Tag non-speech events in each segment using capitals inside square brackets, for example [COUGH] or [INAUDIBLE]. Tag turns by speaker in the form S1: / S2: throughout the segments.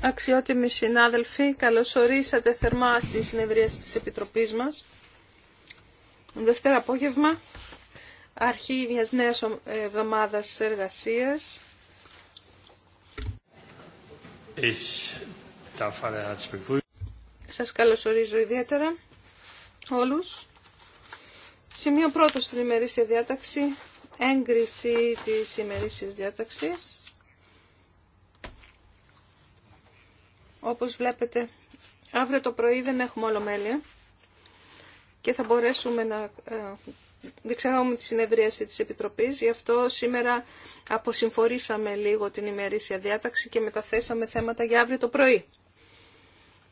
S1: Αξιότιμοι συνάδελφοι, καλωσορίσατε θερμά στη συνεδρία της Επιτροπής μας. Δευτέρα απόγευμα, αρχή μιας νέας εβδομάδας εργασίας. Σας καλωσορίζω ιδιαίτερα όλους. Σημείο πρώτο στην ημερήσια διάταξη, έγκριση της ημερήσιας διάταξης. Όπως βλέπετε, αύριο το πρωί δεν έχουμε ολομέλεια και θα μπορέσουμε να ε, διεξάγουμε τη συνεδρίαση της Επιτροπής. Γι' αυτό σήμερα αποσυμφορήσαμε λίγο την ημερήσια διάταξη και μεταθέσαμε θέματα για αύριο το πρωί.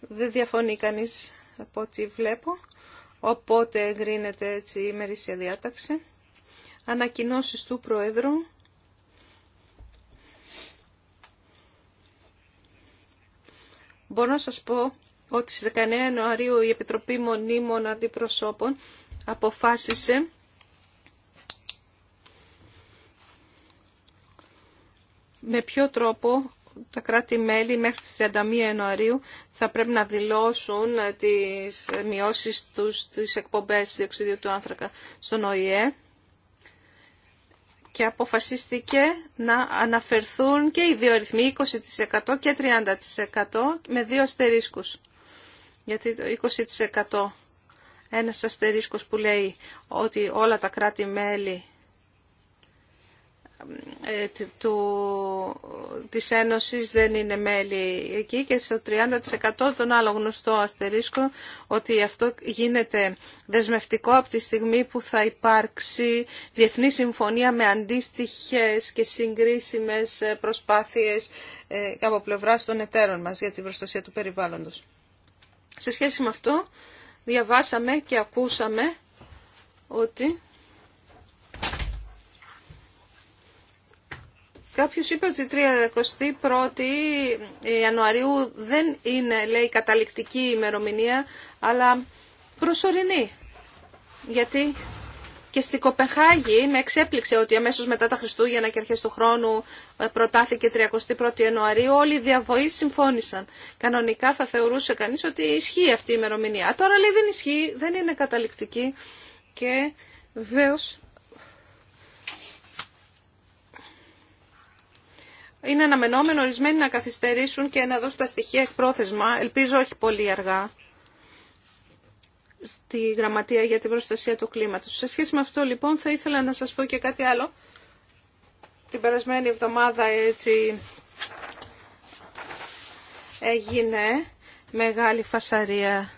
S1: Δεν διαφωνεί κανείς από ό,τι βλέπω. Οπότε εγκρίνεται έτσι η ημερήσια διάταξη. Ανακοινώσεις του Προέδρου. Μπορώ να σας πω ότι στις 19 Ιανουαρίου η Επιτροπή Μονίμων Αντιπροσώπων αποφάσισε με ποιο τρόπο τα κράτη-μέλη μέχρι τις 31 Ιανουαρίου θα πρέπει να δηλώσουν τις μειώσεις τους, τις εκπομπές διοξιδίου του άνθρακα στον ΟΗΕ και αποφασίστηκε να αναφερθούν και οι δύο αριθμοί 20% και 30% με δύο αστερίσκους. Γιατί το 20% ένας αστερίσκος που λέει ότι όλα τα κράτη-μέλη ε, του, της Ένωσης δεν είναι μέλη εκεί και στο 30% τον άλλο γνωστό αστερίσκο ότι αυτό γίνεται δεσμευτικό από τη στιγμή που θα υπάρξει διεθνή συμφωνία με αντίστοιχες και συγκρίσιμες προσπάθειες ε, από πλευράς των εταίρων μας για την προστασία του περιβάλλοντος. Σε σχέση με αυτό διαβάσαμε και ακούσαμε ότι Κάποιο ειπε είπε ότι 31η Ιανουαρίου δεν είναι, λέει, καταληκτική ημερομηνία, αλλά προσωρινή. Γιατί και στην Κοπεχάγη με εξέπληξε ότι αμέσω μετά τα Χριστούγεννα και αρχέ του χρόνου ε, προτάθηκε 31η Ιανουαρίου. Όλοι οι διαβοεί συμφώνησαν. Κανονικά θα θεωρούσε κανεί ότι ισχύει αυτή η ημερομηνία. τώρα λέει δεν ισχύει, δεν είναι καταληκτική και βεβαίω είναι αναμενόμενο ορισμένοι να καθυστερήσουν και να δώσουν τα στοιχεία εκπρόθεσμα, ελπίζω όχι πολύ αργά, στη Γραμματεία για την Προστασία του Κλίματος. Σε σχέση με αυτό λοιπόν θα ήθελα να σας πω και κάτι άλλο. Την περασμένη εβδομάδα έτσι έγινε μεγάλη φασαρία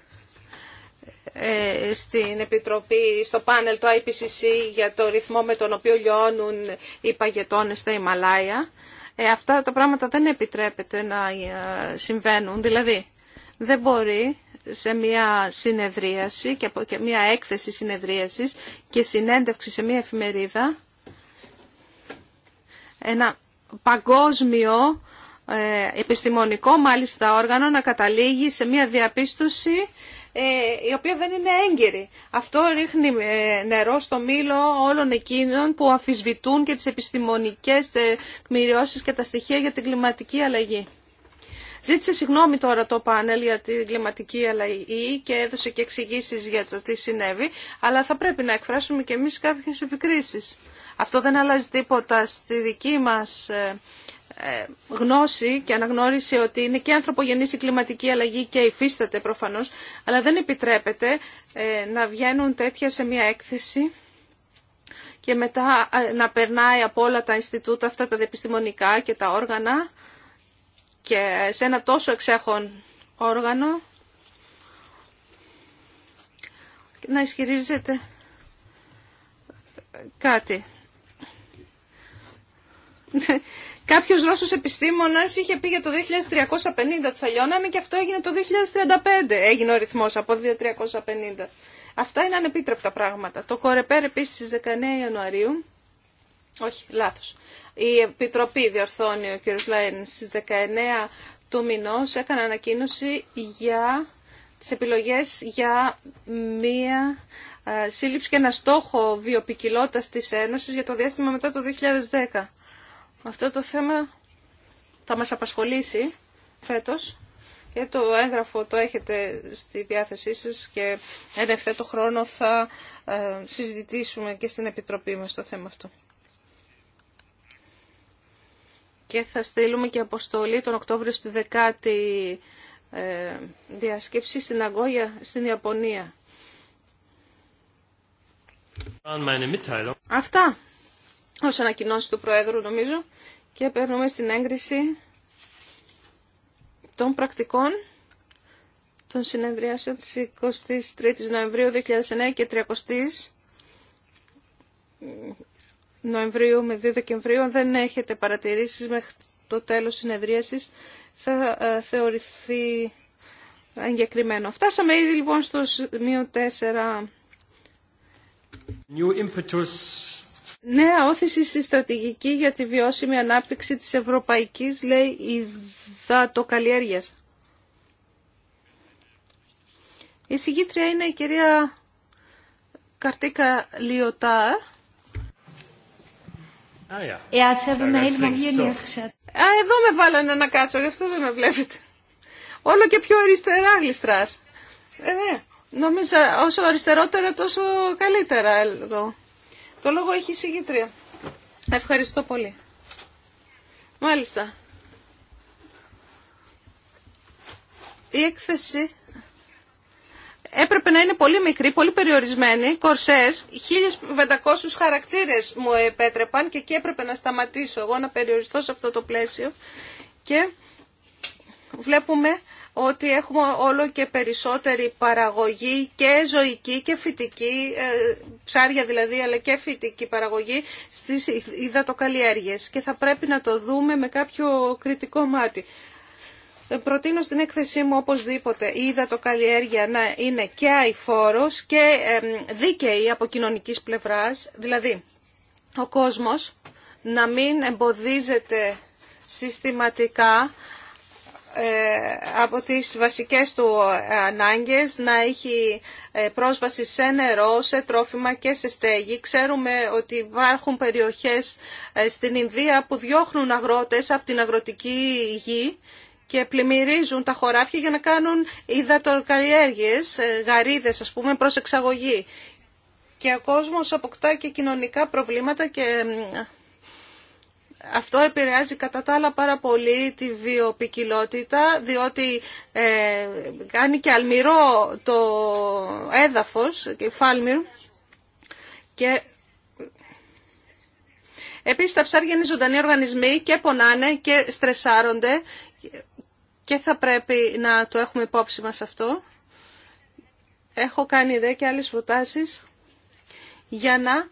S1: ε, στην Επιτροπή, στο πάνελ του IPCC για το ρυθμό με τον οποίο λιώνουν οι παγετώνες στα Ιμαλάια ε, αυτά τα πράγματα δεν επιτρέπεται να ε, συμβαίνουν. Δηλαδή, δεν μπορεί σε μια συνεδρίαση και, μια έκθεση συνεδρίασης και συνέντευξη σε μια εφημερίδα ένα παγκόσμιο ε, επιστημονικό μάλιστα όργανο να καταλήγει σε μια διαπίστωση ε, η οποία δεν είναι έγκαιρη. Αυτό ρίχνει ε, νερό στο μήλο όλων εκείνων που αφισβητούν και τις επιστημονικές τεκμηριώσεις και τα στοιχεία για την κλιματική αλλαγή. Ζήτησε συγγνώμη τώρα το πάνελ για την κλιματική αλλαγή και έδωσε και εξηγήσει για το τι συνέβη, αλλά θα πρέπει να εκφράσουμε και εμείς κάποιες επικρίσεις. Αυτό δεν αλλάζει τίποτα στη δική μας ε, ε, γνώση και αναγνώριση ότι είναι και ανθρωπογενής η κλιματική αλλαγή και υφίσταται προφανώς, αλλά δεν επιτρέπεται ε, να βγαίνουν τέτοια σε μια έκθεση και μετά ε, να περνάει από όλα τα Ινστιτούτα αυτά τα επιστημονικά και τα όργανα και σε ένα τόσο εξέχον όργανο να ισχυρίζεται κάτι. Κάποιος Ρώσος επιστήμονας είχε πει για το 2350 ότι θα λιώνανε και αυτό έγινε το 2035. Έγινε ο ρυθμός από 2350. Αυτά είναι ανεπίτρεπτα πράγματα. Το Κορεπέρ επίσης στις 19 Ιανουαρίου, όχι, λάθος, η Επιτροπή διορθώνει ο κ. Λάιν στις 19 του μηνός έκανε ανακοίνωση για τις επιλογές για μία ε, σύλληψη και ένα στόχο βιοπικιλότητας της Ένωσης για το διάστημα μετά το 2010. Αυτό το θέμα θα μας απασχολήσει φέτος και ε, το έγγραφο το έχετε στη διάθεσή σας και εν ευθέτω χρόνο θα ε, συζητήσουμε και στην Επιτροπή μας το θέμα αυτό. Και θα στείλουμε και αποστολή τον Οκτώβριο στη δεκάτη ε, διασκέψη στην Αγκόγια, στην Ιαπωνία. Αυτά ως ανακοινώσει του Προέδρου νομίζω και περνούμε στην έγκριση των πρακτικών των συνεδριάσεων της 23ης Νοεμβρίου 2009 και 30ης Νοεμβρίου με 2 Δεκεμβρίου. Αν δεν έχετε παρατηρήσεις μέχρι το τέλος συνεδρίασης θα ε, θεωρηθεί εγκεκριμένο. Φτάσαμε ήδη λοιπόν στο σημείο 4. New impetus νέα όθηση στη στρατηγική για τη βιώσιμη ανάπτυξη της ευρωπαϊκής, λέει, υδατοκαλλιέργειας. Η συγκήτρια είναι η κυρία Καρτίκα Λιωτάρ. Ε, Α, εδώ με βάλανε να κάτσω, γι' αυτό δεν με βλέπετε. Όλο και πιο αριστερά γλιστράς. Ε, Νόμιζα ναι, όσο αριστερότερα τόσο καλύτερα εδώ. Το λόγο έχει η συγκητρία. Ευχαριστώ πολύ. Μάλιστα. Η έκθεση έπρεπε να είναι πολύ μικρή, πολύ περιορισμένη, κορσές, 1500 χαρακτήρες μου επέτρεπαν και εκεί έπρεπε να σταματήσω εγώ να περιοριστώ σε αυτό το πλαίσιο και βλέπουμε ότι έχουμε όλο και περισσότερη παραγωγή και ζωική και φυτική, ε, ψάρια δηλαδή, αλλά και φυτική παραγωγή στις υδατοκαλλιέργειες και θα πρέπει να το δούμε με κάποιο κριτικό μάτι. Ε, προτείνω στην έκθεσή μου οπωσδήποτε η υδατοκαλλιέργεια να είναι και αηφόρος και δίκαιη από κοινωνικής πλευράς, δηλαδή ο κόσμος να μην εμποδίζεται συστηματικά ε, από τις βασικές του ανάγκες να έχει ε, πρόσβαση σε νερό, σε τρόφιμα και σε στέγη. Ξέρουμε ότι υπάρχουν περιοχές ε, στην Ινδία που διώχνουν αγρότες από την αγροτική γη και πλημμυρίζουν τα χωράφια για να κάνουν υδατοκαλλιέργειες, γαρίδες ας πούμε, προς εξαγωγή. Και ο κόσμος αποκτά και κοινωνικά προβλήματα και αυτό επηρεάζει κατά τα άλλα πάρα πολύ τη βιοπικιλότητα, διότι ε, κάνει και αλμυρό το έδαφος, και φάλμυρ, και Επίσης τα ψάρια είναι ζωντανοί οργανισμοί και πονάνε και στρεσάρονται και θα πρέπει να το έχουμε υπόψη μας αυτό. Έχω κάνει δε και άλλες προτάσεις για να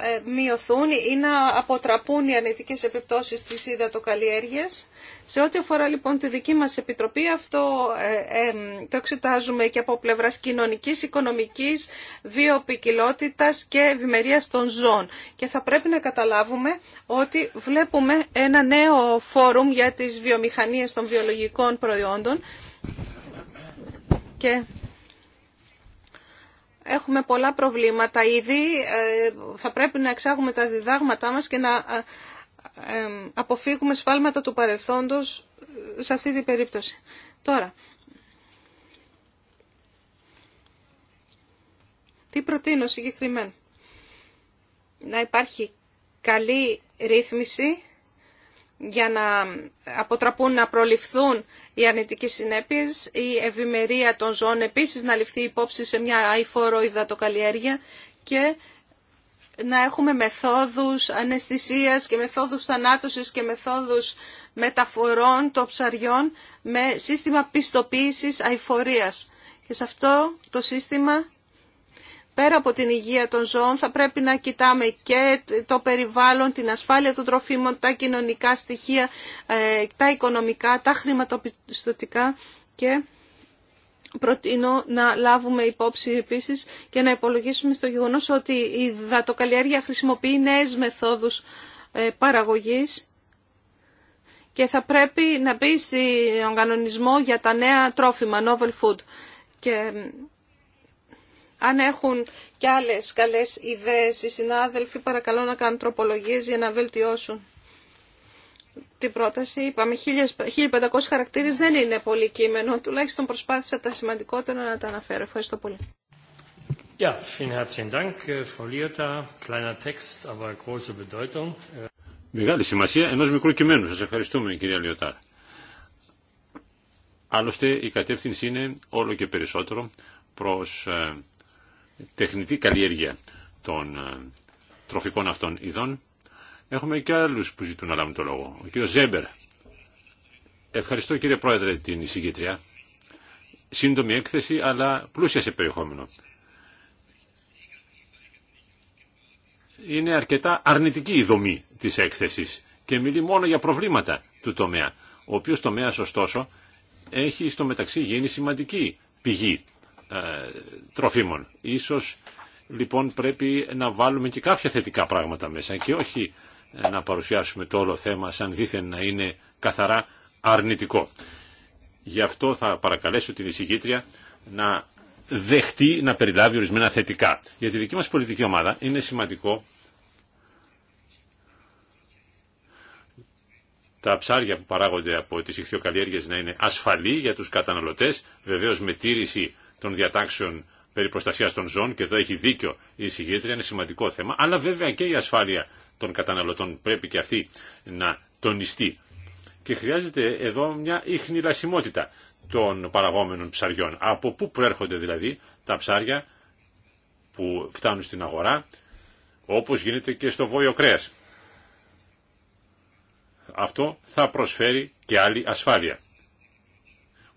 S1: ε, μειωθούν ή να αποτραπούν οι αρνητικές επιπτώσεις της υδατοκαλλιέργειας. Σε ό,τι αφορά λοιπόν τη δική μας επιτροπή, αυτό ε, ε, το εξετάζουμε και από πλευράς κοινωνικής, οικονομικής, βιοπικιλότητας και ευημερία των ζώων. Και θα πρέπει να καταλάβουμε ότι βλέπουμε ένα νέο φόρουμ για τις βιομηχανίες των βιολογικών προϊόντων και Έχουμε πολλά προβλήματα ήδη. Ε, θα πρέπει να εξάγουμε τα διδάγματά μας και να ε, ε, αποφύγουμε σφάλματα του παρελθόντος σε αυτή την περίπτωση. Τώρα, τι προτείνω συγκεκριμένα. Να υπάρχει καλή ρύθμιση για να αποτραπούν να προληφθούν οι αρνητικοί συνέπειες, η ευημερία των ζώων επίσης να ληφθεί υπόψη σε μια αηφόρο υδατοκαλλιέργεια και να έχουμε μεθόδους αναισθησίας και μεθόδους θανάτωσης και μεθόδους μεταφορών των ψαριών με σύστημα πιστοποίησης αηφορίας. Και σε αυτό το σύστημα πέρα από την υγεία των ζώων θα πρέπει να κοιτάμε και το περιβάλλον, την ασφάλεια των τροφίμων, τα κοινωνικά στοιχεία, ε, τα οικονομικά, τα χρηματοπιστωτικά και προτείνω να λάβουμε υπόψη επίσης και να υπολογίσουμε στο γεγονός ότι η δατοκαλλιέργεια χρησιμοποιεί νέες μεθόδους ε, παραγωγής και θα πρέπει να μπει στον κανονισμό για τα νέα τρόφιμα, novel food. Και αν έχουν και άλλες καλές ιδέες οι συνάδελφοι, παρακαλώ να κάνουν τροπολογίες για να βελτιώσουν την πρόταση. Είπαμε 1500 χαρακτήρες δεν είναι πολύ κείμενο. Τουλάχιστον προσπάθησα τα σημαντικότερα να τα αναφέρω. Ευχαριστώ πολύ.
S2: Ja, vielen herzlichen Dank, äh, Frau Kleiner Text, aber große Bedeutung.
S3: Μεγάλη σημασία ενός μικρού κειμένου. Σας ευχαριστούμε, κυρία Λιωτά. Άλλωστε η κατεύθυνση είναι όλο και περισσότερο προς ε, τεχνητή καλλιέργεια των ε, τροφικών αυτών ειδών. Έχουμε και άλλους που ζητούν να λάβουν το λόγο. Ο κύριος Ζέμπερ. Ευχαριστώ κύριε Πρόεδρε την εισηγήτρια. Σύντομη έκθεση αλλά πλούσια σε περιεχόμενο. Είναι αρκετά αρνητική η δομή της έκθεσης και μιλεί μόνο για προβλήματα του τομέα, ο οποίος τομέας ωστόσο έχει στο μεταξύ γίνει σημαντική πηγή ε, τροφίμων. Ίσως λοιπόν πρέπει να βάλουμε και κάποια θετικά πράγματα μέσα και όχι ε, να παρουσιάσουμε το όλο θέμα σαν δήθεν να είναι καθαρά αρνητικό. Γι' αυτό θα παρακαλέσω την εισηγήτρια να δεχτεί να περιλάβει ορισμένα θετικά. Για τη δική μας πολιτική ομάδα είναι σημαντικό τα ψάρια που παράγονται από τις ηχθειοκαλλιέργειες να είναι ασφαλή για τους καταναλωτές, βεβαίως με τήρηση των διατάξεων περί προστασίας των ζώων και εδώ έχει δίκιο η συγγέντρια είναι σημαντικό θέμα, αλλά βέβαια και η ασφάλεια των καταναλωτών πρέπει και αυτή να τονιστεί. Και χρειάζεται εδώ μια ίχνη λασιμότητα των παραγόμενων ψαριών. Από πού προέρχονται δηλαδή τα ψάρια που φτάνουν στην αγορά, όπως γίνεται και στο βόλιο κρέας. Αυτό θα προσφέρει και άλλη ασφάλεια.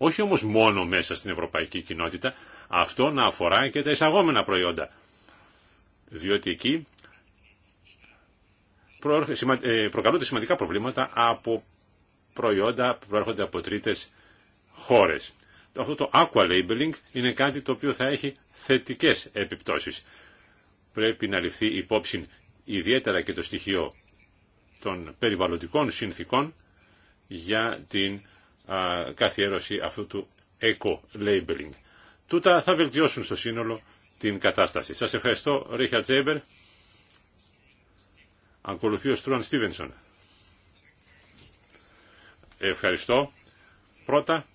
S3: Όχι όμως μόνο μέσα στην ευρωπαϊκή κοινότητα, αυτό να αφορά και τα εισαγόμενα προϊόντα. Διότι εκεί ε, προκαλούνται σημαντικά προβλήματα από προϊόντα που προέρχονται από τρίτες χώρες. Αυτό το aqua labeling είναι κάτι το οποίο θα έχει θετικές επιπτώσεις. Πρέπει να ληφθεί υπόψη ιδιαίτερα και το στοιχείο των περιβαλλοντικών συνθήκων για την καθιέρωση αυτού του eco-labeling. Τούτα θα βελτιώσουν στο σύνολο την κατάσταση. Σας ευχαριστώ, Ρίχα Τζέμπερ. Ακολουθεί ο Στρούαν Στίβενσον. Ευχαριστώ. Πρώτα,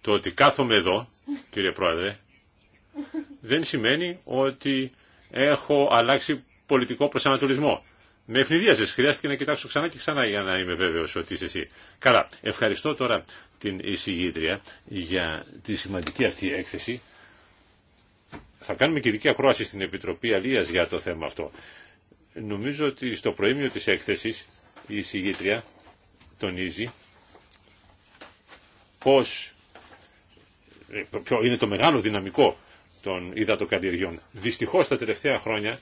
S3: το ότι κάθομαι εδώ, κύριε Πρόεδρε, δεν σημαίνει ότι έχω αλλάξει πολιτικό προσανατολισμό με ευνηδίαζε. Χρειάστηκε να κοιτάξω ξανά και ξανά για να είμαι βέβαιο ότι είσαι εσύ. Καλά, ευχαριστώ τώρα την εισηγήτρια για τη σημαντική αυτή έκθεση. Θα κάνουμε και ειδική ακρόαση στην Επιτροπή Αλία για το θέμα αυτό. Νομίζω ότι στο προήμιο της έκθεσης η εισηγήτρια τονίζει πώς ε, ποιο είναι το μεγάλο δυναμικό των υδατοκαλλιεργιών. Δυστυχώ τα τελευταία χρόνια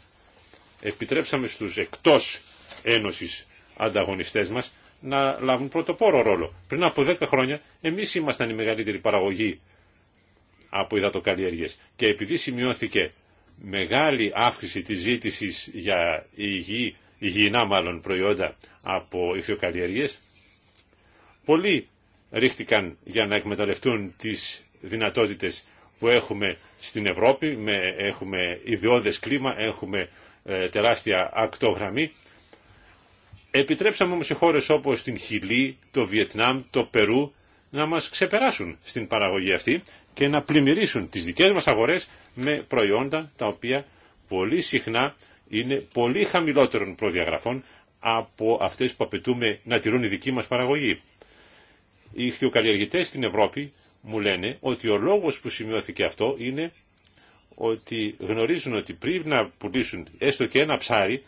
S3: επιτρέψαμε στους εκτός ένωσης ανταγωνιστές μας να λάβουν πρωτοπόρο ρόλο. Πριν από 10 χρόνια εμείς ήμασταν η μεγαλύτερη παραγωγή από υδατοκαλλιέργειες και επειδή σημειώθηκε μεγάλη αύξηση της ζήτησης για υγιή, υγιεινά μάλλον προϊόντα από ηχθειοκαλλιέργειες, πολλοί ρίχτηκαν για να εκμεταλλευτούν τις δυνατότητες που έχουμε στην Ευρώπη, με, έχουμε ιδιώδες κλίμα, έχουμε ε, τεράστια ακτόγραμμη. Επιτρέψαμε όμως σε χώρες όπως την Χιλή, το Βιετνάμ, το Περού να μας ξεπεράσουν στην παραγωγή αυτή και να πλημμυρίσουν τις δικές μας αγορές με προϊόντα τα οποία πολύ συχνά είναι πολύ χαμηλότερων προδιαγραφών από αυτές που απαιτούμε να τηρούν η δική μας παραγωγή. Οι χτιοκαλλιεργητές στην Ευρώπη μου λένε ότι ο λόγος που σημειώθηκε αυτό είναι ότι γνωρίζουν ότι πριν να πουλήσουν έστω και ένα ψάρι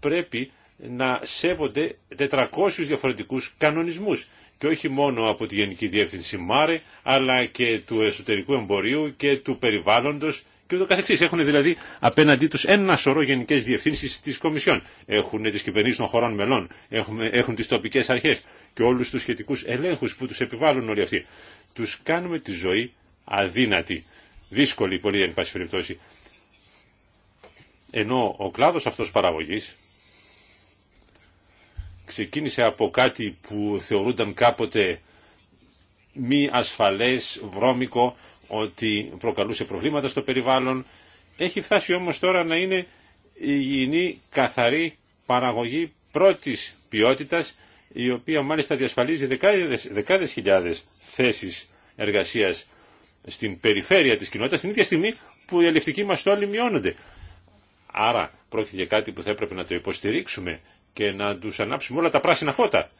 S3: πρέπει να σέβονται 400 διαφορετικούς κανονισμούς και όχι μόνο από τη Γενική Διεύθυνση ΜΑΡΕ αλλά και του εσωτερικού εμπορίου και του περιβάλλοντος και ούτω καθεξής. Έχουν δηλαδή απέναντί τους ένα σωρό γενικές διευθύνσεις της Κομισιόν. Έχουν τις κυβερνήσεις των χωρών μελών, έχουν, έχουν τις τοπικές αρχές και όλους τους σχετικούς ελέγχους που τους επιβάλλουν όλοι αυτοί. Τους κάνουμε τη ζωή αδύνατη δύσκολη πολύ εν πάση περιπτώσει. Ενώ ο κλάδος αυτός παραγωγής ξεκίνησε από κάτι που θεωρούνταν κάποτε μη ασφαλές, βρώμικο, ότι προκαλούσε προβλήματα στο περιβάλλον. Έχει φτάσει όμως τώρα να είναι υγιεινή, καθαρή παραγωγή πρώτης ποιότητας, η οποία μάλιστα διασφαλίζει δεκάδες, δεκάδες χιλιάδες θέσεις εργασίας στην περιφέρεια της κοινότητας την ίδια στιγμή που οι αλληλευτικοί μας στόλοι μειώνονται. Άρα πρόκειται για κάτι που θα έπρεπε να το υποστηρίξουμε και να τους ανάψουμε όλα τα πράσινα φώτα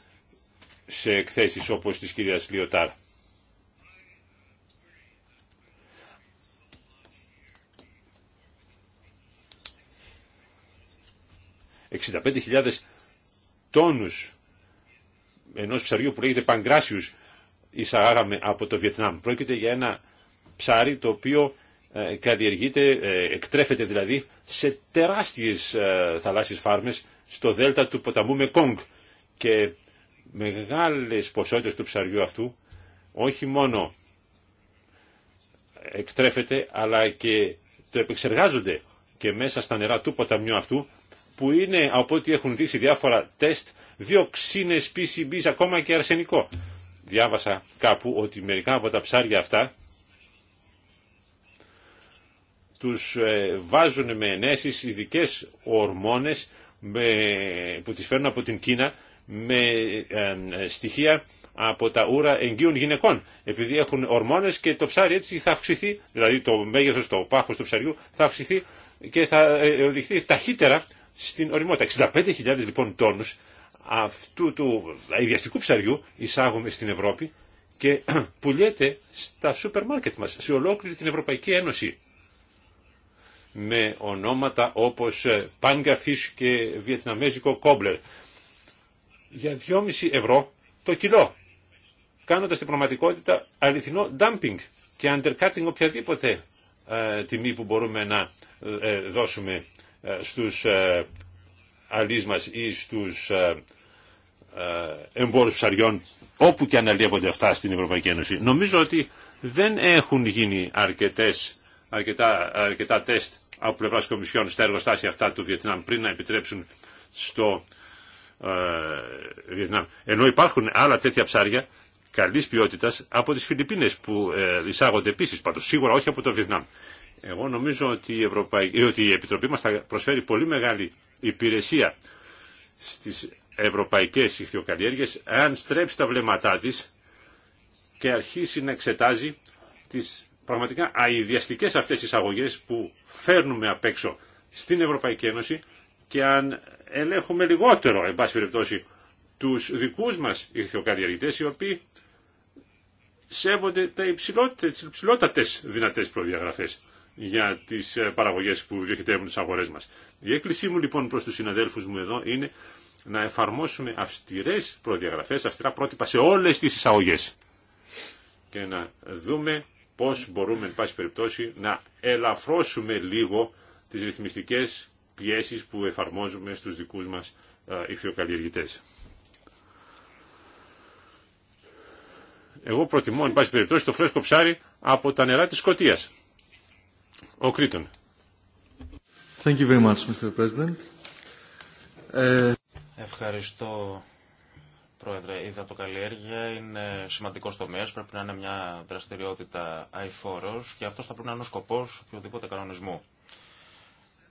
S3: σε εκθέσεις όπως της κυρίας Λιωτάρ. ...65.000 τόνους ενός ψαριού που λέγεται Παγκράσιους εισαγάγαμε από το Βιετνάμ. Πρόκειται για ένα ψάρι το οποίο ε, καλλιεργείται, ε, εκτρέφεται δηλαδή σε τεράστιες ε, θαλάσσιες φάρμες στο δέλτα του ποταμού Μεκόγκ και μεγάλες ποσότητες του ψαριού αυτού όχι μόνο εκτρέφεται αλλά και το επεξεργάζονται και μέσα στα νερά του ποταμιού αυτού που είναι από ό,τι έχουν δείξει διάφορα τεστ δύο ξύνες PCBs ακόμα και αρσενικό διάβασα κάπου ότι μερικά από τα ψάρια αυτά τους ε, βάζουν με ενέσεις ειδικέ ορμόνες που τις φέρνουν από την Κίνα με ε, στοιχεία από τα ούρα εγγύων γυναικών. Επειδή έχουν ορμόνες και το ψάρι έτσι θα αυξηθεί, δηλαδή το μέγεθος, το πάχος του ψαριού θα αυξηθεί και θα ε, οδηγηθεί ταχύτερα στην οριμότητα. 65.000 λοιπόν τόνους αυτού του ιδιαστικού ψαριού εισάγουμε στην Ευρώπη και [CLEARS THROAT] πουλιέται στα σούπερ μάρκετ μας, σε ολόκληρη την Ευρωπαϊκή Ένωση με ονόματα όπως ε, Panga Fish και Βιετναμέζικο Κόμπλερ για 2,5 ευρώ το κιλό κάνοντας την πραγματικότητα αληθινό dumping και undercutting οποιαδήποτε ε, τιμή που μπορούμε να ε, δώσουμε ε, στους αλείς ή στους ε, εμπόρους ψαριών όπου και αναλύονται αυτά στην Ευρωπαϊκή Ένωση. Νομίζω ότι δεν έχουν γίνει αρκετές, αρκετά, αρκετά τεστ από πλευράς κομισιών στα εργοστάσια αυτά του Βιετνάμ πριν να επιτρέψουν στο ε, Βιετνάμ. Ενώ υπάρχουν άλλα τέτοια ψάρια καλής ποιότητας από τις Φιλιππίνες που ε, εισάγονται επίσης, πάντως σίγουρα όχι από το Βιετνάμ. Εγώ νομίζω ότι η, Ευρωπαϊ... Ε, ότι η Επιτροπή μας θα προσφέρει πολύ μεγάλη υπηρεσία στις ευρωπαϊκές ηχθειοκαλλιέργειες αν στρέψει τα βλέμματά της και αρχίσει να εξετάζει τις πραγματικά αειδιαστικές αυτές εισαγωγές που φέρνουμε απ' έξω στην Ευρωπαϊκή Ένωση και αν ελέγχουμε λιγότερο, εν πάση περιπτώσει, τους δικούς μας ηχθειοκαλλιεργητές οι οποίοι σέβονται τα τις υψηλότατες δυνατές προδιαγραφές για τις ε, παραγωγές που διοχετεύουν τις αγορές μας. Η έκκλησή μου λοιπόν προς τους συναδέλφους μου εδώ είναι να εφαρμόσουμε αυστηρές προδιαγραφές, αυστηρά πρότυπα σε όλες τις εισαγωγές και να δούμε πώς μπορούμε, εν πάση περιπτώσει, να ελαφρώσουμε λίγο τις ρυθμιστικές πιέσεις που εφαρμόζουμε στους δικούς μας ηχθειοκαλλιεργητές. Εγώ προτιμώ, εν πάση περιπτώσει, το φρέσκο ψάρι από τα νερά της Σκοτίας. Ο Κρήτον.
S4: Thank you very much, Mr. President.
S5: Ε,
S3: Ευχαριστώ,
S4: Πρόεδρε. Η δατοκαλλιέργεια είναι σημαντικό τομέα. Πρέπει να είναι μια δραστηριότητα αηφόρο και αυτό θα πρέπει να είναι ο σκοπό οποιοδήποτε κανονισμού.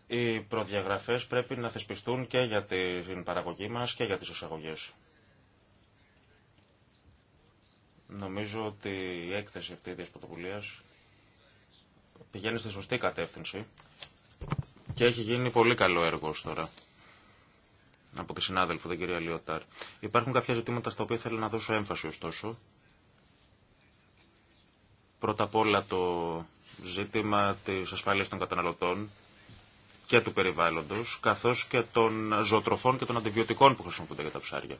S4: Οι προδιαγραφέ πρέπει να θεσπιστούν και για την παραγωγή μα και για τι εισαγωγέ. Νομίζω ότι η έκθεση αυτή τη πρωτοβουλία πηγαίνει στη σωστή κατεύθυνση και έχει γίνει πολύ καλό έργο τώρα από τη συνάδελφο, την κυρία Λιωτάρ. Υπάρχουν κάποια ζητήματα στα οποία θέλω να δώσω έμφαση ωστόσο. Πρώτα απ' όλα το ζήτημα της ασφάλειας των καταναλωτών και του περιβάλλοντος, καθώς και των ζωοτροφών και των αντιβιωτικών που χρησιμοποιούνται για τα ψάρια.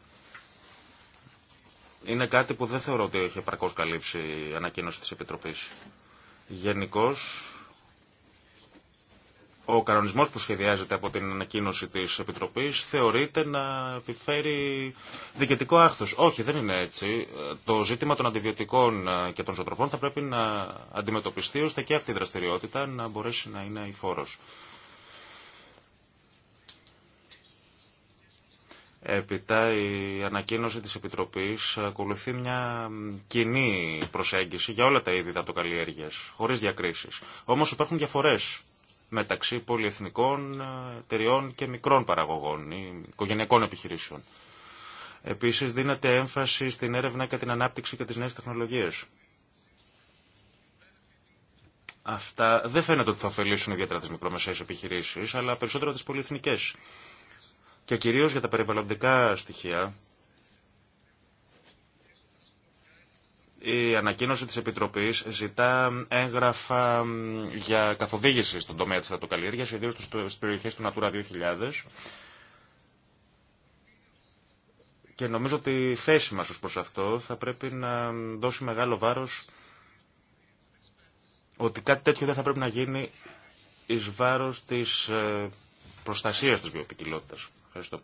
S4: Είναι κάτι που δεν θεωρώ ότι έχει επαρκώς καλύψει η ανακοίνωση της Επιτροπής. Γενικώς, ο κανονισμός που σχεδιάζεται από την ανακοίνωση της Επιτροπής θεωρείται να επιφέρει διοικητικό άχθος. Όχι, δεν είναι έτσι. Το ζήτημα των αντιβιωτικών ε, και των ζωοτροφών θα πρέπει να αντιμετωπιστεί ώστε και αυτή η δραστηριότητα να μπορέσει να είναι η φόρος. Επίτα η ανακοίνωση της Επιτροπής ακολουθεί μια κοινή προσέγγιση για όλα τα είδη δατοκαλλιέργειας, χωρίς διακρίσεις. Όμως υπάρχουν διαφορές μεταξύ πολυεθνικών ε, εταιριών και μικρών παραγωγών ή οικογενειακών επιχειρήσεων. Επίσης δίνεται έμφαση στην έρευνα και την ανάπτυξη και τις νέες τεχνολογίες. Αυτά δεν φαίνεται ότι θα ωφελήσουν ιδιαίτερα τις μικρομεσαίες επιχειρήσεις, αλλά περισσότερο τις πολυεθνικές. Και κυρίως για τα περιβαλλοντικά στοιχεία, Η ανακοίνωση της Επιτροπής ζητά έγγραφα για καθοδήγηση στον τομέα της θετοκαλλιέργειας, ιδίως στις περιοχές του Natura 2000. Και νομίζω ότι η θέση μας ως προς αυτό θα πρέπει να δώσει μεγάλο βάρος ότι κάτι τέτοιο δεν θα πρέπει να γίνει εις βάρος της ε, προστασίας της βιοποικιλότητας. Ευχαριστώ.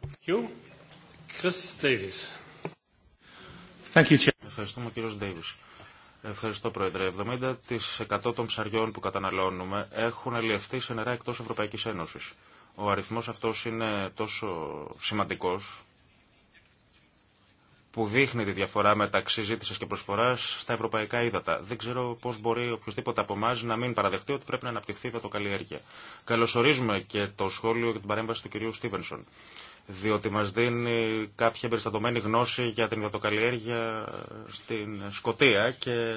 S4: Thank Ευχαριστούμε κύριο Ντέιβις. Ευχαριστώ, Πρόεδρε. 70% των ψαριών που καταναλώνουμε έχουν αλλιευτεί σε νερά εκτός Ευρωπαϊκής Ένωσης. Ο αριθμός αυτός είναι τόσο σημαντικός που δείχνει τη διαφορά μεταξύ ζήτηση και προσφορά στα ευρωπαϊκά ύδατα. Δεν ξέρω πώ μπορεί οποιοδήποτε από εμά να μην παραδεχτεί ότι πρέπει να αναπτυχθεί η υδατοκαλλιέργεια. Καλωσορίζουμε και το σχόλιο και την παρέμβαση του κυρίου Στίβενσον διότι μας δίνει κάποια περιστατωμένη γνώση για την υδατοκαλλιέργεια στην Σκοτία και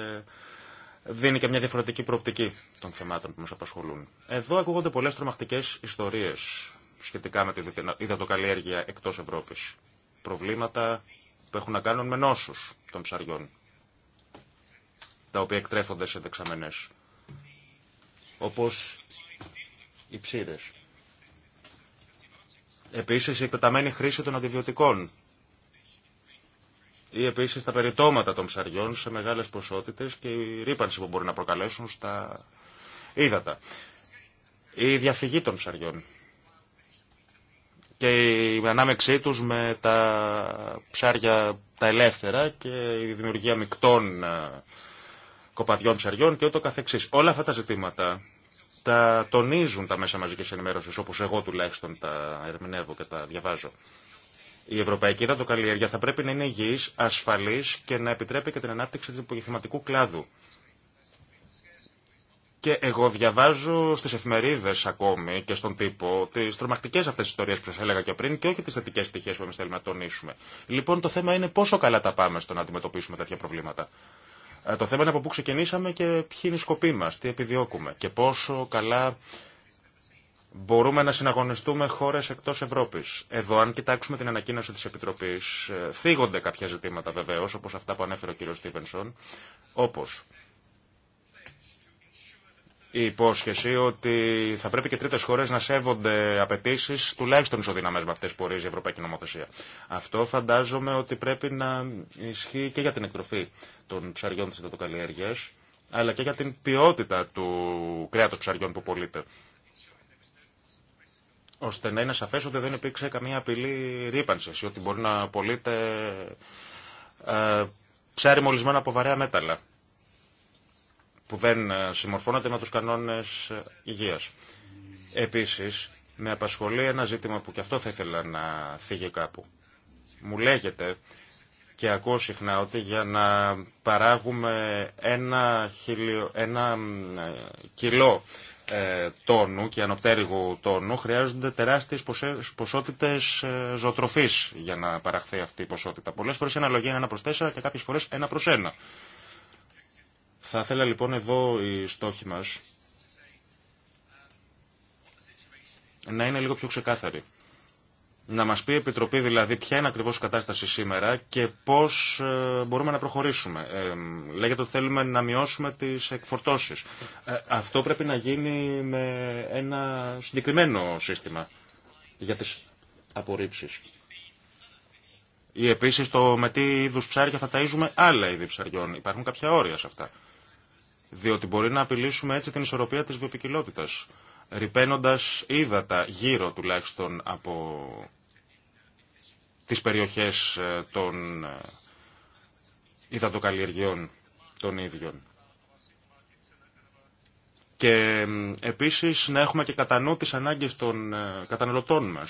S4: δίνει και μια διαφορετική προοπτική των θεμάτων που μας απασχολούν. Εδώ ακούγονται πολλές τρομακτικές ιστορίες σχετικά με την υδατοκαλλιέργεια εκτός Ευρώπης. Προβλήματα που έχουν να κάνουν με νόσους των ψαριών, τα οποία εκτρέφονται σε δεξαμενές, όπως οι ψήρες. Επίσης η εκτεταμένη χρήση των αντιβιωτικών ή επίσης τα περιτώματα των ψαριών σε μεγάλες ποσότητες και η ρήπανση που μπορεί να προκαλέσουν στα ύδατα. Η διαφυγή των ψαριών και η ανάμεξή τους με τα ψάρια τα ελεύθερα και η δημιουργία μεικτών ε, κοπαδιών ψαριών και ούτω καθεξής. Όλα αυτά τα ζητήματα τα τονίζουν τα μέσα μαζικής ενημέρωση, όπω εγώ τουλάχιστον τα ερμηνεύω και τα διαβάζω. Η ευρωπαϊκή υδατοκαλλιέργεια θα πρέπει να είναι υγιή, ασφαλή και να επιτρέπει και την ανάπτυξη του επιχειρηματικού κλάδου. Και εγώ διαβάζω στι εφημερίδες ακόμη και στον τύπο τι τρομακτικέ αυτέ τι ιστορίε που σα έλεγα και πριν και όχι τι θετικέ πτυχέ που εμεί θέλουμε να τονίσουμε. Λοιπόν το θέμα είναι πόσο καλά τα πάμε στο να αντιμετωπίσουμε τέτοια προβλήματα. Ε, το θέμα είναι από πού ξεκινήσαμε και ποιοι είναι οι σκοποί μας, τι επιδιώκουμε και πόσο καλά μπορούμε να συναγωνιστούμε χώρες εκτός Ευρώπης. Εδώ, αν κοιτάξουμε την ανακοίνωση της Επιτροπής, ε, θίγονται κάποια ζητήματα βεβαίως, όπως αυτά που ανέφερε ο κ. Στίβενσον, όπως η υπόσχεση ότι θα πρέπει και τρίτε χώρε να σέβονται απαιτήσει τουλάχιστον ισοδύναμε με αυτέ που ορίζει η Ευρωπαϊκή Νομοθεσία. Αυτό φαντάζομαι ότι πρέπει να ισχύει και για την εκτροφή των ψαριών τη υδατοκαλλιέργεια, αλλά και για την ποιότητα του κρέατος ψαριών που πωλείται. Ώστε να είναι σαφέ ότι δεν υπήρξε καμία απειλή ρήπανση, ότι μπορεί να πωλείται ε, ψάρι μολυσμένο από βαρέα μέταλλα που δεν ε, συμμορφώνονται με τους κανόνες ε, υγείας. Επίσης, με απασχολεί ένα ζήτημα που και αυτό θα ήθελα να θίγει κάπου. Μου λέγεται και ακούω συχνά ότι για να παράγουμε ένα, χιλιο, ένα ε, κιλό τόνου και ανοπτέρυγου τόνου χρειάζονται τεράστιες ποσότητες ζωοτροφής για να παραχθεί αυτή η ποσότητα. Πολλές φορές η αναλογία είναι ένα προς τέσσερα και κάποιες φορές ένα προς ένα. Θα ήθελα λοιπόν εδώ οι στόχοι μας να είναι λίγο πιο ξεκάθαροι. Να μας πει η Επιτροπή δηλαδή ποια είναι ακριβώς η κατάσταση σήμερα και πώς ε, μπορούμε να προχωρήσουμε. Ε, λέγεται ότι θέλουμε να μειώσουμε τις εκφορτώσεις. Ε, αυτό πρέπει να γίνει με ένα συγκεκριμένο σύστημα για τις απορρίψεις. Ή επίσης το με τι είδους ψάρια θα ταΐζουμε άλλα είδη ψαριών. Υπάρχουν κάποια όρια σε αυτά. Διότι μπορεί να απειλήσουμε έτσι την ισορροπία της βιοπικιλότητας, ρηπαίνοντας ύδατα γύρω τουλάχιστον από τις περιοχές ε, των ε, υδατοκαλλιεργιών των ίδιων. Και επίσης να έχουμε και κατά νου τις ανάγκες των ε, καταναλωτών μας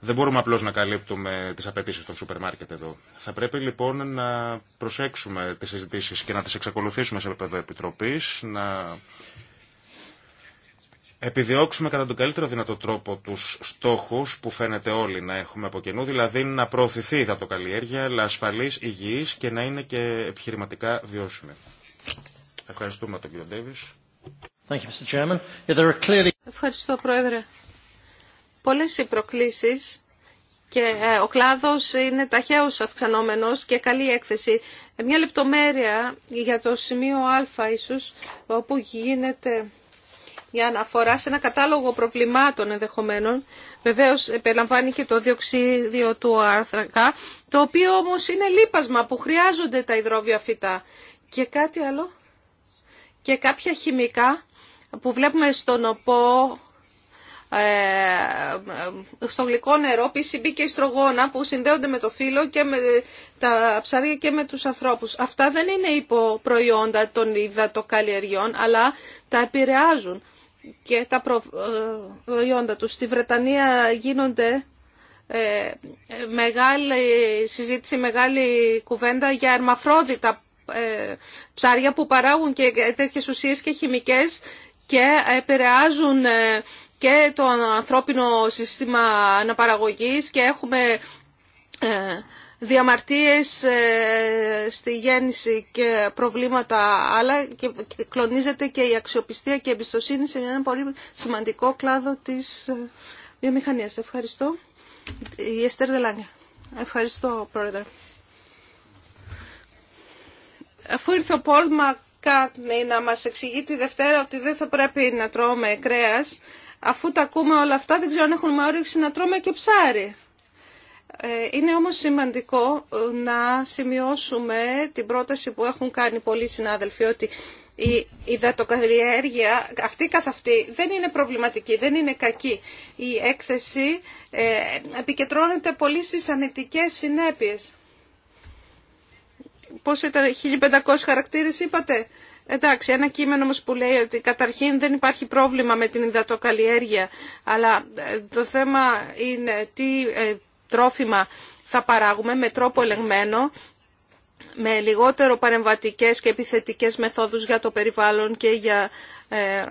S4: δεν μπορούμε απλώς να καλύπτουμε τις απαιτήσει των σούπερ μάρκετ εδώ. Θα πρέπει λοιπόν να προσέξουμε τις συζητήσεις και να τις εξακολουθήσουμε σε επίπεδο επιτροπής, να επιδιώξουμε κατά τον καλύτερο δυνατό τρόπο τους στόχους που φαίνεται όλοι να έχουμε από κοινού, δηλαδή να προωθηθεί η δατοκαλλιέργεια, αλλά ασφαλής, υγιής και να είναι και επιχειρηματικά βιώσιμη. Ευχαριστούμε τον κύριο
S2: Ντέβης.
S1: Ευχαριστώ, Πρόεδρε. Πολλές οι προκλήσεις και ε, ο κλάδος είναι ταχαίως αυξανόμενος και καλή έκθεση. Ε, μια λεπτομέρεια για το σημείο α ίσως, όπου γίνεται για αναφορά σε ένα κατάλογο προβλημάτων ενδεχομένων. Βεβαίως ε, περιλαμβάνει και το διοξίδιο του άρθρακα, το οποίο όμως είναι λίπασμα που χρειάζονται τα υδρόβια φυτά. Και κάτι άλλο. Και κάποια χημικά που βλέπουμε στον ΟΠΟ ε, στο γλυκό νερό PCB και ιστρογόνα που συνδέονται με το φύλλο και με τα ψάρια και με τους ανθρώπους. Αυτά δεν είναι υποπροϊόντα των υδατοκαλλιεργιών, αλλά τα επηρεάζουν και τα ε, προϊόντα τους. Στη Βρετανία γίνονται ε, μεγάλη συζήτηση, μεγάλη κουβέντα για ερμαφρόδιτα ψάρια που παράγουν και τέτοιες ουσίες και χημικές και επηρεάζουν και το ανθρώπινο σύστημα αναπαραγωγής και έχουμε ε, διαμαρτίες ε, στη γέννηση και προβλήματα άλλα και κλονίζεται και η αξιοπιστία και η εμπιστοσύνη σε ένα πολύ σημαντικό κλάδο της ε, βιομηχανίας. Ευχαριστώ. Η Εστέρ Δελάνια. Ευχαριστώ, Πρόεδρε. Αφού ήρθε ο Πολ κάτι να μας εξηγεί τη Δευτέρα ότι δεν θα πρέπει να τρώμε κρέας, Αφού τα ακούμε όλα αυτά, δεν ξέρω αν έχουμε όρεξη να τρώμε και ψάρι. Ε, είναι όμως σημαντικό ε, να σημειώσουμε την πρόταση που έχουν κάνει πολλοί συνάδελφοι ότι η υδατοκαλλιέργεια αυτή καθ' αυτή δεν είναι προβληματική, δεν είναι κακή. Η έκθεση ε, επικεντρώνεται πολύ στις ανετικές συνέπειες. Πόσο ήταν, 1500 χαρακτήρες είπατε. Εντάξει, ένα κείμενο όμως που λέει ότι καταρχήν δεν υπάρχει πρόβλημα με την υδατοκαλλιέργεια, αλλά ε, το θέμα είναι τι ε, τρόφιμα θα παράγουμε με τρόπο ελεγμένο, με λιγότερο παρεμβατικές και επιθετικές μεθόδους για το περιβάλλον και για ε,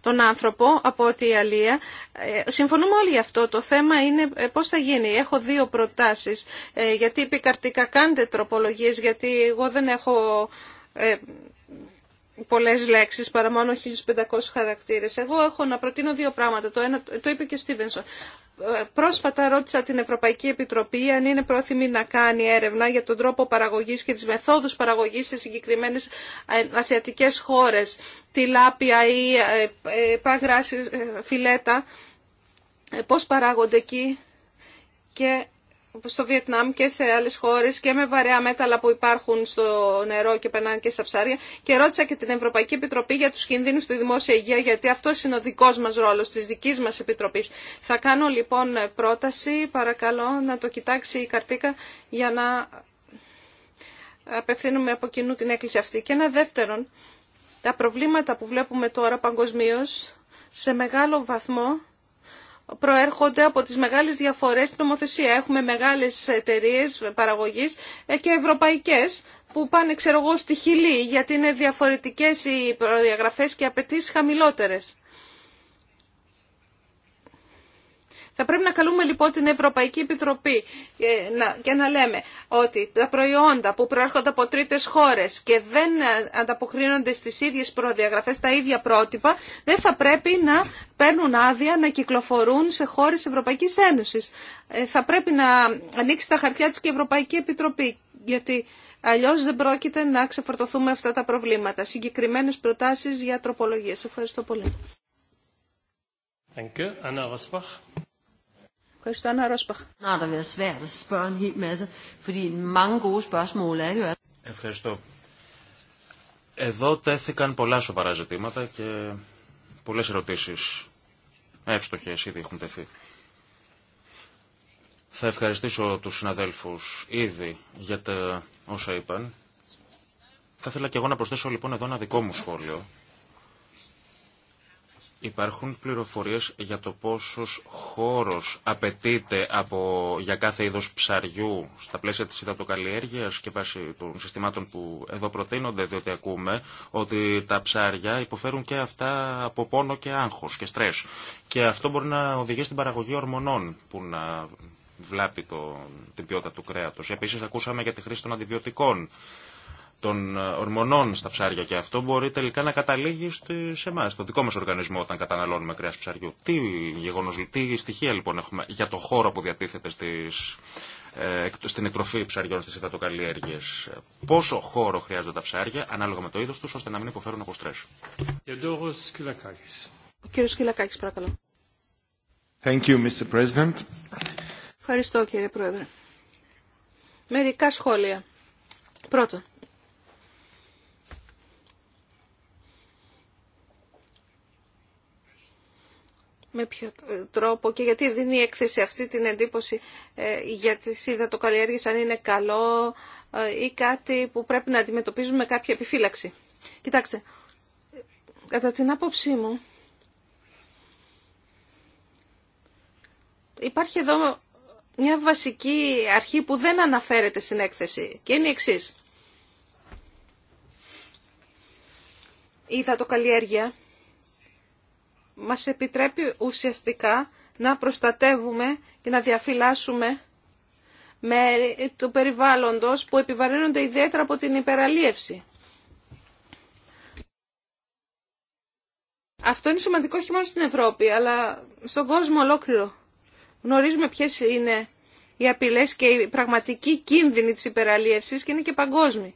S1: τον άνθρωπο από ότι η Αλία. συμφωνούμε όλοι γι' αυτό. Το θέμα είναι πώς θα γίνει. Έχω δύο προτάσεις. γιατί επικαρτικά κάντε τροπολογίες, γιατί εγώ δεν έχω ε, πολλές λέξεις παρά μόνο 1500 χαρακτήρες. Εγώ έχω να προτείνω δύο πράγματα. Το ένα το είπε και ο Στίβενσον. Ε, πρόσφατα ρώτησα την Ευρωπαϊκή Επιτροπή αν είναι πρόθυμη να κάνει έρευνα για τον τρόπο παραγωγής και τις μεθόδους παραγωγής σε συγκεκριμένες ε, ασιατικές χώρες, τη λάπια ή ε, παγράσι φιλέτα, πώς παράγονται εκεί και στο Βιετνάμ και σε άλλες χώρες και με βαρέα μέταλλα που υπάρχουν στο νερό και περνάνε και στα ψάρια και ρώτησα και την Ευρωπαϊκή Επιτροπή για τους κινδύνους στη δημόσια υγεία γιατί αυτό είναι ο δικός μας ρόλος, της δικής μας Επιτροπής. Θα κάνω λοιπόν πρόταση, παρακαλώ να το κοιτάξει η καρτίκα για να απευθύνουμε από κοινού την έκκληση αυτή. Και ένα δεύτερον, τα προβλήματα που βλέπουμε τώρα παγκοσμίω σε μεγάλο βαθμό προέρχονται από τις μεγάλες διαφορές στην νομοθεσία. Έχουμε μεγάλες εταιρείε παραγωγής ε, και ευρωπαϊκές που πάνε, ξέρω εγώ, στη Χιλή, γιατί είναι διαφορετικές οι προδιαγραφές και απαιτήσει χαμηλότερες. Θα πρέπει να καλούμε λοιπόν την Ευρωπαϊκή Επιτροπή ε, και να λέμε ότι τα προϊόντα που προέρχονται από τρίτες χώρες και δεν ε, ανταποκρίνονται στις ίδιες προδιαγραφές, τα ίδια πρότυπα, δεν θα πρέπει να παίρνουν άδεια να κυκλοφορούν σε χώρες Ευρωπαϊκής Ένωσης. Ε, θα πρέπει να ανοίξει τα χαρτιά της και η Ευρωπαϊκή Επιτροπή, γιατί αλλιώ δεν πρόκειται να ξεφορτωθούμε αυτά τα προβλήματα. Συγκεκριμένε προτάσει για τροπολογίε. Ευχαριστώ πολύ.
S2: Thank you.
S4: Ευχαριστώ, Εδώ τέθηκαν πολλά σοβαρά ζητήματα και πολλές ερωτήσεις εύστοχες ήδη έχουν τεθεί. Θα ευχαριστήσω τους συναδέλφους ήδη για τα όσα είπαν. Θα ήθελα και εγώ να προσθέσω λοιπόν εδώ ένα δικό μου σχόλιο Υπάρχουν πληροφορίες για το πόσος χώρος απαιτείται από, για κάθε είδος ψαριού στα πλαίσια της υδατοκαλλιέργειας και βάσει των συστημάτων που εδώ προτείνονται, διότι ακούμε ότι τα ψάρια υποφέρουν και αυτά από πόνο και άγχος και στρες. Και αυτό μπορεί να οδηγεί στην παραγωγή ορμονών που να βλάπτει την ποιότητα του κρέατος. Επίσης ακούσαμε για τη χρήση των αντιβιωτικών των ε, ορμονών στα ψάρια και αυτό μπορεί τελικά να καταλήγει σε εμά, στο δικό μα οργανισμό όταν καταναλώνουμε κρέα ψαριού. Τι, γεγονός, τι στοιχεία λοιπόν έχουμε για το χώρο που διατίθεται στις, ε, στην εκτροφή ψαριών στι υδατοκαλλιέργειε. Πόσο χώρο χρειάζονται τα ψάρια ανάλογα με το είδο του ώστε να μην υποφέρουν από στρε.
S1: κύριος Σκυλακάκης, παρακαλώ.
S4: Thank you, Mr. President.
S1: Ευχαριστώ κύριε Πρόεδρε. Μερικά σχόλια. Πρώτον, με ποιο τρόπο και γιατί δίνει η έκθεση αυτή την εντύπωση ε, για το υδατοκαλλιέργειες αν είναι καλό ε, ή κάτι που πρέπει να αντιμετωπίζουμε κάποια επιφύλαξη. Κοιτάξτε, κατά την άποψή μου υπάρχει εδώ μια βασική αρχή που δεν αναφέρεται στην έκθεση και είναι η εξής. Η υδατοκαλλιέργεια μας επιτρέπει ουσιαστικά να προστατεύουμε και να διαφυλάσσουμε μέρη του περιβάλλοντος που επιβαρύνονται ιδιαίτερα από την υπεραλίευση. Αυτό είναι σημαντικό όχι μόνο στην Ευρώπη, αλλά στον κόσμο ολόκληρο. Γνωρίζουμε ποιες είναι οι απειλές και οι πραγματικοί κίνδυνοι της υπεραλίευσης και είναι και παγκόσμιοι.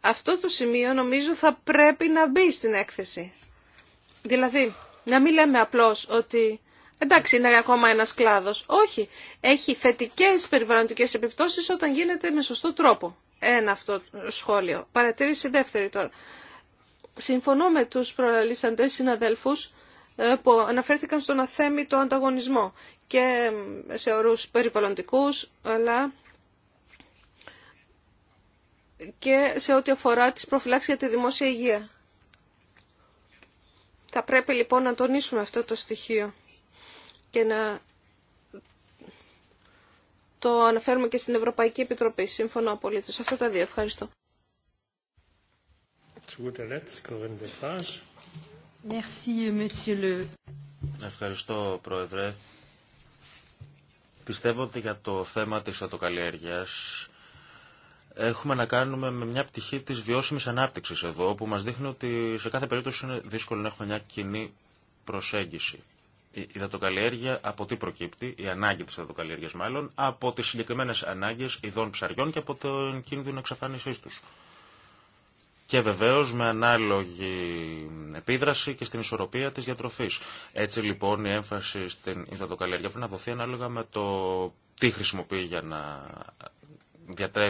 S1: Αυτό το σημείο νομίζω θα πρέπει να μπει στην έκθεση. Δηλαδή, να μην λέμε απλώς ότι εντάξει είναι ακόμα ένας κλάδος. Όχι, έχει θετικές περιβαλλοντικές επιπτώσεις όταν γίνεται με σωστό τρόπο. Ένα αυτό σχόλιο. Παρατήρηση δεύτερη τώρα. Συμφωνώ με τους προλαλήσαντες συναδέλφους ε, που αναφέρθηκαν στον αθέμητο ανταγωνισμό και σε ορούς περιβαλλοντικούς αλλά και σε ό,τι αφορά τις προφυλάξεις για τη δημόσια υγεία. Θα πρέπει λοιπόν να τονίσουμε αυτό το στοιχείο και να το αναφέρουμε και στην Ευρωπαϊκή Επιτροπή. Σύμφωνα απολύτως. Αυτά τα δύο. Ευχαριστώ.
S4: Ευχαριστώ, Πρόεδρε. Πιστεύω ότι για το θέμα της ατοκαλλιέργειας έχουμε να κάνουμε με μια πτυχή της βιώσιμης ανάπτυξης εδώ, που μας δείχνει ότι σε κάθε περίπτωση είναι δύσκολο να έχουμε μια κοινή προσέγγιση. Η υδατοκαλλιέργεια από τι προκύπτει, η ανάγκη της υδατοκαλλιέργειας μάλλον, από τις συγκεκριμένες ανάγκες ειδών ψαριών και από τον κίνδυνο εξαφάνισής τους. Και βεβαίως με ανάλογη επίδραση και στην ισορροπία της διατροφής. Έτσι λοιπόν η έμφαση στην υδατοκαλλιέργεια πρέπει να δοθεί ανάλογα με το τι χρησιμοποιεί για να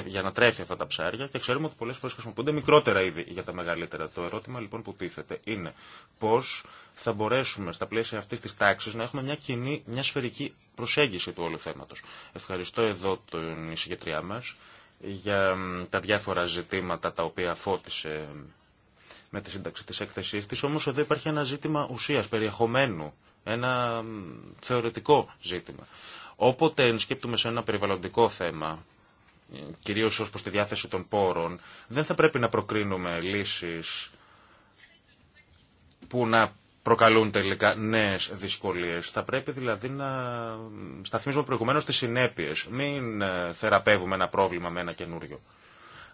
S4: για να τρέφει αυτά τα ψάρια και ξέρουμε ότι πολλές φορές χρησιμοποιούνται μικρότερα είδη για τα μεγαλύτερα. Το ερώτημα λοιπόν που τίθεται είναι πώς θα μπορέσουμε στα πλαίσια αυτής της τάξης να έχουμε μια κοινή, μια σφαιρική προσέγγιση του όλου θέματος. Ευχαριστώ εδώ την συγκεκριά μας για τα διάφορα ζητήματα τα οποία φώτισε με τη σύνταξη της έκθεσής της, όμως εδώ υπάρχει ένα ζήτημα ουσίας, περιεχομένου, ένα θεωρητικό ζήτημα. Όποτε ενσκέπτουμε σε ένα περιβαλλοντικό θέμα, κυρίως ω προ τη διάθεση των πόρων, δεν θα πρέπει να προκρίνουμε λύσει που να προκαλούν τελικά νέε δυσκολίε. Θα πρέπει δηλαδή να σταθμίζουμε προηγουμένω τι συνέπειε. Μην ε, θεραπεύουμε ένα πρόβλημα με ένα καινούριο.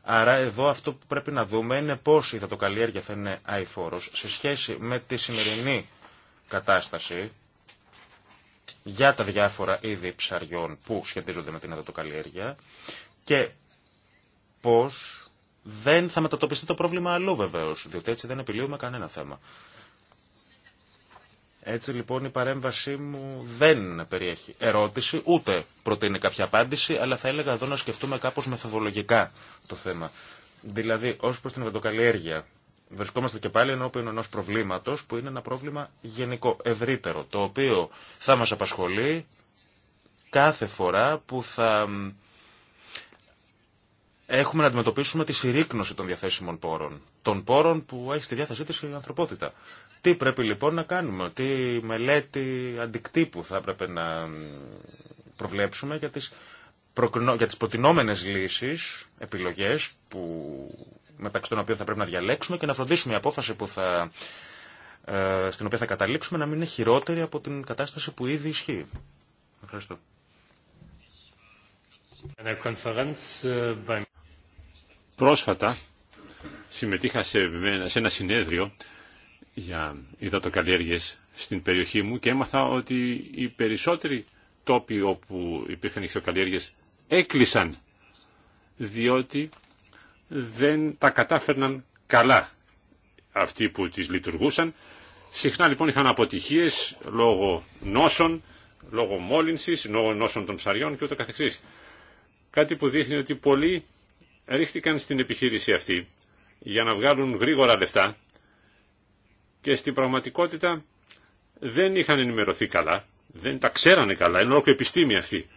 S4: Άρα εδώ αυτό που πρέπει να δούμε είναι πώς η δατοκαλλιέργεια θα είναι αηφόρο σε σχέση με τη σημερινή κατάσταση για τα διάφορα είδη ψαριών που σχετίζονται με την υδατοκαλλιέργεια και πώ δεν θα μετατοπιστεί το πρόβλημα αλλού βεβαίω, διότι έτσι δεν επιλύουμε κανένα θέμα. Έτσι λοιπόν η παρέμβασή μου δεν περιέχει ερώτηση, ούτε προτείνει κάποια απάντηση, αλλά θα έλεγα εδώ να σκεφτούμε κάπως μεθοδολογικά το θέμα. Δηλαδή, ως προς την ευαντοκαλλιέργεια, βρισκόμαστε και πάλι ενώπιον ενό προβλήματο που είναι ένα πρόβλημα γενικό, ευρύτερο, το οποίο θα μας απασχολεί κάθε φορά που θα έχουμε να αντιμετωπίσουμε τη συρρήκνωση των διαθέσιμων πόρων. Των πόρων που έχει στη διάθεσή τη η ανθρωπότητα. Τι πρέπει λοιπόν να κάνουμε, τι μελέτη αντικτύπου θα έπρεπε να προβλέψουμε για τις, προτινόμενε για τις προτινόμενες λύσεις, επιλογές που... μεταξύ των οποίων θα πρέπει να διαλέξουμε και να φροντίσουμε η απόφαση που θα... Ε, στην οποία θα καταλήξουμε να μην είναι χειρότερη από την κατάσταση που ήδη
S2: ισχύει.
S3: Ευχαριστώ. Πρόσφατα συμμετείχα σε, ένα συνέδριο για υδατοκαλλιέργειες στην περιοχή μου και έμαθα ότι οι περισσότεροι τόποι όπου υπήρχαν υδατοκαλλιέργειες έκλεισαν διότι δεν τα κατάφερναν καλά αυτοί που τις λειτουργούσαν. Συχνά λοιπόν είχαν αποτυχίες λόγω νόσων, λόγω μόλυνσης, λόγω νόσων των ψαριών και ούτω καθεξής. Κάτι που δείχνει ότι πολλοί ρίχτηκαν στην επιχείρηση αυτή για να βγάλουν γρήγορα λεφτά και στην πραγματικότητα δεν είχαν ενημερωθεί καλά, δεν τα ξέρανε καλά, ενώ και επιστήμη αυτή.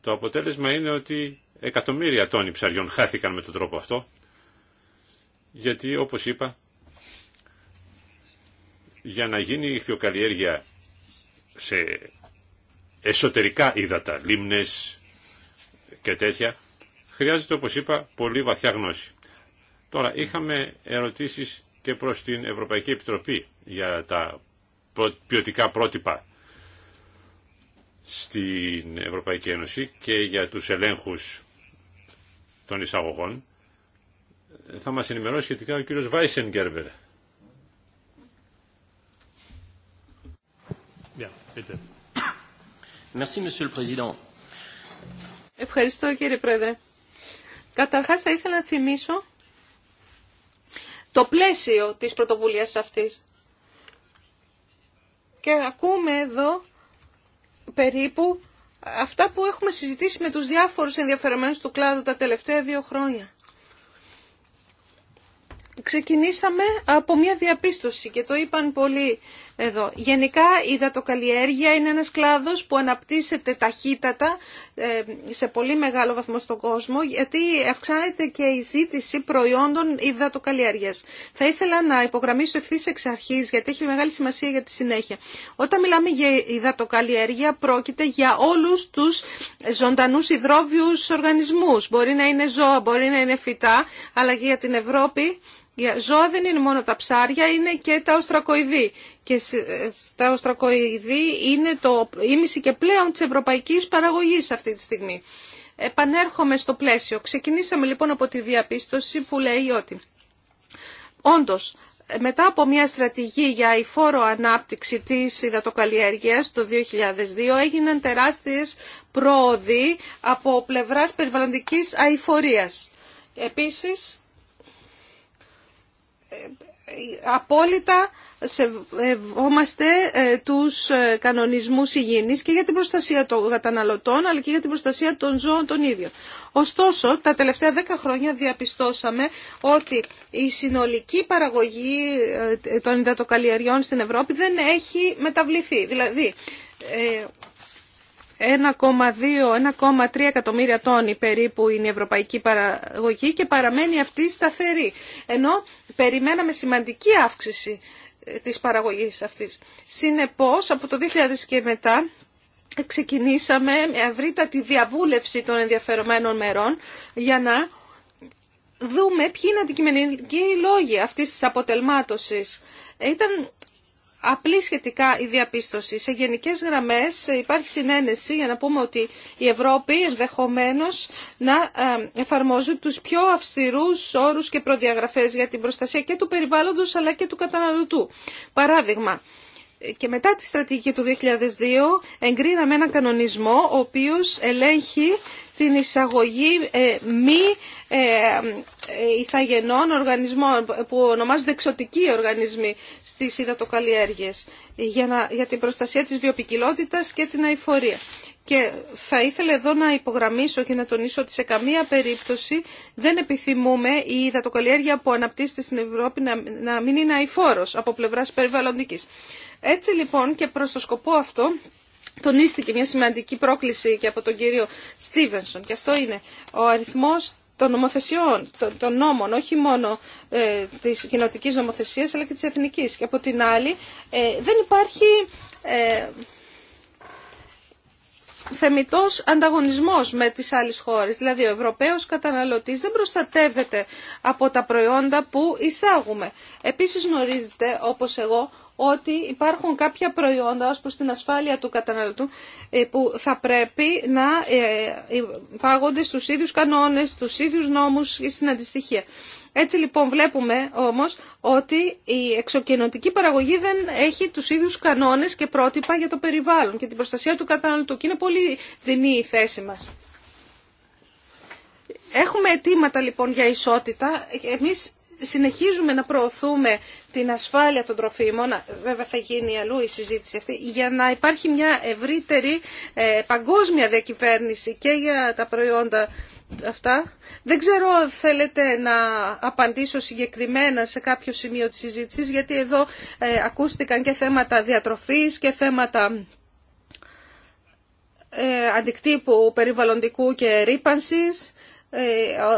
S3: Το αποτέλεσμα είναι ότι εκατομμύρια τόνοι ψαριών χάθηκαν με τον τρόπο αυτό, γιατί όπως είπα, για να γίνει η θεοκαλλιέργεια σε εσωτερικά ύδατα, λίμνες και τέτοια, χρειάζεται όπως είπα πολύ βαθιά γνώση. Τώρα είχαμε ερωτήσεις και προς την Ευρωπαϊκή Επιτροπή για τα ποιοτικά πρότυπα στην Ευρωπαϊκή Ένωση και για τους ελέγχους των εισαγωγών. Θα μας ενημερώσει σχετικά ο κύριος Βάισεν
S1: Ευχαριστώ κύριε Πρόεδρε. Καταρχάς θα ήθελα να θυμίσω το πλαίσιο της πρωτοβουλίας αυτής. Και ακούμε εδώ περίπου αυτά που έχουμε συζητήσει με τους διάφορους ενδιαφερομένους του κλάδου τα τελευταία δύο χρόνια. Ξεκινήσαμε από μια διαπίστωση και το είπαν πολλοί εδώ. Γενικά η δατοκαλλιέργεια είναι ένας κλάδος που αναπτύσσεται ταχύτατα ε, σε πολύ μεγάλο βαθμό στον κόσμο γιατί αυξάνεται και η ζήτηση προϊόντων υδατοκαλλιέργειας. Θα ήθελα να υπογραμμίσω ευθύ εξ αρχής γιατί έχει μεγάλη σημασία για τη συνέχεια. Όταν μιλάμε για υδατοκαλλιέργεια πρόκειται για όλους τους ζωντανούς υδρόβιους οργανισμούς. Μπορεί να είναι ζώα, μπορεί να είναι φυτά, αλλά και για την Ευρώπη για ζώα δεν είναι μόνο τα ψάρια, είναι και τα οστρακοειδή. Και ε, τα οστρακοειδή είναι το ίμιση και πλέον της ευρωπαϊκής παραγωγής αυτή τη στιγμή. Επανέρχομαι στο πλαίσιο. Ξεκινήσαμε λοιπόν από τη διαπίστωση που λέει ότι όντως μετά από μια στρατηγή για η ανάπτυξη της υδατοκαλλιέργειας το 2002 έγιναν τεράστιες πρόοδοι από πλευράς περιβαλλοντικής αηφορίας. Επίσης, απόλυτα σεβόμαστε ε, τους ε, κανονισμούς υγιεινής και για την προστασία των καταναλωτών αλλά και για την προστασία των ζώων των ίδιων. Ωστόσο, τα τελευταία δέκα χρόνια διαπιστώσαμε ότι η συνολική παραγωγή ε, των υδατοκαλλιεριών στην Ευρώπη δεν έχει μεταβληθεί. Δηλαδή, 1,2-1,3 εκατομμύρια τόνοι περίπου είναι η ευρωπαϊκή παραγωγή και παραμένει αυτή σταθερή. Ενώ περιμέναμε σημαντική αύξηση ε, της παραγωγής αυτής. Συνεπώς, από το 2000 και μετά ξεκινήσαμε με ευρύτατη διαβούλευση των ενδιαφερομένων μερών για να δούμε ποιοι είναι αντικειμενικοί λόγοι αυτής της αποτελμάτωσης. Ήταν απλή σχετικά η διαπίστωση. Σε γενικές γραμμές υπάρχει συνένεση για να πούμε ότι η Ευρώπη ενδεχομένως να ε, εφαρμόζει τους πιο αυστηρούς όρους και προδιαγραφές για την προστασία και του περιβάλλοντος αλλά και του καταναλωτού. Παράδειγμα, και μετά τη στρατηγική του 2002 εγκρίναμε έναν κανονισμό ο οποίος ελέγχει την εισαγωγή ε, μη ε, ε, ηθαγενών οργανισμών που ονομάζονται εξωτικοί οργανισμοί στις υδατοκαλλιέργειες για, να, για την προστασία της βιοπικιλότητας και την αηφορία. Και θα ήθελα εδώ να υπογραμμίσω και να τονίσω ότι σε καμία περίπτωση δεν επιθυμούμε η υδατοκαλλιέργεια που αναπτύσσεται στην Ευρώπη να, μην είναι αηφόρος από πλευράς περιβαλλοντικής. Έτσι λοιπόν και προς το σκοπό αυτό τονίστηκε μια σημαντική πρόκληση και από τον κύριο Στίβενσον και αυτό είναι ο αριθμός των νομοθεσιών, των, νόμων, όχι μόνο ε, της κοινοτικής νομοθεσίας αλλά και της εθνικής. Και από την άλλη ε, δεν υπάρχει ε, θεμητός ανταγωνισμός με τις άλλες χώρες. Δηλαδή ο Ευρωπαίος καταναλωτής δεν προστατεύεται από τα προϊόντα που εισάγουμε. Επίσης γνωρίζετε, όπως εγώ, ότι υπάρχουν κάποια προϊόντα ως προς την ασφάλεια του καταναλωτού ε, που θα πρέπει να ε, φάγονται στους ίδιους κανόνες, στους ίδιους νόμους ή στην αντιστοιχεία. Έτσι λοιπόν βλέπουμε όμως ότι η εξοκοινωτική παραγωγή δεν έχει τους ίδιους κανόνες και πρότυπα για το περιβάλλον και την προστασία του καταναλωτού και είναι πολύ δεινή η θέση μας. Έχουμε αιτήματα λοιπόν για ισότητα. Εμείς συνεχίζουμε να προωθούμε την ασφάλεια των τροφίμων, βέβαια θα γίνει αλλού η συζήτηση αυτή, για να υπάρχει μια ευρύτερη ε, παγκόσμια διακυβέρνηση και για τα προϊόντα αυτά. Δεν ξέρω αν θέλετε να απαντήσω συγκεκριμένα σε κάποιο σημείο της συζήτησης, γιατί εδώ ε, ακούστηκαν και θέματα διατροφής και θέματα ε, αντικτύπου περιβαλλοντικού και ρήπανσης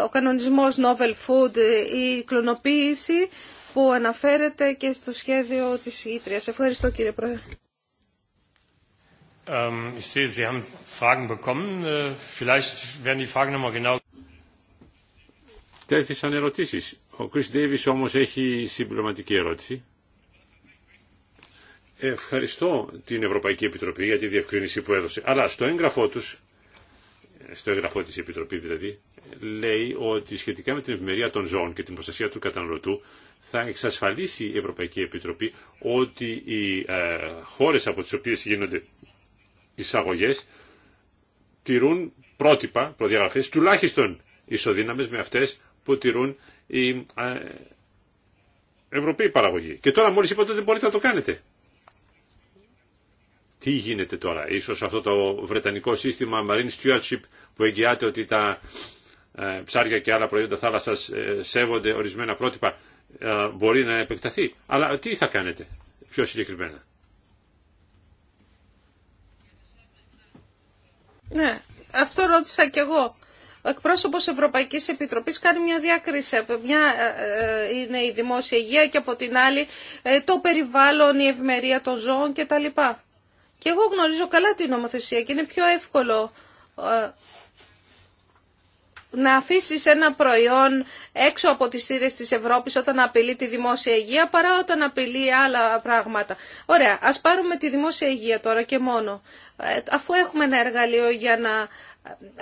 S1: ο κανονισμός novel food, η κλωνοποίηση που αναφέρεται και στο σχέδιο της Ήτριας. Ευχαριστώ κύριε Πρόεδρε.
S2: Ähm, ich sehe,
S3: Τέθησαν ερωτήσεις. Ο Κρίς Ντέιβις όμως έχει συμπληρωματική ερώτηση. Ευχαριστώ την Ευρωπαϊκή Επιτροπή για τη διευκρίνηση που έδωσε. Αλλά στο έγγραφό τους, στο έγγραφό της Επιτροπή δηλαδή, λέει ότι σχετικά με την ευημερία των ζώων και την προστασία του καταναλωτού θα εξασφαλίσει η Ευρωπαϊκή Επιτροπή ότι οι ε, χώρες από τις οποίες γίνονται εισαγωγές τηρούν πρότυπα, προδιαγραφές, τουλάχιστον ισοδύναμες με αυτές που τηρούν η ε, Ευρωπαίοι παραγωγοί. Και τώρα μόλις είπατε δεν μπορείτε να το κάνετε. Τι γίνεται τώρα, ίσως αυτό το βρετανικό σύστημα marine stewardship που εγγυάται ότι τα ε, ψάρια και άλλα προϊόντα θάλασσας ε, σέβονται ορισμένα πρότυπα ε, μπορεί να επεκταθεί. Αλλά τι θα κάνετε πιο συγκεκριμένα.
S1: Ναι, αυτό ρώτησα κι εγώ. Ο εκπρόσωπο Ευρωπαϊκή Επιτροπή κάνει μια διάκριση. μια είναι η δημόσια υγεία και από την άλλη το περιβάλλον, η ευμερία των ζώων κτλ. Και εγώ γνωρίζω καλά την νομοθεσία και είναι πιο εύκολο να αφήσει ένα προϊόν έξω από τις θύρες της Ευρώπης όταν απειλεί τη δημόσια υγεία παρά όταν απειλεί άλλα πράγματα. Ωραία, ας πάρουμε τη δημόσια υγεία τώρα και μόνο. Ε, αφού έχουμε ένα εργαλείο για να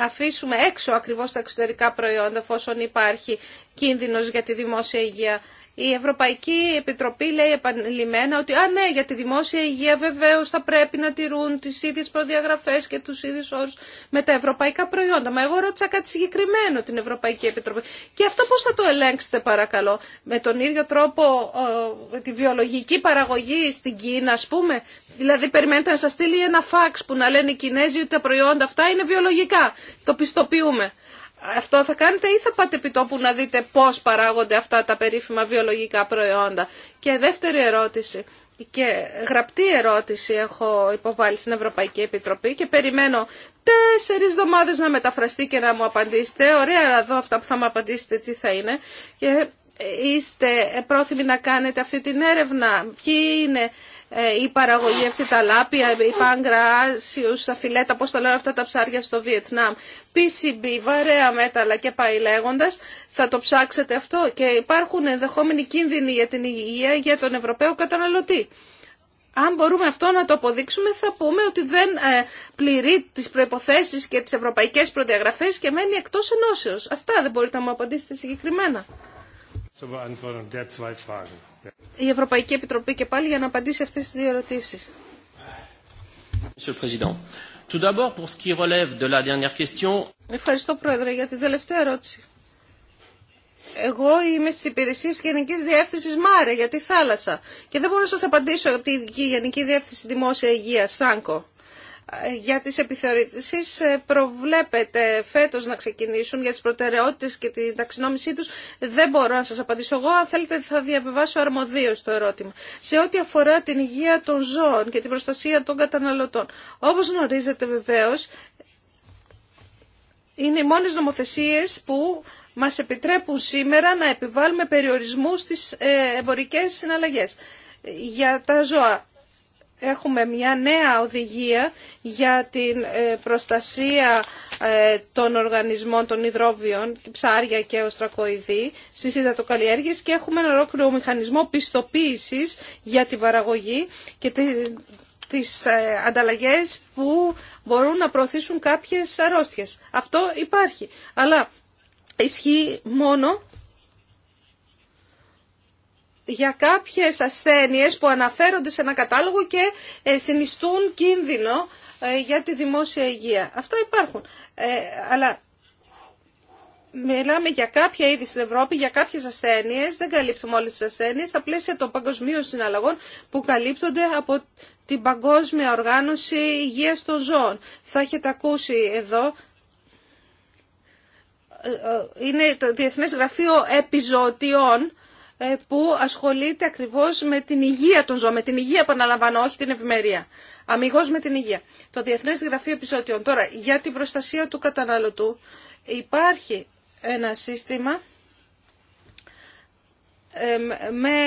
S1: αφήσουμε έξω ακριβώς τα εξωτερικά προϊόντα εφόσον υπάρχει κίνδυνος για τη δημόσια υγεία η Ευρωπαϊκή Επιτροπή λέει επανειλημμένα ότι «Α, ναι, για τη δημόσια υγεία βεβαίω θα πρέπει να τηρούν τι ίδιε προδιαγραφέ και του ίδιου όρου με τα ευρωπαϊκά προϊόντα». Μα εγώ ρώτησα κάτι συγκεκριμένο την Ευρωπαϊκή Επιτροπή. Και αυτό πώ θα το ελέγξετε παρακαλώ. Με τον ίδιο τρόπο τη βιολογική παραγωγή στην Κίνα α πούμε. Δηλαδή περιμένετε να σα στείλει ένα φάξ που να λένε οι Κινέζοι ότι τα προϊόντα αυτά είναι βιολογικά. Το πιστοποιούμε αυτό θα κάνετε ή θα πάτε επί τόπου να δείτε πώς παράγονται αυτά τα περίφημα βιολογικά προϊόντα. Και δεύτερη ερώτηση και γραπτή ερώτηση έχω υποβάλει στην Ευρωπαϊκή Επιτροπή και περιμένω τέσσερις εβδομάδε να μεταφραστεί και να μου απαντήσετε. Ωραία να δω αυτά που θα μου απαντήσετε τι θα είναι. Και είστε πρόθυμοι να κάνετε αυτή την έρευνα. Ποιοι είναι ε, η παραγωγή αυτή τα λάπια, η πάγκρασιους, τα φιλέτα, πώς τα λένε αυτά τα ψάρια στο Βιετνάμ. PCB, βαρέα μέταλλα και πάει λέγοντα, θα το ψάξετε αυτό και υπάρχουν ενδεχόμενοι κίνδυνοι για την υγεία για τον Ευρωπαίο καταναλωτή. Αν μπορούμε αυτό να το αποδείξουμε θα πούμε ότι δεν ε, πληρεί τις προϋποθέσεις και τις ευρωπαϊκές προδιαγραφές και μένει εκτός ενώσεως. Αυτά δεν μπορείτε να μου απαντήσετε συγκεκριμένα. der zwei η Ευρωπαϊκή Επιτροπή και πάλι για να απαντήσει αυτές τις δύο ερωτήσεις. Ευχαριστώ, Πρόεδρε, για την τελευταία ερώτηση. Εγώ είμαι στι υπηρεσίε Γενική Διεύθυνση ΜΑΡΕ για τη θάλασσα και δεν μπορώ να σα απαντήσω από τη Γενική Διεύθυνση Δημόσια Υγεία, ΣΑΝΚΟ για τις επιθεωρήσεις ε, προβλέπετε φέτος να ξεκινήσουν για τις προτεραιότητες και την ταξινόμησή τους. Δεν μπορώ να σας απαντήσω εγώ. Αν θέλετε θα διαβιβάσω αρμοδίως το ερώτημα. Σε ό,τι αφορά την υγεία των ζώων και την προστασία των καταναλωτών. Όπως γνωρίζετε βεβαίως, είναι οι μόνες νομοθεσίες που μας επιτρέπουν σήμερα να επιβάλλουμε περιορισμούς στις ε, εμπορικές συναλλαγές για τα ζώα έχουμε μια νέα οδηγία για την ε, προστασία ε, των οργανισμών των υδρόβιων, ψάρια και οστρακοειδή στις υδατοκαλλιέργειες και έχουμε ένα ολόκληρο μηχανισμό πιστοποίησης για την παραγωγή και τις ε, ανταλλαγές που μπορούν να προωθήσουν κάποιες αρρώστιες. Αυτό υπάρχει, αλλά ισχύει μόνο για κάποιες ασθένειες που αναφέρονται σε ένα κατάλογο και ε, συνιστούν κίνδυνο ε, για τη δημόσια υγεία. Αυτά υπάρχουν. Ε, αλλά μιλάμε για κάποια είδη στην Ευρώπη, για κάποιες ασθένειες, δεν καλύπτουμε όλες τις ασθένειες, στα πλαίσια των παγκοσμίων συναλλαγών που καλύπτονται από την Παγκόσμια Οργάνωση Υγείας των Ζώων. Θα έχετε ακούσει εδώ, είναι το Διεθνές Γραφείο Επιζωτιών, ε, που ασχολείται ακριβώς με την υγεία των ζώων, με την υγεία επαναλαμβάνω, όχι την ευημερία. Αμυγός με την υγεία. Το διεθνέ Γραφείο Επιζώτιων τώρα για την προστασία του καταναλωτού υπάρχει ένα σύστημα με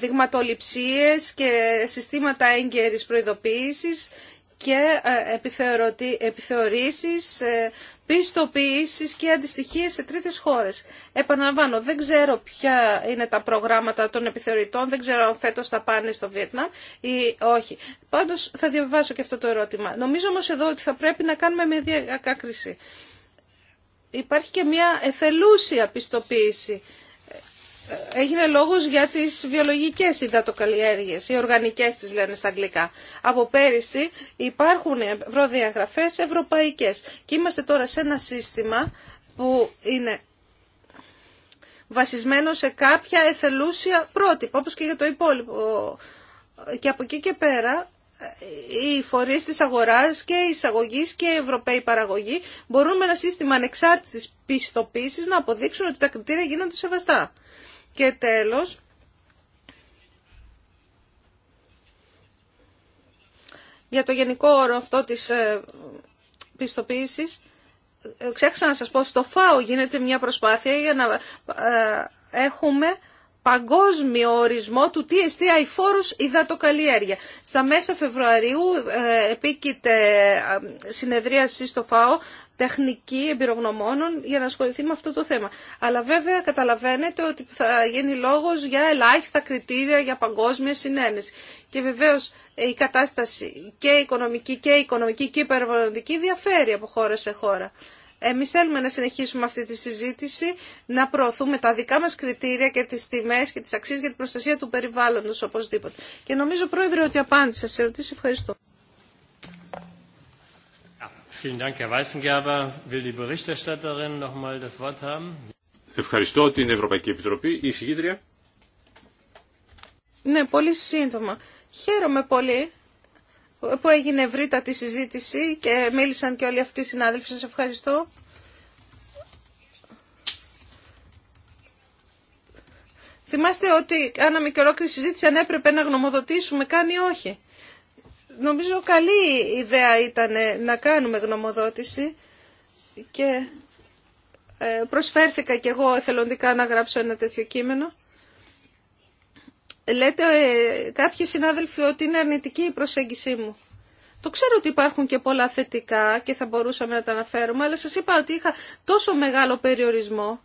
S1: δειγματοληψίες και συστήματα έγκαιρης προειδοποίησης και ε, επιθεωρήσεις, ε, πιστοποιήσεις και αντιστοιχίες σε τρίτες χώρες. Επαναλαμβάνω, δεν ξέρω ποια είναι τα προγράμματα των επιθεωρητών, δεν ξέρω αν φέτος θα πάνε στο Βιετνάμ ή όχι. Πάντως θα διαβάσω και αυτό το ερώτημα. Νομίζω όμως εδώ ότι θα πρέπει να κάνουμε μια διακάκριση. Υπάρχει και μια εθελούσια πιστοποίηση έγινε λόγος για τις βιολογικές υδατοκαλλιέργειες, οι οργανικές τις λένε στα αγγλικά. Από πέρυσι υπάρχουν προδιαγραφές ευρωπαϊκές και είμαστε τώρα σε ένα σύστημα που είναι βασισμένο σε κάποια εθελούσια πρότυπα, όπως και για το υπόλοιπο. Και από εκεί και πέρα οι φορείς της αγοράς και εισαγωγή και οι ευρωπαίοι παραγωγοί μπορούν με ένα σύστημα ανεξάρτητης πιστοποίησης να αποδείξουν ότι τα κριτήρια γίνονται σεβαστά. Και τέλος, για το γενικό όρο αυτό της ε, πιστοποίησης, ε, ξέχασα να σας πω, στο ΦΑΟ γίνεται μια προσπάθεια για να ε, έχουμε παγκόσμιο ορισμό του τι εστί αηφόρους υδατοκαλλιέργεια. Στα μέσα Φεβρουαρίου επίκειται συνεδρίαση στο ΦΑΟ τεχνική εμπειρογνωμόνων για να ασχοληθεί με αυτό το θέμα. Αλλά βέβαια καταλαβαίνετε ότι θα γίνει λόγος για ελάχιστα κριτήρια για παγκόσμια συνένεση. Και βεβαίως η κατάσταση και η οικονομική και η οικονομική και περιβαλλοντική διαφέρει από χώρα σε χώρα. Εμείς θέλουμε να συνεχίσουμε αυτή τη συζήτηση, να προωθούμε τα δικά μας κριτήρια και τις τιμές και τις αξίες για την προστασία του περιβάλλοντος οπωσδήποτε. Και νομίζω, Πρόεδρε, ότι απάντησα σε ερωτήσεις. Ευχαριστώ.
S3: Ευχαριστώ την Ευρωπαϊκή Επιτροπή. Η συγκήτρια.
S1: Ναι, πολύ σύντομα. Χαίρομαι πολύ που έγινε ευρύτατη συζήτηση και μίλησαν και όλοι αυτοί οι συνάδελφοι. Σας ευχαριστώ. Θυμάστε ότι κάναμε και ολόκληρη συζήτηση αν έπρεπε να γνωμοδοτήσουμε, κάνει όχι. Νομίζω καλή ιδέα ήταν να κάνουμε γνωμοδότηση και ε, προσφέρθηκα κι εγώ εθελοντικά να γράψω ένα τέτοιο κείμενο. Λέτε ε, κάποιοι συνάδελφοι ότι είναι αρνητική η προσέγγιση μου. Το ξέρω ότι υπάρχουν και πολλά θετικά και θα μπορούσαμε να τα αναφέρουμε, αλλά σας είπα ότι είχα τόσο μεγάλο περιορισμό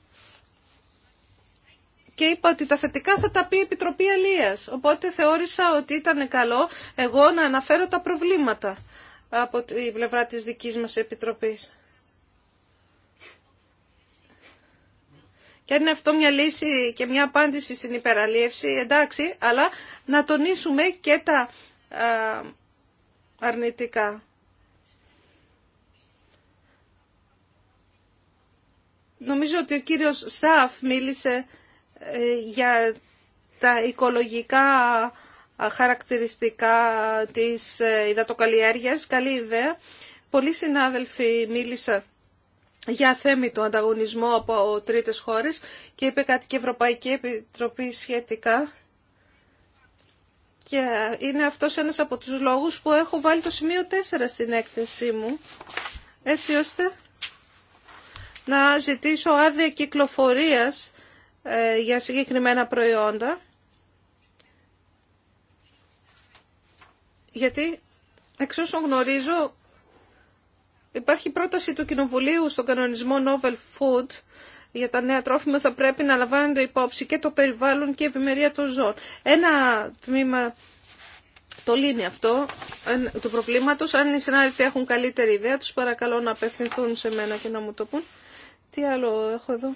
S1: και είπα ότι τα θετικά θα τα πει η Επιτροπή Αλίας. Οπότε θεώρησα ότι ήταν καλό εγώ να αναφέρω τα προβλήματα από την πλευρά της δικής μας Επιτροπής. Και αν είναι αυτό μια λύση και μια απάντηση στην υπεραλίευση, εντάξει, αλλά να τονίσουμε και τα αρνητικά. Νομίζω ότι ο κύριος Σαφ μίλησε για τα οικολογικά χαρακτηριστικά της ε, υδατοκαλλιέργειας. Καλή ιδέα. Πολλοί συνάδελφοι μίλησα για θέμη του ανταγωνισμού από τρίτες χώρες και είπε κάτι και η Ευρωπαϊκή Επιτροπή σχετικά. Και είναι αυτός ένας από τους λόγους που έχω βάλει το σημείο 4 στην έκθεσή μου, έτσι ώστε να ζητήσω άδεια κυκλοφορίας ε, για συγκεκριμένα προϊόντα. Γιατί, εξ όσων γνωρίζω, υπάρχει πρόταση του Κοινοβουλίου στον κανονισμό Novel Food για τα νέα τρόφιμα θα πρέπει να λαμβάνεται υπόψη και το περιβάλλον και η ευημερία των ζώων. Ένα τμήμα το λύνει αυτό του προβλήματος. Αν οι συνάδελφοι έχουν καλύτερη ιδέα, τους παρακαλώ να απευθυνθούν σε μένα και να μου το πούν. Τι άλλο έχω εδώ.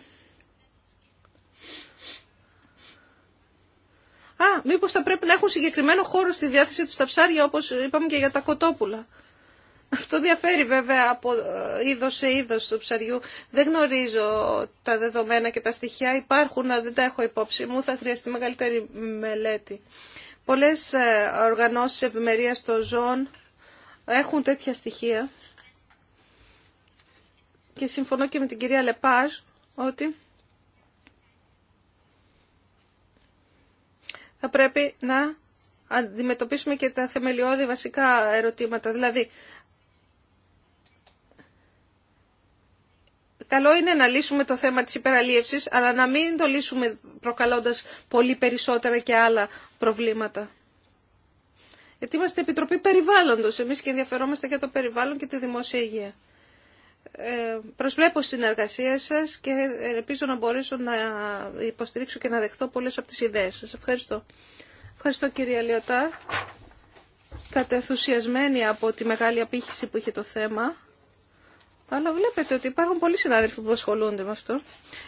S1: Α, μήπως θα πρέπει να έχουν συγκεκριμένο χώρο στη διάθεση του τα ψάρια, όπως είπαμε και για τα κοτόπουλα. Αυτό διαφέρει βέβαια από ε, είδο σε είδο του ψαριού. Δεν γνωρίζω τα δεδομένα και τα στοιχεία. Υπάρχουν, δεν τα έχω υπόψη μου. Θα χρειαστεί μεγαλύτερη μελέτη. Πολλέ ε, οργανώσει ευημερία των ζώων έχουν τέτοια στοιχεία. Και συμφωνώ και με την κυρία Λεπάζ ότι θα πρέπει να αντιμετωπίσουμε και τα θεμελιώδη βασικά ερωτήματα. Δηλαδή, καλό είναι να λύσουμε το θέμα της υπεραλίευσης, αλλά να μην το λύσουμε προκαλώντας πολύ περισσότερα και άλλα προβλήματα. Γιατί είμαστε Επιτροπή Περιβάλλοντος εμείς και ενδιαφερόμαστε για το περιβάλλον και τη δημόσια υγεία. Ε, προσβλέπω στην εργασία σας και ελπίζω να μπορέσω να υποστηρίξω και να δεχτώ πολλές από τις ιδέες σας. Ευχαριστώ. Ευχαριστώ κυρία Λιωτά. Κατεθουσιασμένη από τη μεγάλη απήχηση που είχε το θέμα. Αλλά βλέπετε ότι υπάρχουν πολλοί συνάδελφοι που ασχολούνται με αυτό.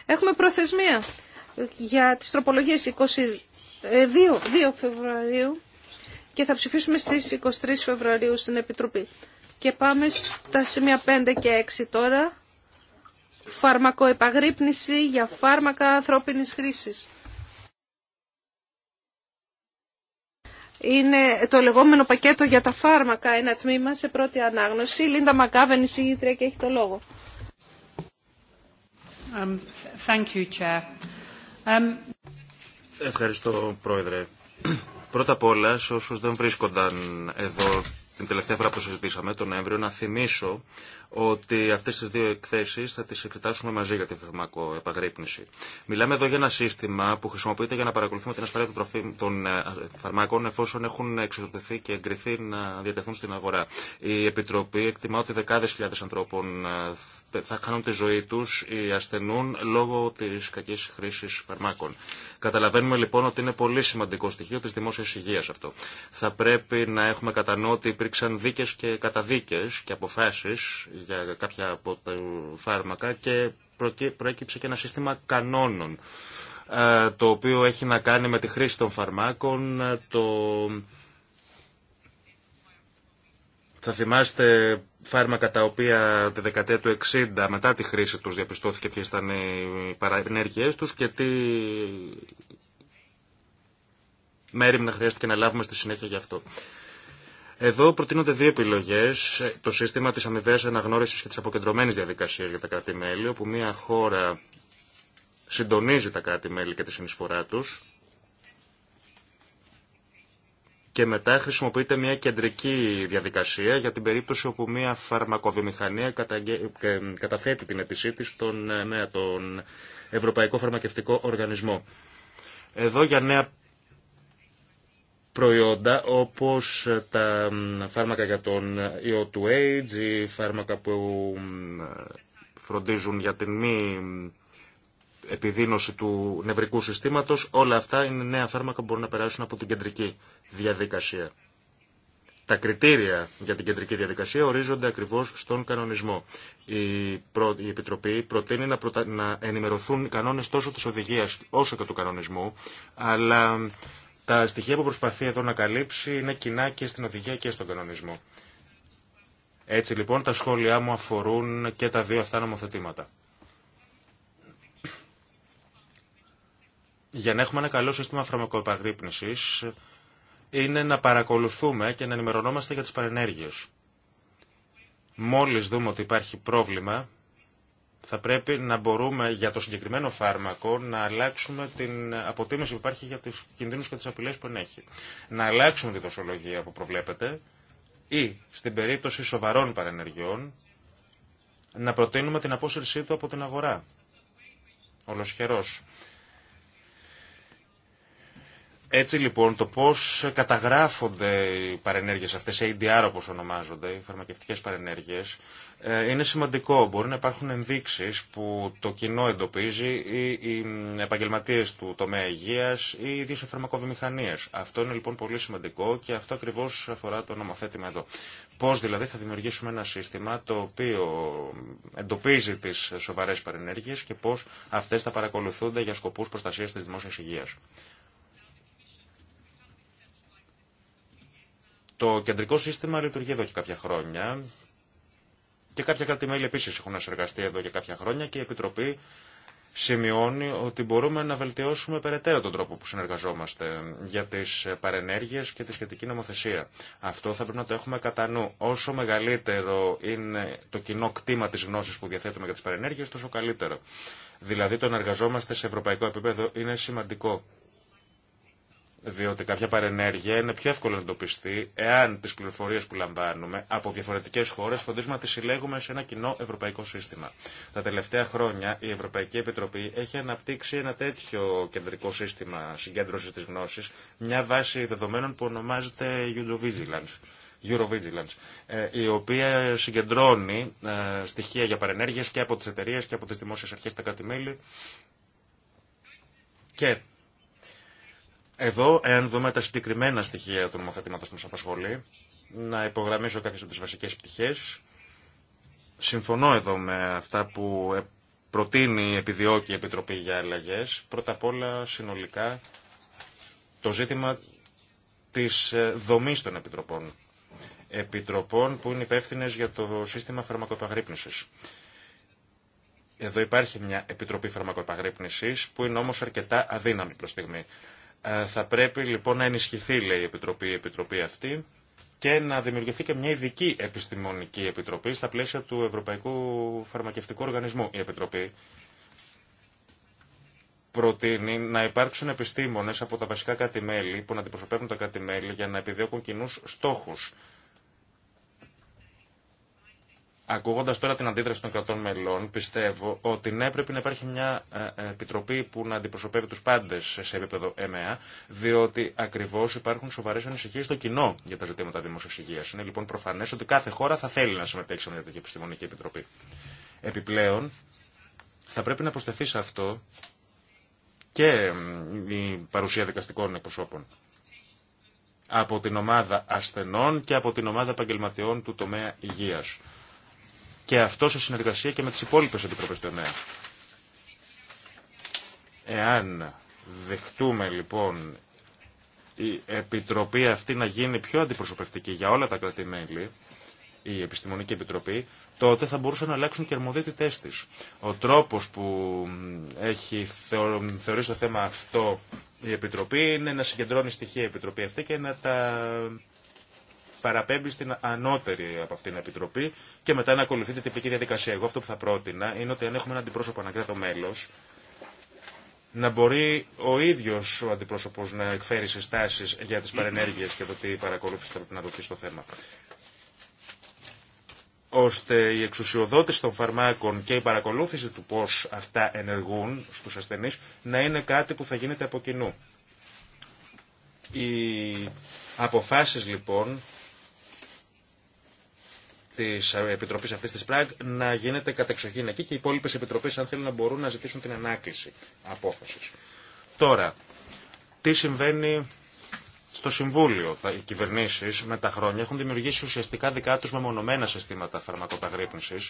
S1: Έχουμε προθεσμία για τις τροπολογίες 22 2 Φεβρουαρίου και θα ψηφίσουμε στις 23 Φεβρουαρίου στην Επιτροπή. Και πάμε στα σημεία 5 και 6 τώρα. Φαρμακοεπαγρύπνηση για φάρμακα ανθρώπινης χρήσης. Είναι το λεγόμενο πακέτο για τα φάρμακα, ένα τμήμα σε πρώτη ανάγνωση. Λίντα Μακάβεν, η και έχει το λόγο.
S2: Um, thank you, Chair. Um...
S4: Ευχαριστώ, Πρόεδρε. Πρώτα απ' όλα, όσους δεν βρίσκονταν εδώ την τελευταία φορά που συζητήσαμε, τον Νοέμβριο, να θυμίσω ότι αυτέ τι δύο εκθέσει θα τι εξετάσουμε μαζί για τη φαρμακοεπαγρύπνηση. Μιλάμε εδώ για ένα σύστημα που χρησιμοποιείται για να παρακολουθούμε την ασφάλεια των ε, φαρμάκων εφόσον έχουν εξοδοτηθεί και εγκριθεί να διατεθούν στην αγορά. Η Επιτροπή εκτιμά ότι δεκάδε χιλιάδε ανθρώπων ε, θα χάνουν τη ζωή του, οι ασθενούν λόγω της κακή χρήση φαρμάκων. Καταλαβαίνουμε λοιπόν ότι είναι πολύ σημαντικό στοιχείο της δημόσιας υγείας αυτό. Θα πρέπει να έχουμε κατά νου ότι υπήρξαν δίκες και καταδίκες και αποφάσεις για κάποια από τα φάρμακα και προέκυψε και ένα σύστημα κανόνων ε, το οποίο έχει να κάνει με τη χρήση των φαρμάκων, ε, το... Θα θυμάστε φάρμακα τα οποία τη δεκαετία του 60 μετά τη χρήση τους διαπιστώθηκε ποιες ήταν οι παραενέργειές τους και τι μέρη να χρειάστηκε να λάβουμε στη συνέχεια γι' αυτό. Εδώ προτείνονται δύο επιλογέ. Το σύστημα τη αμοιβαία αναγνώριση και τη αποκεντρωμένη διαδικασία για τα κράτη-μέλη, όπου μια χώρα συντονίζει τα κράτη-μέλη και τη συνεισφορά του και μετά χρησιμοποιείται μια κεντρική διαδικασία για την περίπτωση όπου μια φαρμακοβιομηχανία καταθέτει την αιτησή της στον, ε, ναι, τον Ευρωπαϊκό Φαρμακευτικό Οργανισμό. Εδώ για νέα προϊόντα όπως ε, τα φάρμακα για τον ε, ιό του AIDS, ή φάρμακα που φροντίζουν για την μη επιδείνωση του νευρικού συστήματος, όλα αυτά είναι νέα φάρμακα που μπορούν να περάσουν από την κεντρική διαδικασία. Τα κριτήρια για την κεντρική διαδικασία ορίζονται ακριβώς στον κανονισμό. Η Επιτροπή προτείνει να, να ενημερωθούν οι κανόνες τόσο της οδηγίας όσο και του κανονισμού, αλλά τα στοιχεία που προσπαθεί εδώ να καλύψει είναι κοινά και στην οδηγία και στον κανονισμό. Έτσι λοιπόν τα σχόλιά μου αφορούν και τα δύο αυτά νομοθετήματα. για να έχουμε ένα καλό σύστημα φαρμακοπαγρύπνησης είναι να παρακολουθούμε και να ενημερωνόμαστε για τις παρενέργειες. Μόλις δούμε ότι υπάρχει πρόβλημα, θα πρέπει να μπορούμε για το συγκεκριμένο φάρμακο να αλλάξουμε την αποτίμηση που υπάρχει για τις κινδύνους και τις απειλές που ενέχει. Να αλλάξουμε τη δοσολογία που προβλέπεται ή, στην περίπτωση σοβαρών παρενεργειών, να προτείνουμε την απόσυρσή του από την αγορά. Ολοσχερός. Έτσι λοιπόν το πώς καταγράφονται οι παρενέργειες αυτές, οι ADR όπως ονομάζονται, οι φαρμακευτικές παρενέργειες, ε, είναι σημαντικό. Μπορεί να υπάρχουν ενδείξεις που το κοινό εντοπίζει ή οι επαγγελματίες του τομέα υγείας ή οι ίδιες φαρμακοβιομηχανίες. Αυτό είναι λοιπόν πολύ σημαντικό και αυτό ακριβώς αφορά το νομοθέτημα εδώ. Πώς δηλαδή θα δημιουργήσουμε ένα σύστημα το οποίο εντοπίζει τις σοβαρές παρενέργειες και πώς αυτές θα παρακολουθούνται για σκοπούς προστασίας της δημόσιας υγείας. Το κεντρικό σύστημα λειτουργεί εδώ και κάποια χρόνια και κάποια κράτη-μέλη επίση έχουν συνεργαστεί εδώ και κάποια χρόνια και η Επιτροπή σημειώνει ότι μπορούμε να βελτιώσουμε περαιτέρω τον τρόπο που συνεργαζόμαστε για τι παρενέργειε και τη σχετική νομοθεσία. Αυτό θα πρέπει να το έχουμε κατά νου. Όσο μεγαλύτερο είναι το κοινό κτήμα τη γνώση που διαθέτουμε για τι παρενέργειε, τόσο καλύτερο. Δηλαδή το να εργαζόμαστε σε ευρωπαϊκό επίπεδο είναι σημαντικό διότι κάποια παρενέργεια είναι πιο εύκολο να εντοπιστεί εάν τι πληροφορίε που λαμβάνουμε από διαφορετικέ χώρε φροντίζουμε να τι συλλέγουμε σε ένα κοινό ευρωπαϊκό σύστημα. Τα τελευταία χρόνια η Ευρωπαϊκή Επιτροπή έχει αναπτύξει ένα τέτοιο κεντρικό σύστημα συγκέντρωση τη γνώση, μια βάση δεδομένων που ονομάζεται Eurovigilance. Eurovigilance, ε, η οποία συγκεντρώνει ε, στοιχεία για παρενέργειες και από τις εταιρείε και από τις δημόσιες αρχές στα κράτη-μέλη και εδώ, εάν δούμε τα συγκεκριμένα στοιχεία του νομοθετήματος που μας απασχολεί, να υπογραμμίσω κάποιες από τις βασικές πτυχές. Συμφωνώ εδώ με αυτά που προτείνει επιδιώκει η Επιτροπή για αλλαγέ, Πρώτα απ' όλα, συνολικά, το ζήτημα της ε, δομής των επιτροπών. Επιτροπών που είναι υπεύθυνε για το σύστημα φαρμακοεπαγρύπνησης. Εδώ υπάρχει μια Επιτροπή Φαρμακοεπαγρύπνησης που είναι όμως αρκετά αδύναμη προς στιγμή. Ε, θα πρέπει λοιπόν να ενισχυθεί, λέει η Επιτροπή, η Επιτροπή αυτή και να δημιουργηθεί και μια ειδική επιστημονική επιτροπή στα πλαίσια του Ευρωπαϊκού Φαρμακευτικού Οργανισμού. Η Επιτροπή προτείνει να υπάρξουν επιστήμονε από τα βασικά κράτη-μέλη που να αντιπροσωπεύουν τα κράτη-μέλη για να επιδιώκουν κοινού στόχου Ακούγοντα τώρα την αντίδραση των κρατών μελών, πιστεύω ότι ναι, πρέπει να υπάρχει μια ε, ε, επιτροπή που να αντιπροσωπεύει του πάντε σε επίπεδο ΕΜΕΑ, διότι ακριβώ υπάρχουν σοβαρέ ανησυχίε στο κοινό για τα ζητήματα δημόσια υγεία. Είναι λοιπόν προφανέ ότι κάθε χώρα θα θέλει να συμμετέχει σε μια τέτοια επιστημονική επιτροπή. Επιπλέον, θα πρέπει να προσθεθεί σε αυτό και η παρουσία δικαστικών εκπροσώπων από την ομάδα ασθενών και από την ομάδα επαγγελματιών του τομέα υγείας. Και αυτό σε συνεργασία και με τις υπόλοιπες επιτροπές του ΕΝΕΑ. Εάν δεχτούμε λοιπόν η επιτροπή αυτή να γίνει πιο αντιπροσωπευτική για όλα τα κρατημέλη, η Επιστημονική Επιτροπή, τότε θα μπορούσαν να αλλάξουν και αρμοδίτητέ τη. Ο τρόπο που έχει θεωρήσει το θέμα αυτό η Επιτροπή είναι να συγκεντρώνει στοιχεία η Επιτροπή αυτή και να τα παραπέμπει στην ανώτερη από αυτήν την επιτροπή και μετά να ακολουθεί την τυπική διαδικασία. Εγώ αυτό που θα πρότεινα είναι ότι αν έχουμε ένα αντιπρόσωπο αναγκαίο μέλο, να μπορεί ο ίδιο ο αντιπρόσωπο να εκφέρει συστάσει για τι παρενέργειε και το τι παρακολούθηση θα πρέπει να δοθεί στο θέμα ώστε η εξουσιοδότηση των φαρμάκων και η παρακολούθηση του πώ αυτά ενεργούν στου ασθενεί, να είναι κάτι που θα γίνεται από κοινού. Οι αποφάσεις λοιπόν τη ε, Επιτροπή αυτή τη ΠΡΑΚ να γίνεται κατεξοχήν εκεί και οι υπόλοιπε επιτροπέ, αν θέλουν να μπορούν να ζητήσουν την ανάκληση απόφαση. Τώρα, τι συμβαίνει στο Συμβούλιο. Οι κυβερνήσει με τα χρόνια έχουν δημιουργήσει ουσιαστικά δικά του μεμονωμένα συστήματα φαρμακοταγρύπνηση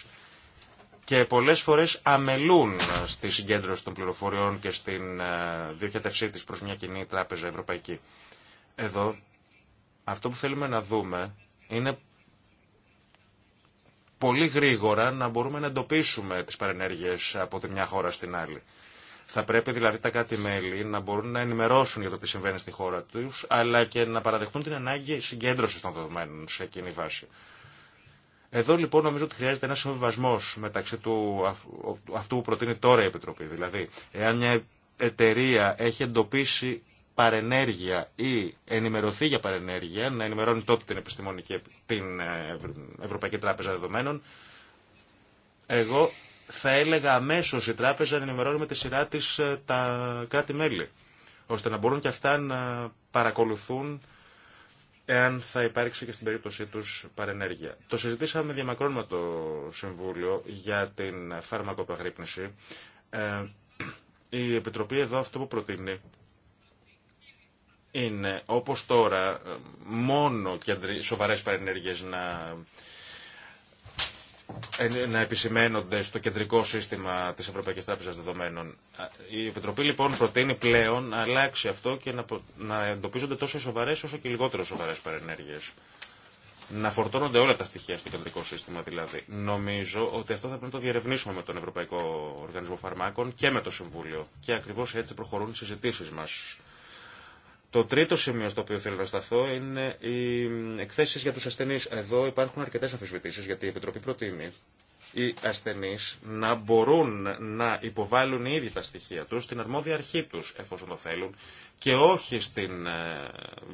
S4: και πολλέ φορέ αμελούν στη συγκέντρωση των πληροφοριών και στην ε, διοχέτευσή τη προ μια κοινή τράπεζα ευρωπαϊκή. Εδώ, αυτό που θέλουμε να δούμε είναι πολύ γρήγορα να μπορούμε να εντοπίσουμε τις παρενέργειες από τη μια χώρα στην άλλη. Θα πρέπει δηλαδή τα κάτι μέλη να μπορούν να ενημερώσουν για το τι συμβαίνει στη χώρα τους, αλλά και να παραδεχτούν την ανάγκη συγκέντρωσης των δεδομένων σε εκείνη βάση. Εδώ λοιπόν νομίζω ότι χρειάζεται ένα συμβιβασμό μεταξύ του αυτού που προτείνει τώρα η Επιτροπή. Δηλαδή, εάν μια εταιρεία έχει εντοπίσει παρενέργεια ή ενημερωθεί για παρενέργεια, να ενημερώνει τότε την, επιστημονική, την ε, Ευρωπαϊκή Τράπεζα Δεδομένων, εγώ θα έλεγα αμέσω η τράπεζα να ενημερώνει με τη σειρά τη ε, τα κράτη-μέλη, ώστε να μπορούν και αυτά να παρακολουθούν εάν θα υπάρξει και στην περίπτωσή του παρενέργεια. Το συζητήσαμε διαμακρών με το Συμβούλιο για την φαρμακοπαγρύπνηση. Ε, η Επιτροπή εδώ αυτό που προτείνει είναι όπως τώρα μόνο σοβαρές παρενέργειες να, να επισημένονται στο κεντρικό σύστημα της Ευρωπαϊκής Τράπεζας Δεδομένων. Η Επιτροπή λοιπόν προτείνει πλέον να αλλάξει αυτό και να, να εντοπίζονται τόσο σοβαρές όσο και λιγότερο σοβαρές παρενέργειες. Να φορτώνονται όλα τα στοιχεία στο κεντρικό σύστημα δηλαδή. Νομίζω ότι αυτό θα πρέπει να το διερευνήσουμε με τον Ευρωπαϊκό Οργανισμό Φαρμάκων και με το Συμβούλιο. Και ακριβώς έτσι προχωρούν οι συζητήσεις μας το τρίτο σημείο στο οποίο θέλω να σταθώ είναι οι εκθέσει για του ασθενεί. Εδώ υπάρχουν αρκετέ αμφισβητήσει γιατί η Επιτροπή προτείνει οι ασθενείς να μπορούν να υποβάλουν οι ίδιοι τα στοιχεία τους στην αρμόδια αρχή τους, εφόσον το θέλουν, και όχι στην ε,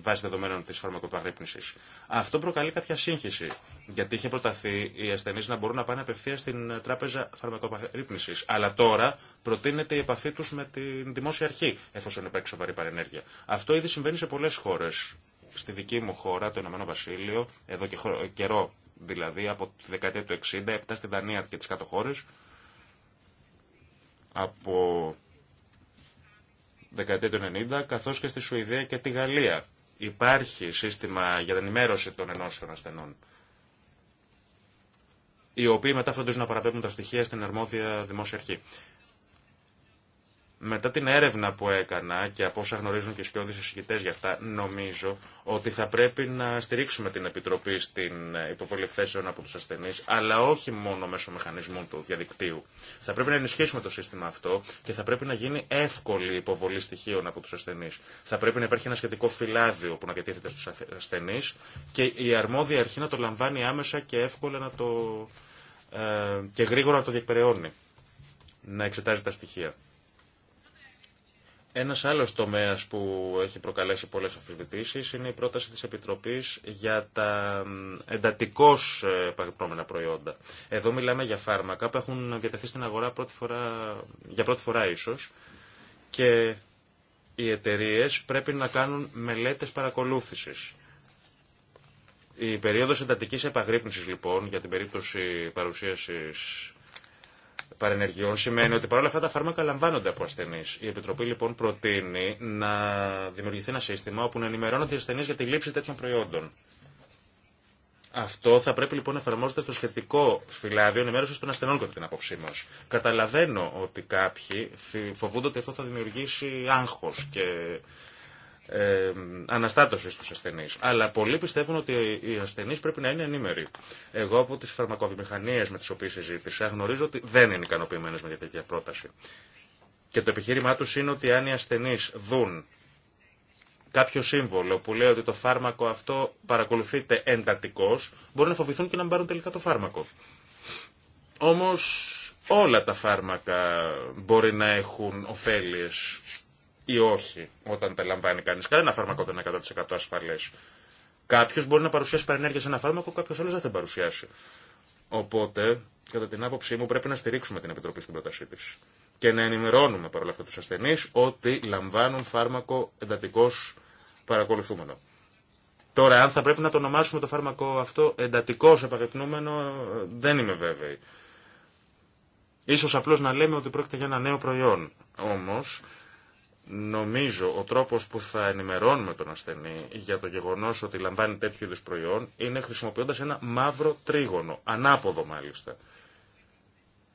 S4: βάση δεδομένων της φαρμακοπαγρύπνησης. Αυτό προκαλεί κάποια σύγχυση, γιατί είχε προταθεί οι ασθενείς να μπορούν να πάνε απευθεία στην τράπεζα φαρμακοπαγρύπνησης. Αλλά τώρα προτείνεται η επαφή τους με την δημόσια αρχή, εφόσον υπάρχει σοβαρή παρενέργεια. Αυτό ήδη συμβαίνει σε πολλές χώρες. Στη δική μου χώρα, το Ηνωμένο Βασίλειο, εδώ και καιρό δηλαδή από τη δεκαετία του 60, έπειτα στη Δανία και τις κάτω χώρες, από δεκαετία του 90, καθώς και στη Σουηδία και τη Γαλλία. Υπάρχει σύστημα για την ενημέρωση των ενώσεων ασθενών, οι οποίοι μετά φροντίζουν να παραπέμπουν τα στοιχεία στην αρμόδια δημόσια αρχή. Μετά την έρευνα που έκανα και από όσα γνωρίζουν και οι σκιώδεις εισηγητές για αυτά, νομίζω ότι θα πρέπει να στηρίξουμε την Επιτροπή στην ε, υποβολή από τους ασθενείς, αλλά όχι μόνο μέσω μηχανισμού του διαδικτύου. Θα πρέπει να ενισχύσουμε το σύστημα αυτό και θα πρέπει να γίνει εύκολη υποβολή στοιχείων από τους ασθενείς. Θα πρέπει να υπάρχει ένα σχετικό φυλάδιο που να διατίθεται στους ασθενείς και η αρμόδια αρχή να το λαμβάνει άμεσα και εύκολα να το, ε, και γρήγορα να το διεκπαιρεώνει να εξετάζει τα στοιχεία. Ένα άλλο τομέα που έχει προκαλέσει πολλέ αμφισβητήσει είναι η πρόταση τη Επιτροπή για τα εντατικώ ε, παγκόσμια προϊόντα. Εδώ μιλάμε για φάρμακα που έχουν διατεθεί στην αγορά πρώτη φορά, για πρώτη φορά ίσω και οι εταιρείε πρέπει να κάνουν μελέτε παρακολούθηση. Η περίοδος εντατικής επαγρύπνησης λοιπόν για την περίπτωση παρουσίασης παρενεργειών σημαίνει ότι παρόλα αυτά τα φάρμακα λαμβάνονται από ασθενεί. Η Επιτροπή λοιπόν προτείνει να δημιουργηθεί ένα σύστημα όπου να ενημερώνονται οι ασθενεί για τη λήψη τέτοιων προϊόντων. Αυτό θα πρέπει λοιπόν να εφαρμόζεται στο σχετικό φυλάδιο ενημέρωση των ασθενών κατά την άποψή μα. Καταλαβαίνω ότι κάποιοι φοβούνται ότι αυτό θα δημιουργήσει άγχο και ε, αναστάτωση στους ασθενείς. Αλλά πολλοί πιστεύουν ότι οι ασθενείς πρέπει να είναι ενήμεροι. Εγώ από τις φαρμακοβιομηχανίες με τις οποίες συζήτησα γνωρίζω ότι δεν είναι ικανοποιημένε με τέτοια πρόταση. Και το επιχείρημά τους είναι ότι αν οι ασθενείς δουν κάποιο σύμβολο που λέει ότι το φάρμακο αυτό παρακολουθείται εντατικώς, μπορεί να φοβηθούν και να μην πάρουν τελικά το φάρμακο. Όμως όλα τα φάρμακα μπορεί να έχουν ωφέλειες ή όχι όταν τα λαμβάνει κανεί. Κανένα φάρμακο δεν είναι 100% ασφαλέ. Κάποιο μπορεί να παρουσιάσει παρενέργεια σε ένα φάρμακο, κάποιο άλλο δεν θα παρουσιάσει. Οπότε, κατά την άποψή μου, πρέπει να στηρίξουμε την Επιτροπή στην πρότασή τη. Και να ενημερώνουμε παρόλα αυτά του ασθενεί ότι λαμβάνουν φάρμακο εντατικώ παρακολουθούμενο. Τώρα, αν θα πρέπει να το ονομάσουμε το φάρμακο αυτό εντατικώ επαγρυπνούμενο, δεν είμαι βέβαιη. σω απλώ να λέμε ότι πρόκειται για ένα νέο προϊόν. όμω. Νομίζω ο τρόπος που θα ενημερώνουμε τον ασθενή για το γεγονό ότι λαμβάνει τέτοιου είδους προϊόν είναι χρησιμοποιώντα ένα μαύρο τρίγωνο, ανάποδο μάλιστα.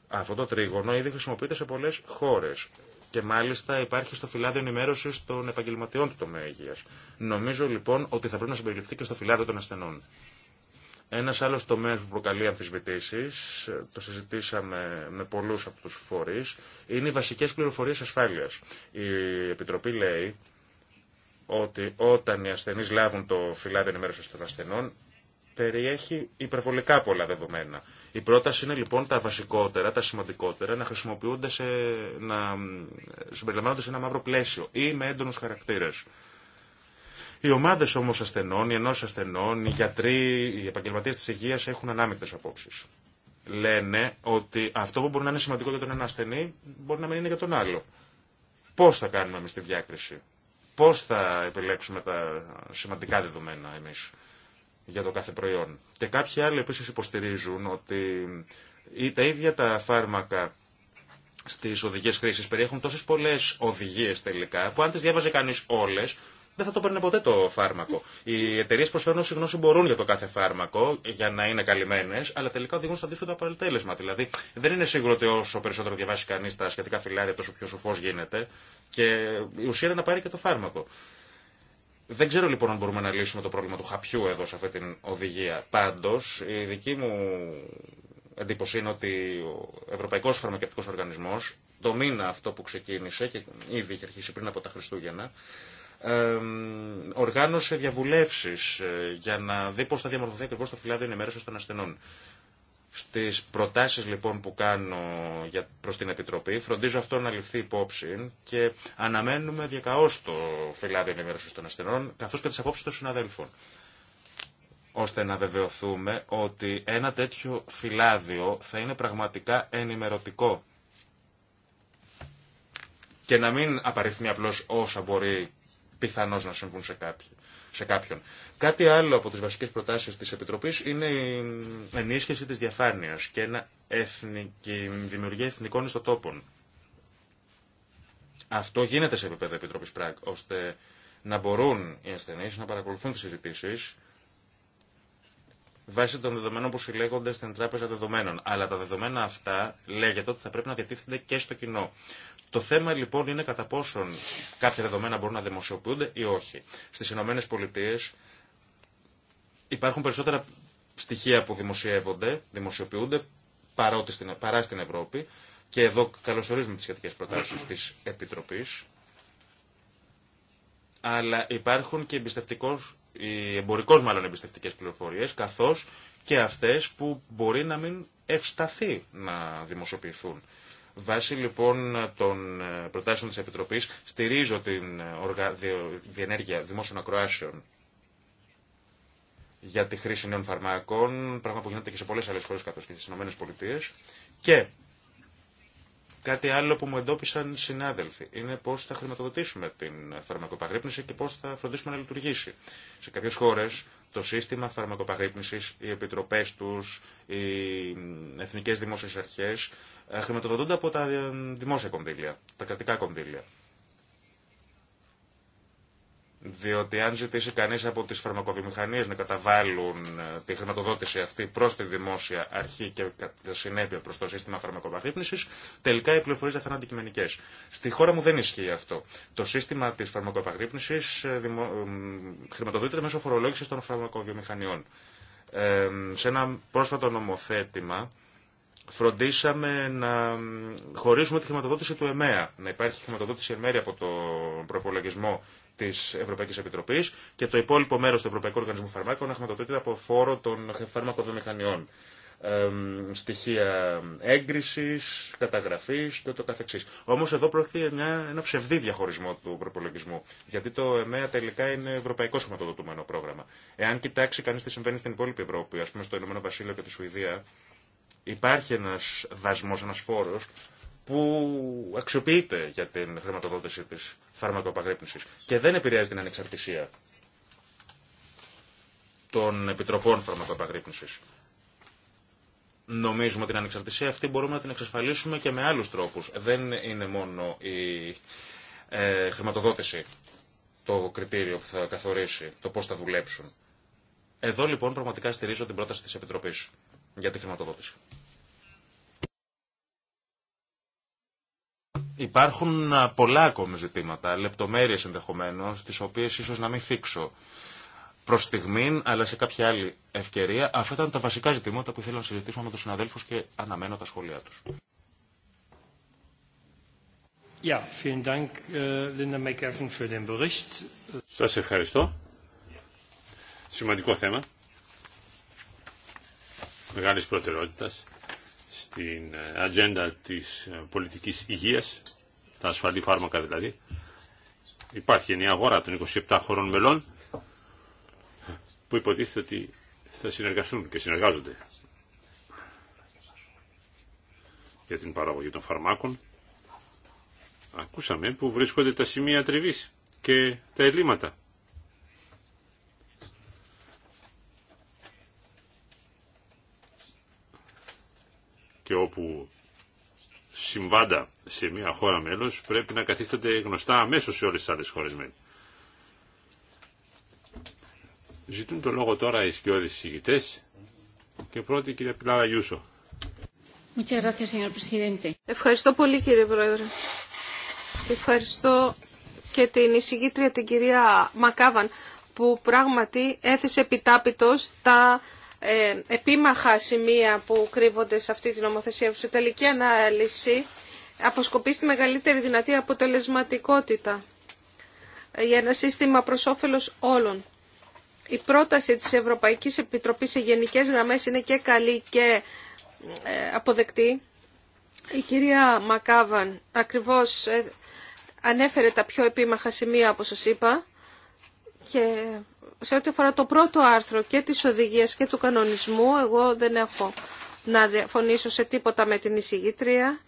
S4: Αυτό το τρίγωνο ήδη χρησιμοποιείται σε πολλές χώρες και μάλιστα υπάρχει στο φυλάδιο ενημέρωση των επαγγελματιών του τομέα υγεία. Νομίζω λοιπόν ότι θα πρέπει να συμπεριληφθεί και στο φυλάδιο των ασθενών. Ένα άλλο τομέα που προκαλεί αμφισβητήσει, το συζητήσαμε με πολλού από του φορεί, είναι οι βασικέ πληροφορίε ασφάλεια. Η Επιτροπή λέει ότι όταν οι ασθενεί λάβουν το φυλάδι ενημέρωση των ασθενών, περιέχει υπερβολικά πολλά δεδομένα. Η πρόταση είναι λοιπόν τα βασικότερα, τα σημαντικότερα, να χρησιμοποιούνται σε, να συμπεριλαμβάνονται σε ένα μαύρο πλαίσιο ή με έντονου χαρακτήρε. Οι ομάδε όμω ασθενών, οι ενό ασθενών, οι γιατροί, οι επαγγελματίε τη υγεία έχουν ανάμεικτε απόψει. Λένε ότι αυτό που μπορεί να είναι σημαντικό για τον ένα ασθενή μπορεί να μην είναι για τον άλλο. Πώ θα κάνουμε εμεί τη διάκριση, πώ θα επιλέξουμε τα σημαντικά δεδομένα εμεί για το κάθε προϊόν. Και κάποιοι άλλοι επίση υποστηρίζουν ότι τα ίδια τα φάρμακα στι οδηγίε χρήση περιέχουν τόσε πολλέ οδηγίε τελικά που αν τι διάβαζε κανεί όλε δεν θα το παίρνει ποτέ το φάρμακο. Οι εταιρείε προσφέρουν όση γνώση μπορούν για το κάθε φάρμακο για να είναι καλυμμένε, αλλά τελικά οδηγούν στο αντίθετο αποτέλεσμα. Δηλαδή δεν είναι σίγουρο ότι όσο περισσότερο διαβάσει κανεί τα σχετικά φυλάδια, τόσο πιο σοφό γίνεται και η ουσία είναι να πάρει και το φάρμακο. Δεν ξέρω λοιπόν αν μπορούμε να λύσουμε το πρόβλημα του χαπιού εδώ σε αυτή την οδηγία. Πάντω, η δική μου εντύπωση είναι ότι ο Ευρωπαϊκό Φαρμακευτικό Οργανισμό το μήνα αυτό που ξεκίνησε και ήδη είχε αρχίσει πριν από τα Χριστούγεννα, οργάνωσε διαβουλεύσεις ε, για να δει πώ θα διαμορφωθεί ακριβώ το φυλάδιο ενημέρωση των ασθενών. Στι προτάσει λοιπόν που κάνω προ την Επιτροπή φροντίζω αυτό να ληφθεί υπόψη και αναμένουμε διακαώς το φυλάδιο ενημέρωση των ασθενών καθώ και τι απόψει των συναδέλφων ώστε να βεβαιωθούμε ότι ένα τέτοιο φυλάδιο θα είναι πραγματικά ενημερωτικό και να μην απαριθμεί απλώς όσα μπορεί πιθανώς να συμβούν σε, κάποιοι, σε κάποιον. Κάτι άλλο από τις βασικές προτάσεις της Επιτροπής είναι η ενίσχυση της διαφάνειας και ένα εθνική, δημιουργία εθνικών ιστοτόπων. Αυτό γίνεται σε επίπεδο Επιτροπής ΠΡΑΚ, ώστε να μπορούν οι ασθενείς να παρακολουθούν τις συζητήσει βάσει των δεδομένων που συλλέγονται στην Τράπεζα Δεδομένων. Αλλά τα δεδομένα αυτά λέγεται ότι θα πρέπει να διατίθενται και στο κοινό. Το θέμα λοιπόν είναι κατά πόσον κάποια δεδομένα μπορούν να δημοσιοποιούνται ή όχι. Στι Ηνωμένε Πολιτείε υπάρχουν περισσότερα στοιχεία που δημοσιεύονται, δημοσιοποιούνται στην, παρά στην Ευρώπη και εδώ καλωσορίζουμε τι σχετικέ προτάσει τη επίτροπή, αλλά υπάρχουν και εμπορικώ μάλλον εμπιστευτικέ πληροφορίε, καθώ και αυτέ που μπορεί να μην ευσταθεί να δημοσιοποιηθούν. Βάσει λοιπόν των ε, προτάσεων της Επιτροπής στηρίζω την ε, διενέργεια δημόσιων ακροάσεων για τη χρήση νέων φαρμάκων, πράγμα που γίνεται και σε πολλές άλλες χώρες καθώς και στις ΗΠΑ. Και κάτι άλλο που μου εντόπισαν συνάδελφοι είναι πώς θα χρηματοδοτήσουμε την φαρμακοπαγρύπνηση και πώς θα φροντίσουμε να λειτουργήσει. Σε κάποιες χώρες το σύστημα φαρμακοπαγρύπνησης, οι επιτροπές τους, οι εθνικές δημόσιε αρχές ε, χρηματοδοτούνται από τα ε, δημόσια κονδύλια, τα κρατικά κονδύλια. Διότι αν ζητήσει κανείς από τις φαρμακοβιομηχανίες να καταβάλουν ε, τη χρηματοδότηση αυτή προς τη δημόσια αρχή και κατά συνέπεια προς το σύστημα φαρμακοπαγρύπνησης, τελικά οι πληροφορίες θα είναι αντικειμενικές. Στη χώρα μου δεν ισχύει αυτό. Το σύστημα της φαρμακοπαγρύπνησης χρηματοδοτείται μέσω φορολόγησης των φαρμακοβιομηχανιών. Ε, σε ένα πρόσφατο νομοθέτημα φροντίσαμε να χωρίσουμε τη χρηματοδότηση του ΕΜΕΑ. Να υπάρχει χρηματοδότηση εν μέρει από το προπολογισμό τη Ευρωπαϊκή Επιτροπή και το υπόλοιπο μέρο του Ευρωπαϊκού Οργανισμού Φαρμάκων να χρηματοδοτείται από φόρο των φαρμακοβιομηχανιών. Ε, στοιχεία έγκριση, καταγραφή και ούτω καθεξή. Όμω εδώ πρόκειται ένα ψευδή διαχωρισμό του προπολογισμού. Γιατί το ΕΜΕΑ τελικά είναι ευρωπαϊκό χρηματοδοτούμενο πρόγραμμα. Εάν κοιτάξει κανεί τι συμβαίνει στην υπόλοιπη Ευρώπη, α πούμε στο Ηνωμένο Βασίλειο και τη Σουηδία, υπάρχει ένας δασμός, ένας φόρος που αξιοποιείται για την χρηματοδότηση της φαρμακοαπαγρύπνησης και δεν επηρεάζει την ανεξαρτησία των επιτροπών φαρμακοαπαγρύπνησης. Νομίζουμε ότι την ανεξαρτησία αυτή μπορούμε να την εξασφαλίσουμε και με άλλους τρόπους. Δεν είναι μόνο η ε, χρηματοδότηση το κριτήριο που θα καθορίσει το πώς θα δουλέψουν. Εδώ λοιπόν πραγματικά στηρίζω την πρόταση της Επιτροπής για τη χρηματοδότηση. Υπάρχουν πολλά ακόμη ζητήματα, λεπτομέρειες ενδεχομένως, τις οποίες ίσως να μην θίξω προς στιγμήν, αλλά σε κάποια άλλη ευκαιρία. Αυτά ήταν τα βασικά ζητήματα που ήθελα να συζητήσω με τους συναδέλφους και
S3: αναμένω τα σχόλιά τους. Äh, Σας ευχαριστώ. Σημαντικό θέμα. Μεγάλης προτεραιότητας. Στην ε, ατζέντα της ε, πολιτικής υγείας, τα ασφαλή φάρμακα δηλαδή. Υπάρχει μια αγορά των 27 χωρών μελών που υποτίθεται ότι θα συνεργαστούν και συνεργάζονται για την παραγωγή των φαρμάκων. Ακούσαμε που βρίσκονται τα σημεία τριβής και τα ελλείμματα. και όπου συμβάντα σε μια χώρα μέλος πρέπει να καθίστανται γνωστά αμέσως σε όλες τις άλλες χώρες μέλη. Ζητούν το λόγο τώρα οι σκιώδεις και πρώτη κυρία Πιλάρα Γιούσο.
S1: Ευχαριστώ πολύ κύριε Πρόεδρε. ευχαριστώ και την εισηγήτρια την κυρία Μακάβαν που πράγματι έθεσε επιτάπητος τα ε, επίμαχα σημεία που κρύβονται σε αυτή την νομοθεσία. Σε τελική ανάλυση αποσκοπεί στη μεγαλύτερη δυνατή αποτελεσματικότητα για ένα σύστημα προς όφελος όλων. Η πρόταση της Ευρωπαϊκής Επιτροπής σε γενικές γραμμές είναι και καλή και ε, αποδεκτή. Η κυρία Μακάβαν ακριβώς ε, ανέφερε τα πιο επίμαχα σημεία όπως σας είπα και σε ό,τι αφορά το πρώτο άρθρο και της οδηγίας και του κανονισμού, εγώ δεν έχω να διαφωνήσω σε τίποτα με την εισηγήτρια.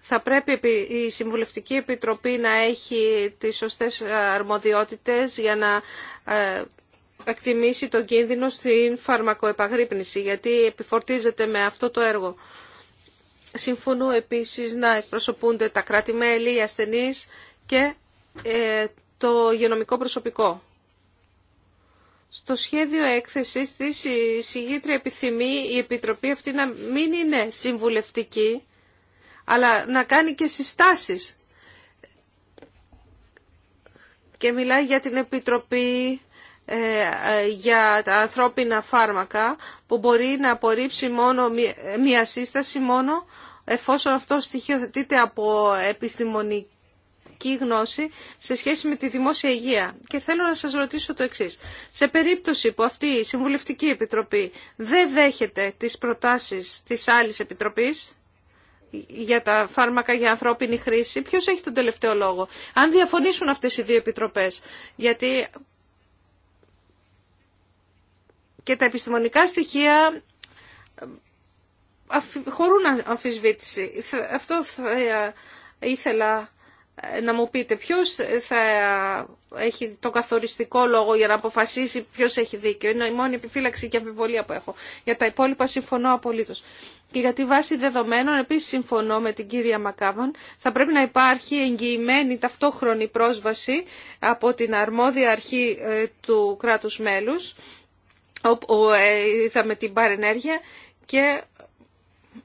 S1: Θα πρέπει η Συμβουλευτική Επιτροπή να έχει τις σωστές αρμοδιότητες για να ε, εκτιμήσει τον κίνδυνο στην φαρμακοεπαγρύπνηση, γιατί επιφορτίζεται με αυτό το έργο. Συμφωνώ επίσης να εκπροσωπούνται τα κράτη-μέλη, οι ασθενείς και ε, το υγειονομικό προσωπικό στο σχέδιο έκθεσης της η συγγήτρια επιθυμεί η Επιτροπή αυτή να μην είναι συμβουλευτική, αλλά να κάνει και συστάσεις. Και μιλάει για την Επιτροπή ε, για τα ανθρώπινα φάρμακα που μπορεί να απορρίψει μόνο μία σύσταση μόνο εφόσον αυτό στοιχειοθετείται από επιστημονική ιατρική γνώση σε σχέση με τη δημόσια υγεία. Και θέλω να σας ρωτήσω το εξής. Σε περίπτωση που αυτή η Συμβουλευτική Επιτροπή δεν δέχεται τις προτάσεις της άλλης Επιτροπής για τα φάρμακα για ανθρώπινη χρήση, ποιος έχει τον τελευταίο λόγο. Αν διαφωνήσουν αυτές οι δύο επιτροπές, γιατί και τα επιστημονικά στοιχεία ε, χωρούν αμφισβήτηση. Αυτό θα ήθελα ε, να μου πείτε ποιος θα έχει το καθοριστικό λόγο για να αποφασίσει ποιος έχει δίκιο. Είναι η μόνη επιφύλαξη και αμφιβολία που έχω. Για τα υπόλοιπα συμφωνώ απολύτως. Και για τη βάση δεδομένων, επίσης συμφωνώ με την κυρία Μακάβων, θα πρέπει να υπάρχει εγγυημένη ταυτόχρονη πρόσβαση από την αρμόδια αρχή ε, του κράτους μέλους, όπου ε, είδαμε την παρενέργεια, και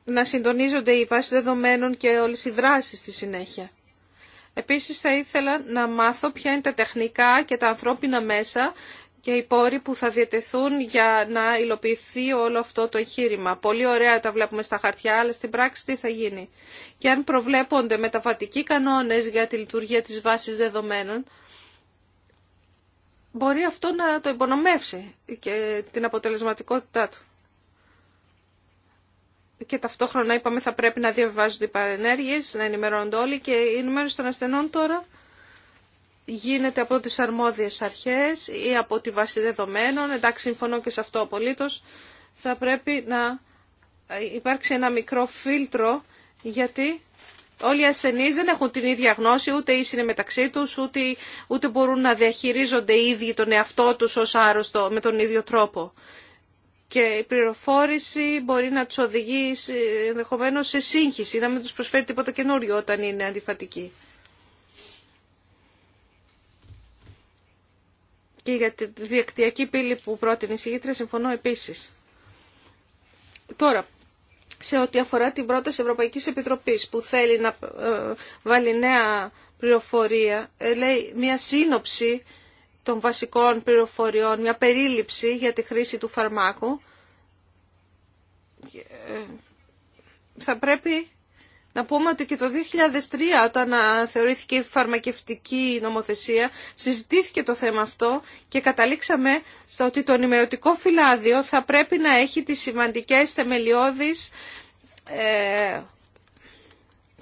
S1: να συντονίζονται οι βάσεις δεδομένων και όλες οι δράσεις στη συνέχεια. Επίσης θα ήθελα να μάθω ποια είναι τα τεχνικά και τα ανθρώπινα μέσα και οι πόροι που θα διατεθούν για να υλοποιηθεί όλο αυτό το εγχείρημα. Πολύ ωραία τα βλέπουμε στα χαρτιά, αλλά στην πράξη τι θα γίνει. Και αν προβλέπονται μεταβατικοί κανόνες για τη λειτουργία της βάσης δεδομένων, μπορεί αυτό να το υπονομεύσει και την αποτελεσματικότητά του και ταυτόχρονα είπαμε θα πρέπει να διαβάζονται οι παρενέργειες, να ενημερώνονται όλοι και η ενημέρωση των ασθενών τώρα γίνεται από τις αρμόδιες αρχές ή από τη βάση δεδομένων. Εντάξει, συμφωνώ και σε αυτό απολύτως. Θα πρέπει να υπάρξει ένα μικρό φίλτρο γιατί όλοι οι ασθενείς δεν έχουν την ίδια γνώση, ούτε ίση είναι μεταξύ του, ούτε, ούτε μπορούν να διαχειρίζονται οι ίδιοι τον εαυτό του ω άρρωστο με τον ίδιο τρόπο και η πληροφόρηση μπορεί να του οδηγεί ενδεχομένω σε σύγχυση, να μην τους προσφέρει τίποτα καινούριο όταν είναι αντιφατική. Και για τη διεκτυακή πύλη που πρότεινε η συγγήτρια συμφωνώ επίσης. Τώρα, σε ό,τι αφορά την πρόταση Ευρωπαϊκής Επιτροπής που θέλει να ε, βάλει νέα πληροφορία, ε, λέει μια σύνοψη των βασικών πληροφοριών, μια περίληψη για τη χρήση του φαρμάκου, ε, θα πρέπει να πούμε ότι και το 2003 όταν θεωρήθηκε η φαρμακευτική νομοθεσία συζητήθηκε το θέμα αυτό και καταλήξαμε στο ότι το ενημερωτικό φυλάδιο θα πρέπει να έχει τις σημαντικές θεμελιώδεις ε,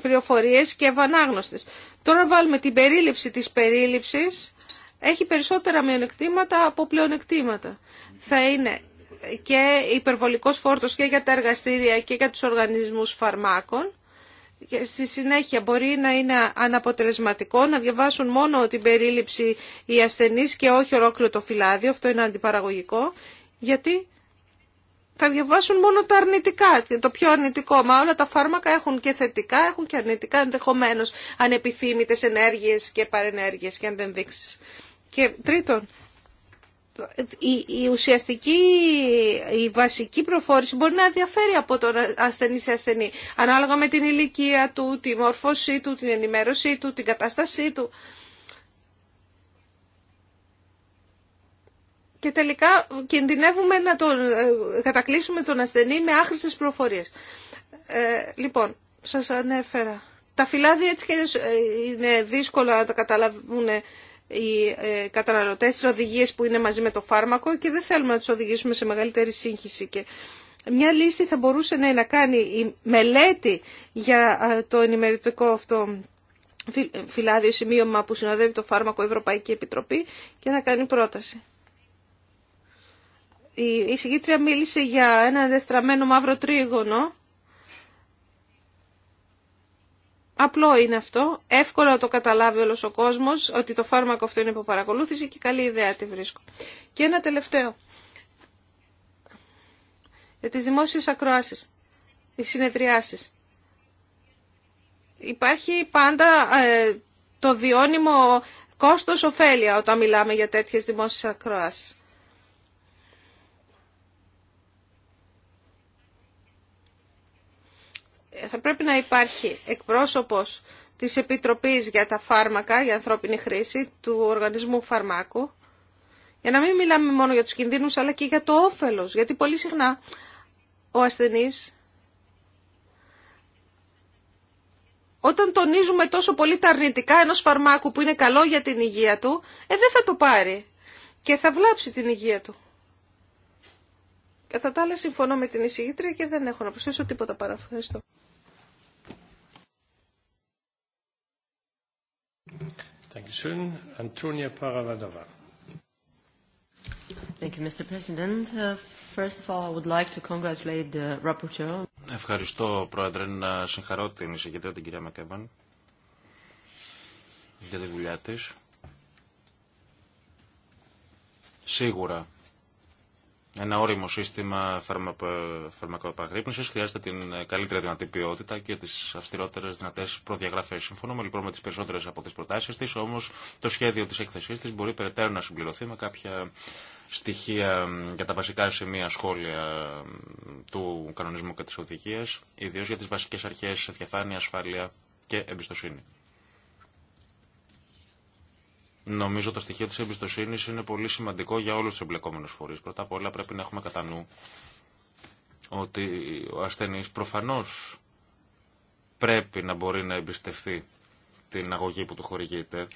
S1: πληροφορίες και ευανάγνωστες. Τώρα βάλουμε την περίληψη της περίληψης έχει περισσότερα μειονεκτήματα από πλεονεκτήματα. Θα είναι και υπερβολικός φόρτος και για τα εργαστήρια και για τους οργανισμούς φαρμάκων. Και στη συνέχεια μπορεί να είναι αναποτελεσματικό να διαβάσουν μόνο την περίληψη οι ασθενείς και όχι ολόκληρο το φυλάδιο, αυτό είναι αντιπαραγωγικό, γιατί θα διαβάσουν μόνο τα αρνητικά, το πιο αρνητικό. Μα όλα τα φάρμακα έχουν και θετικά, έχουν και αρνητικά ενδεχομένω ανεπιθύμητε ενέργειε και παρενέργειε και αν δεν δείξει και τρίτον, η, ουσιαστική, η βασική προφόρηση μπορεί να διαφέρει από τον ασθενή σε ασθενή, ανάλογα με την ηλικία του, τη μόρφωσή του, την ενημέρωσή του, την κατάστασή του. Και τελικά κινδυνεύουμε να τον ε, κατακλείσουμε τον ασθενή με άχρηστες προφορίες. Ε, λοιπόν, σας ανέφερα. Τα φυλάδια έτσι και ε, είναι δύσκολα να τα καταλαβούν οι ε, καταναλωτέ, τι οδηγίε που είναι μαζί με το φάρμακο και δεν θέλουμε να του οδηγήσουμε σε μεγαλύτερη σύγχυση. Και μια λύση θα μπορούσε να να κάνει η μελέτη για ε, το ενημερωτικό αυτό ε, φυλάδιο σημείωμα που συνοδεύει το φάρμακο Ευρωπαϊκή Επιτροπή και να κάνει πρόταση. Η συγκήτρια μίλησε για ένα δεστραμμένο μαύρο τρίγωνο Απλό είναι αυτό, εύκολο να το καταλάβει όλος ο κόσμος ότι το φάρμακο αυτό είναι που παρακολούθηση και καλή ιδέα τη βρίσκω. Και ένα τελευταίο, για τις δημόσιες ακροάσεις, οι συνεδριάσεις. Υπάρχει πάντα ε, το διώνυμο κόστος-οφέλεια όταν μιλάμε για τέτοιες δημόσιες ακροάσεις. θα πρέπει να υπάρχει εκπρόσωπος της Επιτροπής για τα φάρμακα, για ανθρώπινη χρήση, του οργανισμού φαρμάκου, για να μην μιλάμε μόνο για τους κινδύνους, αλλά και για το όφελος. Γιατί πολύ συχνά ο ασθενής, όταν τονίζουμε τόσο πολύ τα αρνητικά ενός φαρμάκου που είναι καλό για την υγεία του, ε, δεν θα το πάρει και θα βλάψει την υγεία του. Κατά τα άλλα συμφωνώ με την εισηγήτρια και δεν έχω να προσθέσω τίποτα παρά.
S2: Dankeschön. Antonia Paravadova. Thank you, Mr. President. First of all, I would like to congratulate the rapporteur.
S4: Ευχαριστώ, Πρόεδρε, να συγχαρώ την εισηγητρία την κυρία Μακέβαν για τη δουλειά της. Σίγουρα ένα όριμο σύστημα φαρμακοπαγρύπνησης χρειάζεται την καλύτερη δυνατή ποιότητα και τις αυστηρότερες δυνατές προδιαγραφές. Συμφωνούμε λοιπόν με τις περισσότερες από τις προτάσεις της, όμως το σχέδιο της έκθεσής της μπορεί περαιτέρω να συμπληρωθεί με κάποια στοιχεία για τα βασικά σημεία σχόλια του κανονισμού και της οδηγίας, ιδίως για τις βασικές αρχές διαφάνεια, ασφάλεια και εμπιστοσύνη. Νομίζω το στοιχείο τη εμπιστοσύνη είναι πολύ σημαντικό για όλους του εμπλεκόμενου φορεί. Πρώτα απ' όλα πρέπει να έχουμε κατά νου ότι ο ασθενής προφανώς πρέπει να μπορεί να εμπιστευτεί την αγωγή που του χορηγείται.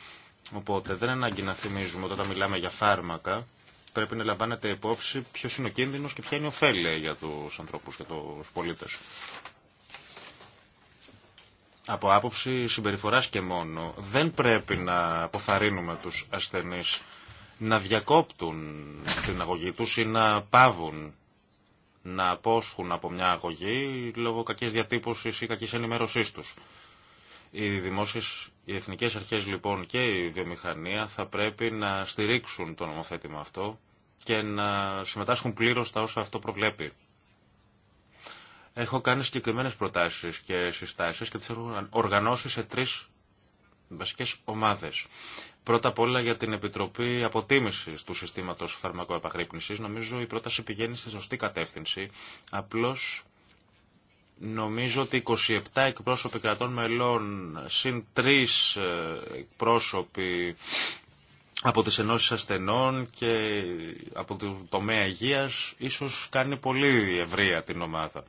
S4: Οπότε δεν ανάγκη να θυμίζουμε όταν μιλάμε για φάρμακα, πρέπει να λαμβάνετε υπόψη ποιο είναι ο κίνδυνο και ποια είναι η ωφέλεια για του ανθρώπου και του πολίτε από άποψη συμπεριφοράς και μόνο, δεν πρέπει να αποθαρρύνουμε τους ασθενείς να διακόπτουν την αγωγή τους ή να πάβουν να απόσχουν από μια αγωγή λόγω κακής διατύπωση ή κακής ενημέρωσή τους. Οι δημόσιες, οι εθνικές αρχές λοιπόν και η βιομηχανία θα πρέπει να στηρίξουν το νομοθέτημα αυτό και να συμμετάσχουν πλήρως τα όσα αυτό προβλέπει. Έχω κάνει συγκεκριμένε προτάσει και συστάσει και τι έχω οργανώσει σε τρει βασικέ ομάδε. Πρώτα απ' όλα για την Επιτροπή Αποτίμηση του Συστήματο Φαρμακοεπαγρύπνηση. Νομίζω η πρόταση πηγαίνει στη σωστή κατεύθυνση. Απλώ νομίζω ότι 27 εκπρόσωποι κρατών μελών συν τρεις ε, εκπρόσωποι από τις ενώσεις ασθενών και από το τομέα υγείας ίσως κάνει πολύ ευρεία την ομάδα.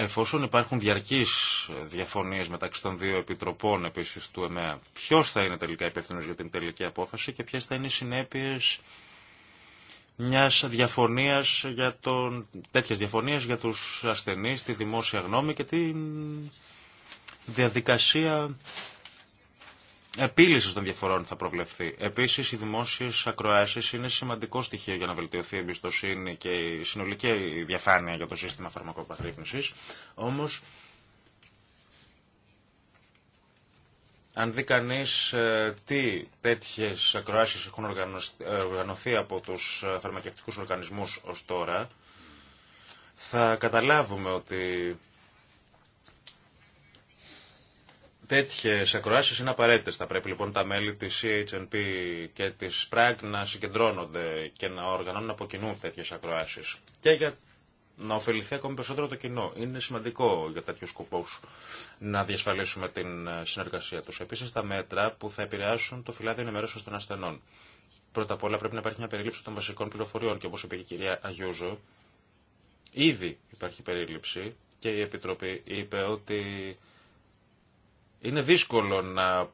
S4: Εφόσον υπάρχουν διαρκείς διαφωνίε μεταξύ των δύο επιτροπών επίσης του ΕΜΕΑ, ποιο θα είναι τελικά υπεύθυνο για την τελική απόφαση και ποιε θα είναι οι συνέπειε μια διαφωνίας για τον, τέτοιες διαφωνίες για τους ασθενείς, τη δημόσια γνώμη και τη διαδικασία επίλυση των διαφορών θα προβλεφθεί. Επίση, οι δημόσιε ακροάσει είναι σημαντικό στοιχείο για να βελτιωθεί η εμπιστοσύνη και η συνολική διαφάνεια για το σύστημα φαρμακοπαθρύπνηση. Όμω, αν δει κανεί ε, τι τέτοιε ακροάσει έχουν ε, οργανωθεί από του ε, φαρμακευτικού οργανισμού ω τώρα, θα καταλάβουμε ότι Τέτοιε ακροάσει είναι απαραίτητε. Θα πρέπει λοιπόν τα μέλη τη CHNP και τη ΠΡΑΚ να συγκεντρώνονται και να οργανώνουν από κοινού τέτοιε ακροάσει. Και για να ωφεληθεί ακόμη περισσότερο το κοινό. Είναι σημαντικό για τέτοιου σκοπού να διασφαλίσουμε την συνεργασία του. Επίση, τα μέτρα που θα επηρεάσουν το φυλάδιο ενημέρωση των ασθενών. Πρώτα απ' όλα πρέπει να υπάρχει μια περίληψη των βασικών πληροφοριών και όπω είπε και η κυρία Αγιούζο, ήδη υπάρχει περίληψη και η Επιτροπή είπε ότι είναι δύσκολο να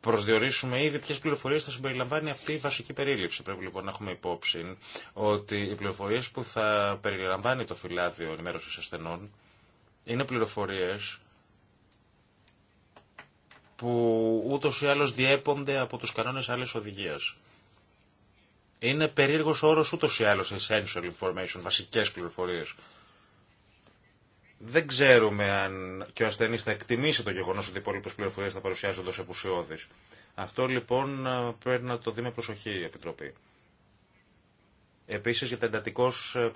S4: προσδιορίσουμε ήδη ποιε πληροφορίε θα συμπεριλαμβάνει αυτή η βασική περίληψη. Πρέπει λοιπόν να έχουμε υπόψη ότι οι πληροφορίε που θα περιλαμβάνει το φυλάδιο ενημέρωση ασθενών είναι πληροφορίε που ούτω ή άλλω διέπονται από του κανόνε άλλη οδηγία. Είναι περίεργο όρο ούτω ή άλλω essential information, βασικέ πληροφορίε δεν ξέρουμε αν και ο ασθενή θα εκτιμήσει το γεγονό ότι οι υπόλοιπε πληροφορίε θα παρουσιάζονται ω απουσιώδει. Αυτό λοιπόν πρέπει να το δει με προσοχή η Επιτροπή. Επίση για τα εντατικώ ε,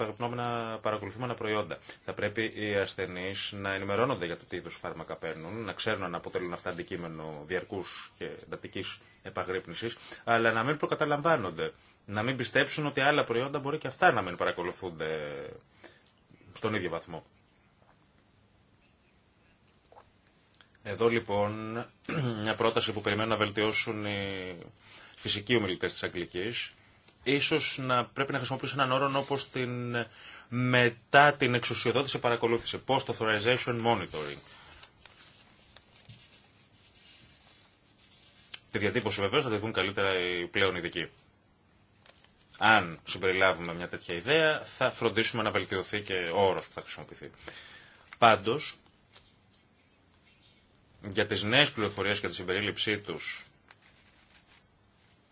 S4: παρακολουθούμενα προϊόντα. Θα πρέπει οι ασθενεί να ενημερώνονται για το τι είδου φάρμακα παίρνουν, να ξέρουν αν αποτελούν αυτά αντικείμενο διαρκού και εντατική επαγρύπνηση, αλλά να μην προκαταλαμβάνονται. Να μην πιστέψουν ότι άλλα προϊόντα μπορεί και αυτά να μην παρακολουθούνται στον ίδιο βαθμό. Εδώ λοιπόν [CLEARS THROAT] μια πρόταση που περιμένουν να βελτιώσουν οι φυσικοί ομιλητέ τη Αγγλική. Ίσως να πρέπει να χρησιμοποιήσουν έναν όρο όπω την μετά την εξουσιοδότηση παρακολούθηση. Post authorization monitoring. Τη διατύπωση βεβαίω θα τη δουν καλύτερα οι πλέον ειδικοί. Αν συμπεριλάβουμε μια τέτοια ιδέα, θα φροντίσουμε να βελτιωθεί και ο όρο που θα χρησιμοποιηθεί. Πάντω για τις νέες πληροφορίες και τη συμπερίληψή τους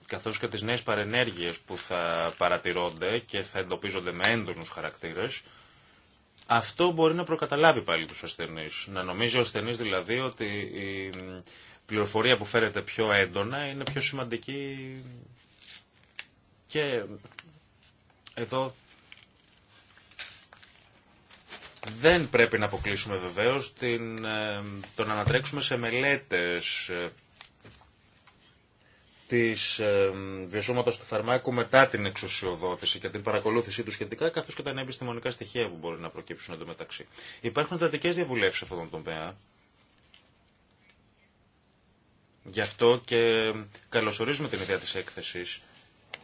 S4: καθώς και τις νέες παρενέργειες που θα παρατηρώνται και θα εντοπίζονται με έντονους χαρακτήρες, αυτό μπορεί να προκαταλάβει πάλι τους ασθενείς. Να νομίζει ο ασθενής δηλαδή ότι η πληροφορία που φέρεται πιο έντονα είναι πιο σημαντική και εδώ δεν πρέπει να αποκλείσουμε βεβαίως ε, το να ανατρέξουμε σε μελέτες ε, της ε, βιωσόματος του φαρμάκου μετά την εξουσιοδότηση και την παρακολούθησή του σχετικά, καθώς και τα νέα επιστημονικά στοιχεία που μπορεί να προκύψουν εντωμεταξύ. Υπάρχουν εντατικές διαβουλεύσεις σε αυτόν τον τομέα. Γι' αυτό και καλωσορίζουμε την ιδέα της έκθεσης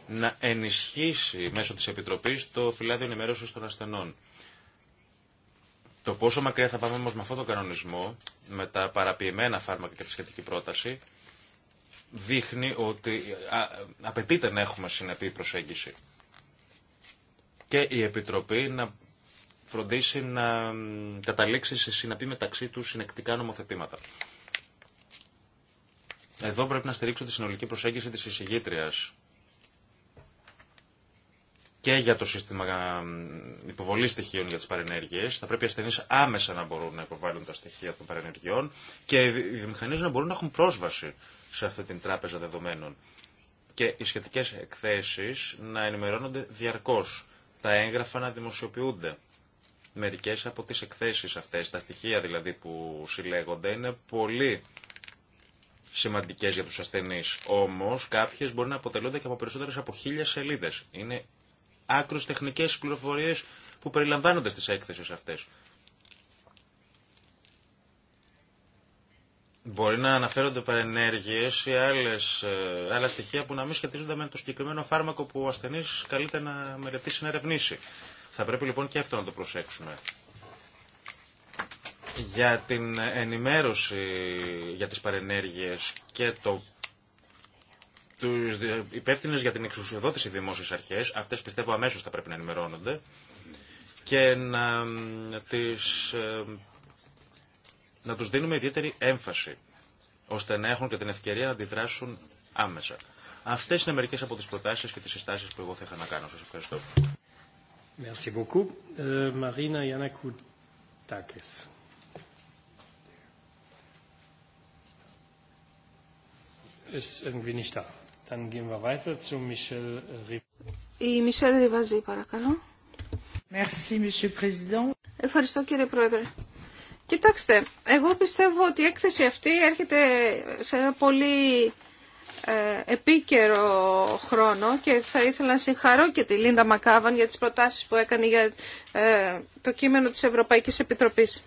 S4: να ενισχύσει μέσω της Επιτροπής το φυλάδιο ενημέρωση των ασθενών. Το πόσο μακριά θα πάμε όμω με αυτόν τον κανονισμό, με τα παραποιημένα φάρμακα και τη σχετική πρόταση, δείχνει ότι απαιτείται να έχουμε συνεπή προσέγγιση. Και η Επιτροπή να φροντίσει να καταλήξει σε συνεπή μεταξύ του συνεκτικά νομοθετήματα. Εδώ πρέπει να στηρίξω τη συνολική προσέγγιση της εισηγήτριας και για το σύστημα ε, υποβολή στοιχείων για τι παρενέργειε. Θα πρέπει οι ασθενεί άμεσα να μπορούν να υποβάλουν τα στοιχεία των παρενεργειών και οι βιομηχανίε να μπορούν να έχουν πρόσβαση σε αυτή την τράπεζα δεδομένων. Και οι σχετικέ εκθέσει να ενημερώνονται διαρκώ. Τα έγγραφα να δημοσιοποιούνται. Μερικέ από τι εκθέσει αυτέ, τα στοιχεία δηλαδή που συλλέγονται, είναι πολύ σημαντικέ για του ασθενεί. Όμω, κάποιε μπορεί να αποτελούνται και από περισσότερε από χίλια σελίδε. Είναι άκρως τεχνικές πληροφορίε που περιλαμβάνονται στις έκθεσες αυτές. Μπορεί να αναφέρονται παρενέργειες ή άλλες, ε, άλλα στοιχεία που να μην σχετίζονται με το συγκεκριμένο φάρμακο που ο ασθενής καλείται να μελετήσει να ερευνήσει. Θα πρέπει λοιπόν και αυτό να το προσέξουμε. Για την ενημέρωση για τις παρενέργειες και το του υπεύθυνε για την εξουσιοδότηση δημόσιε αρχέ, αυτές πιστεύω αμέσως θα πρέπει να ενημερώνονται και να, τις, ε, να τους δίνουμε ιδιαίτερη έμφαση, ώστε να έχουν και την ευκαιρία να αντιδράσουν άμεσα. Αυτές είναι μερικές από τις προτάσεις και τις συστάσεις που εγώ θα είχα να κάνω. Σας ευχαριστώ.
S2: Merci beaucoup. Marina ε, Ist irgendwie nicht da.
S1: Ευχαριστώ, κύριε Πρόεδρε. Κοιτάξτε, εγώ πιστεύω ότι η έκθεση αυτή έρχεται σε ένα πολύ ε, επίκαιρο χρόνο και θα ήθελα να συγχαρώ και τη Λίντα Μακάβαν για τις προτάσεις που έκανε για ε, το κείμενο της Ευρωπαϊκής Επιτροπής.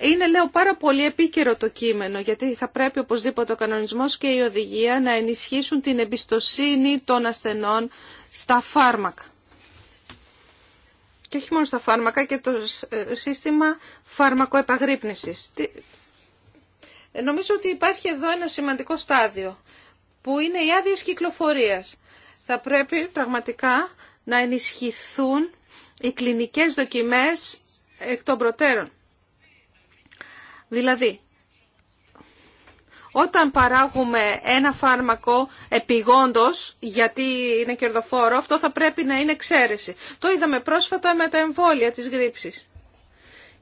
S1: Είναι, λέω, πάρα πολύ επίκαιρο το κείμενο, γιατί θα πρέπει οπωσδήποτε ο κανονισμός και η οδηγία να ενισχύσουν την εμπιστοσύνη των ασθενών στα φάρμακα. Και όχι μόνο στα φάρμακα και το ε, σύστημα φαρμακοεπαγρύπνησης. Ε, νομίζω ότι υπάρχει εδώ ένα σημαντικό στάδιο, που είναι οι άδειε κυκλοφορίας. Θα πρέπει πραγματικά να ενισχυθούν οι κλινικές δοκιμές εκ των προτέρων. Δηλαδή, όταν παράγουμε ένα φάρμακο επιγόντως, γιατί είναι κερδοφόρο, αυτό θα πρέπει να είναι εξαίρεση. Το είδαμε πρόσφατα με τα εμβόλια της γρήψης.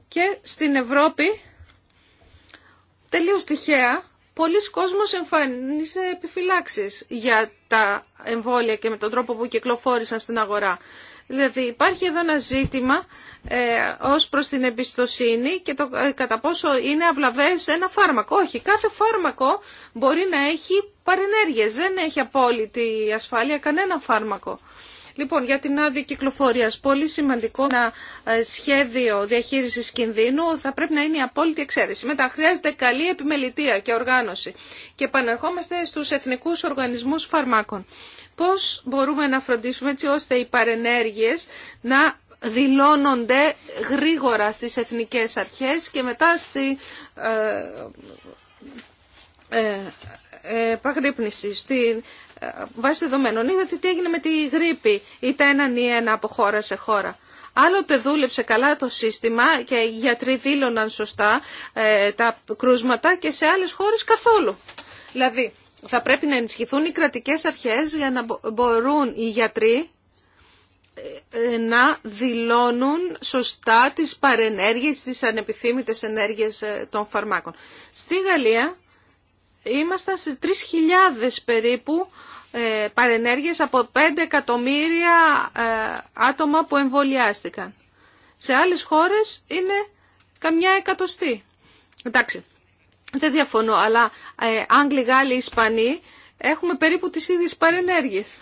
S1: Και στην Ευρώπη, τελείως τυχαία, πολλοί κόσμος εμφανίζει επιφυλάξεις για τα εμβόλια και με τον τρόπο που κυκλοφόρησαν στην αγορά. Δηλαδή υπάρχει εδώ ένα ζήτημα ε, ως προς την εμπιστοσύνη και το, ε, κατά πόσο είναι αυλαβές ένα φάρμακο. Όχι, κάθε φάρμακο μπορεί να έχει παρενέργειες, δεν έχει απόλυτη ασφάλεια κανένα φάρμακο. Λοιπόν, για την άδεια κυκλοφορία. Πολύ σημαντικό ένα ε, σχέδιο διαχείριση κινδύνου θα πρέπει να είναι η απόλυτη εξαίρεση. Μετά χρειάζεται καλή επιμελητεία και οργάνωση. Και επαναρχόμαστε στου εθνικού οργανισμού φαρμάκων. Πώ μπορούμε να φροντίσουμε έτσι ώστε οι παρενέργειε να δηλώνονται γρήγορα στις εθνικές αρχές και μετά στη ε, ε, ε επαγρύπνηση, στην βάσει δεδομένων είδατε τι έγινε με τη γρήπη είτε έναν ή ένα από χώρα σε χώρα. Άλλοτε δούλεψε καλά το σύστημα και οι γιατροί δήλωναν σωστά ε, τα κρούσματα και σε άλλες χώρες καθόλου. Δηλαδή θα πρέπει να ενισχυθούν οι κρατικές αρχές για να μπορούν οι γιατροί ε, ε, να δηλώνουν σωστά τις παρενέργειες, τις ανεπιθύμητες ενέργειες των φαρμάκων. Στη Γαλλία ήμασταν στις 3.000 περίπου ε, παρενέργειες από 5 εκατομμύρια ε, άτομα που εμβολιάστηκαν. Σε άλλες χώρες είναι καμιά εκατοστή. Εντάξει, δεν διαφωνώ, αλλά ε, Άγγλοι, Γάλλοι, Ισπανοί έχουμε περίπου τις ίδιες παρενέργειες.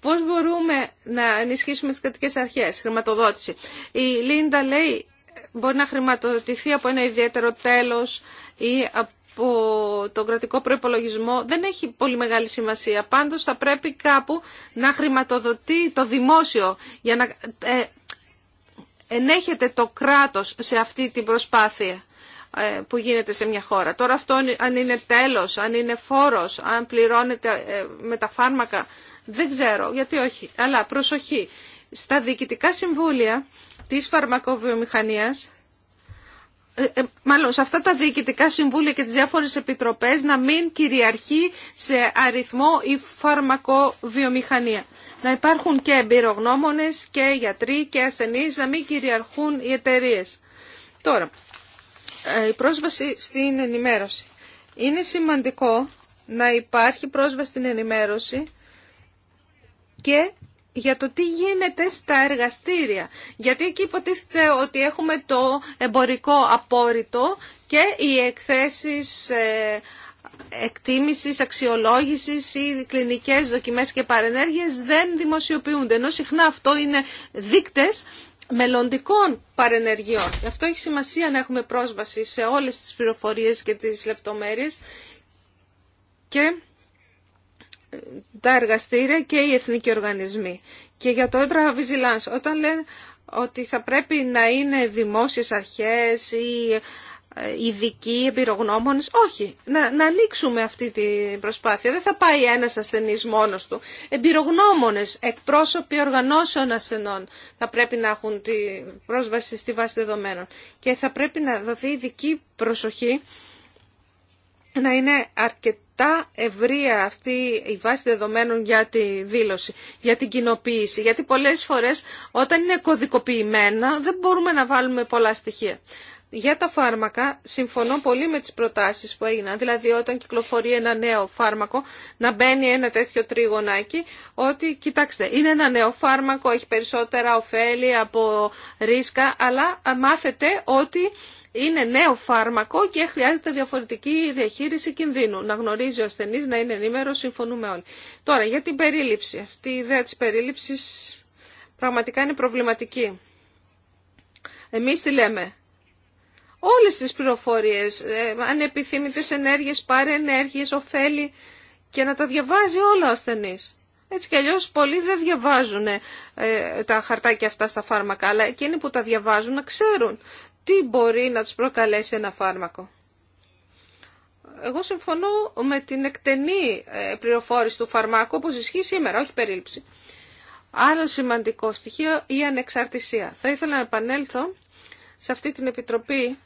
S1: Πώς μπορούμε να ενισχύσουμε τις κρατικές αρχές, χρηματοδότηση. Η Λίντα λέει ε, μπορεί να χρηματοδοτηθεί από ένα ιδιαίτερο τέλος ή από που το κρατικό προπολογισμό δεν έχει πολύ μεγάλη σημασία. Πάντως θα πρέπει κάπου να χρηματοδοτεί το δημόσιο για να ε, ενέχεται το κράτος σε αυτή την προσπάθεια ε, που γίνεται σε μια χώρα. Τώρα αυτό αν είναι τέλος, αν είναι φόρος, αν πληρώνεται ε, με τα φάρμακα, δεν ξέρω γιατί όχι. Αλλά προσοχή, στα διοικητικά συμβούλια της φαρμακοβιομηχανίας ε, ε, μάλλον σε αυτά τα διοικητικά συμβούλια και τις διάφορες επιτροπές να μην κυριαρχεί σε αριθμό η φαρμακοβιομηχανία. Να υπάρχουν και εμπειρογνώμονες και γιατροί και ασθενείς, να μην κυριαρχούν οι εταιρείε. Τώρα, ε, η πρόσβαση στην ενημέρωση. Είναι σημαντικό να υπάρχει πρόσβαση στην ενημέρωση και για το τι γίνεται στα εργαστήρια. Γιατί εκεί υποτίθεται ότι έχουμε το εμπορικό απόρριτο και οι εκθέσεις ε, εκτίμησης, αξιολόγησης ή κλινικές δοκιμές και παρενέργειες δεν δημοσιοποιούνται. Ενώ συχνά αυτό είναι δείκτες μελλοντικών παρενεργειών. Γι' αυτό έχει σημασία να έχουμε πρόσβαση σε όλες τις πληροφορίες και τις λεπτομέρειες και τα εργαστήρια και οι εθνικοί οργανισμοί. Και για το έντρα βιζιλάνς, όταν λένε ότι θα πρέπει να είναι δημόσιες αρχές ή ε, ειδικοί εμπειρογνώμονες, όχι, να, να ανοίξουμε αυτή την προσπάθεια. Δεν θα πάει ένας ασθενής μόνος του. Εμπειρογνώμονες, εκπρόσωποι οργανώσεων ασθενών θα πρέπει να έχουν τη πρόσβαση στη βάση δεδομένων. Και θα πρέπει να δοθεί ειδική προσοχή να είναι αρκετή τα ευρεία αυτή η βάση δεδομένων για τη δήλωση, για την κοινοποίηση. Γιατί πολλές φορές όταν είναι κωδικοποιημένα δεν μπορούμε να βάλουμε πολλά στοιχεία. Για τα φάρμακα συμφωνώ πολύ με τις προτάσεις που έγιναν, δηλαδή όταν κυκλοφορεί ένα νέο φάρμακο να μπαίνει ένα τέτοιο τρίγωνάκι ότι κοιτάξτε είναι ένα νέο φάρμακο, έχει περισσότερα ωφέλη από ρίσκα αλλά μάθετε ότι είναι νέο φάρμακο και χρειάζεται διαφορετική διαχείριση κινδύνου. Να γνωρίζει ο ασθενής, να είναι ενήμερο, συμφωνούμε όλοι. Τώρα, για την περίληψη. Αυτή η ιδέα της περίληψης πραγματικά είναι προβληματική. Εμείς τι λέμε. Όλες τις πληροφορίες, ε, ενέργειε, ενέργειες, παρενέργειες, ωφέλη και να τα διαβάζει όλα ο ασθενής. Έτσι κι αλλιώς πολλοί δεν διαβάζουν ε, τα χαρτάκια αυτά στα φάρμακα, αλλά εκείνοι που τα διαβάζουν να ξέρουν τι μπορεί να τους προκαλέσει ένα φάρμακο. Εγώ συμφωνώ με την εκτενή ε, πληροφόρηση του φαρμάκου όπως ισχύει σήμερα, όχι περίληψη. Άλλο σημαντικό στοιχείο η ανεξαρτησία. Θα ήθελα να επανέλθω σε αυτή την επιτροπή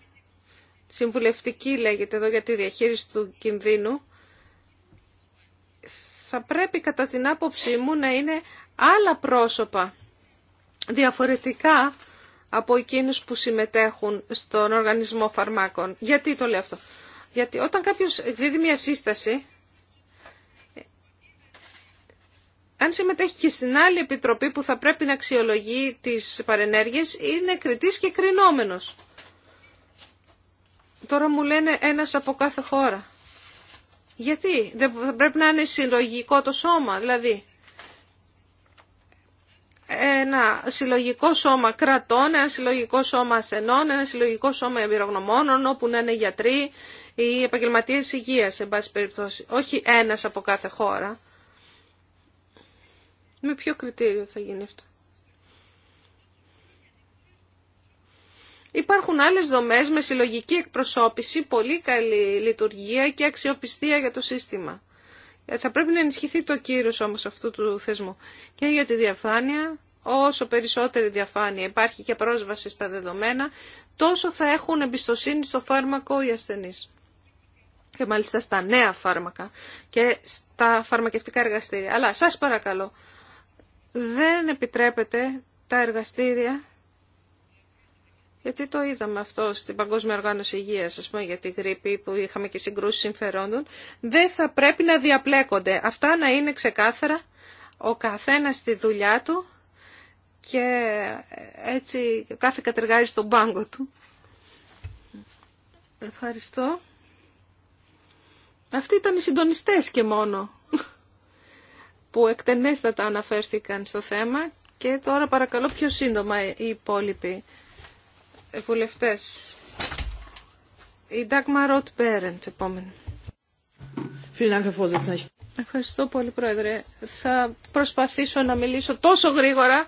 S1: συμβουλευτική λέγεται εδώ για τη διαχείριση του κινδύνου. Θα πρέπει κατά την άποψή μου να είναι άλλα πρόσωπα διαφορετικά από εκείνους που συμμετέχουν στον οργανισμό φαρμάκων. Γιατί το λέω αυτό. Γιατί όταν κάποιος δίδει μια σύσταση, αν συμμετέχει και στην άλλη επιτροπή που θα πρέπει να αξιολογεί τις παρενέργειες, είναι κριτής και κρινόμενος. Τώρα μου λένε ένας από κάθε χώρα. Γιατί δεν πρέπει να είναι συλλογικό το σώμα, δηλαδή ένα συλλογικό σώμα κρατών, ένα συλλογικό σώμα ασθενών, ένα συλλογικό σώμα εμπειρογνωμόνων, όπου να είναι γιατροί ή επαγγελματίες υγείας, σε πάση περιπτώσει. Όχι ένας από κάθε χώρα. Με ποιο κριτήριο θα γίνει αυτό. Υπάρχουν άλλες δομές με συλλογική εκπροσώπηση, πολύ καλή λειτουργία και αξιοπιστία για το σύστημα. Ε, θα πρέπει να ενισχυθεί το κύρος όμως αυτού του θεσμού. Και για τη διαφάνεια, όσο περισσότερη διαφάνεια υπάρχει και πρόσβαση στα δεδομένα, τόσο θα έχουν εμπιστοσύνη στο φάρμακο οι ασθενείς. Και μάλιστα στα νέα φάρμακα και στα φαρμακευτικά εργαστήρια. Αλλά σας παρακαλώ, δεν επιτρέπεται τα εργαστήρια γιατί το είδαμε αυτό στην Παγκόσμια Οργάνωση Υγείας, α πούμε, για τη γρήπη που είχαμε και συγκρούσει συμφερόντων. Δεν θα πρέπει να διαπλέκονται. Αυτά να είναι ξεκάθαρα ο καθένα στη δουλειά του και έτσι κάθε κατεργάρι στον πάγκο του. Ευχαριστώ. Αυτοί ήταν οι συντονιστές και μόνο που εκτενέστατα αναφέρθηκαν στο θέμα και τώρα παρακαλώ πιο σύντομα οι υπόλοιποι βουλευτές. Η Ντάγμα Ροτ Μπέρεντ, Ευχαριστώ πολύ, Πρόεδρε. Θα προσπαθήσω να μιλήσω τόσο γρήγορα,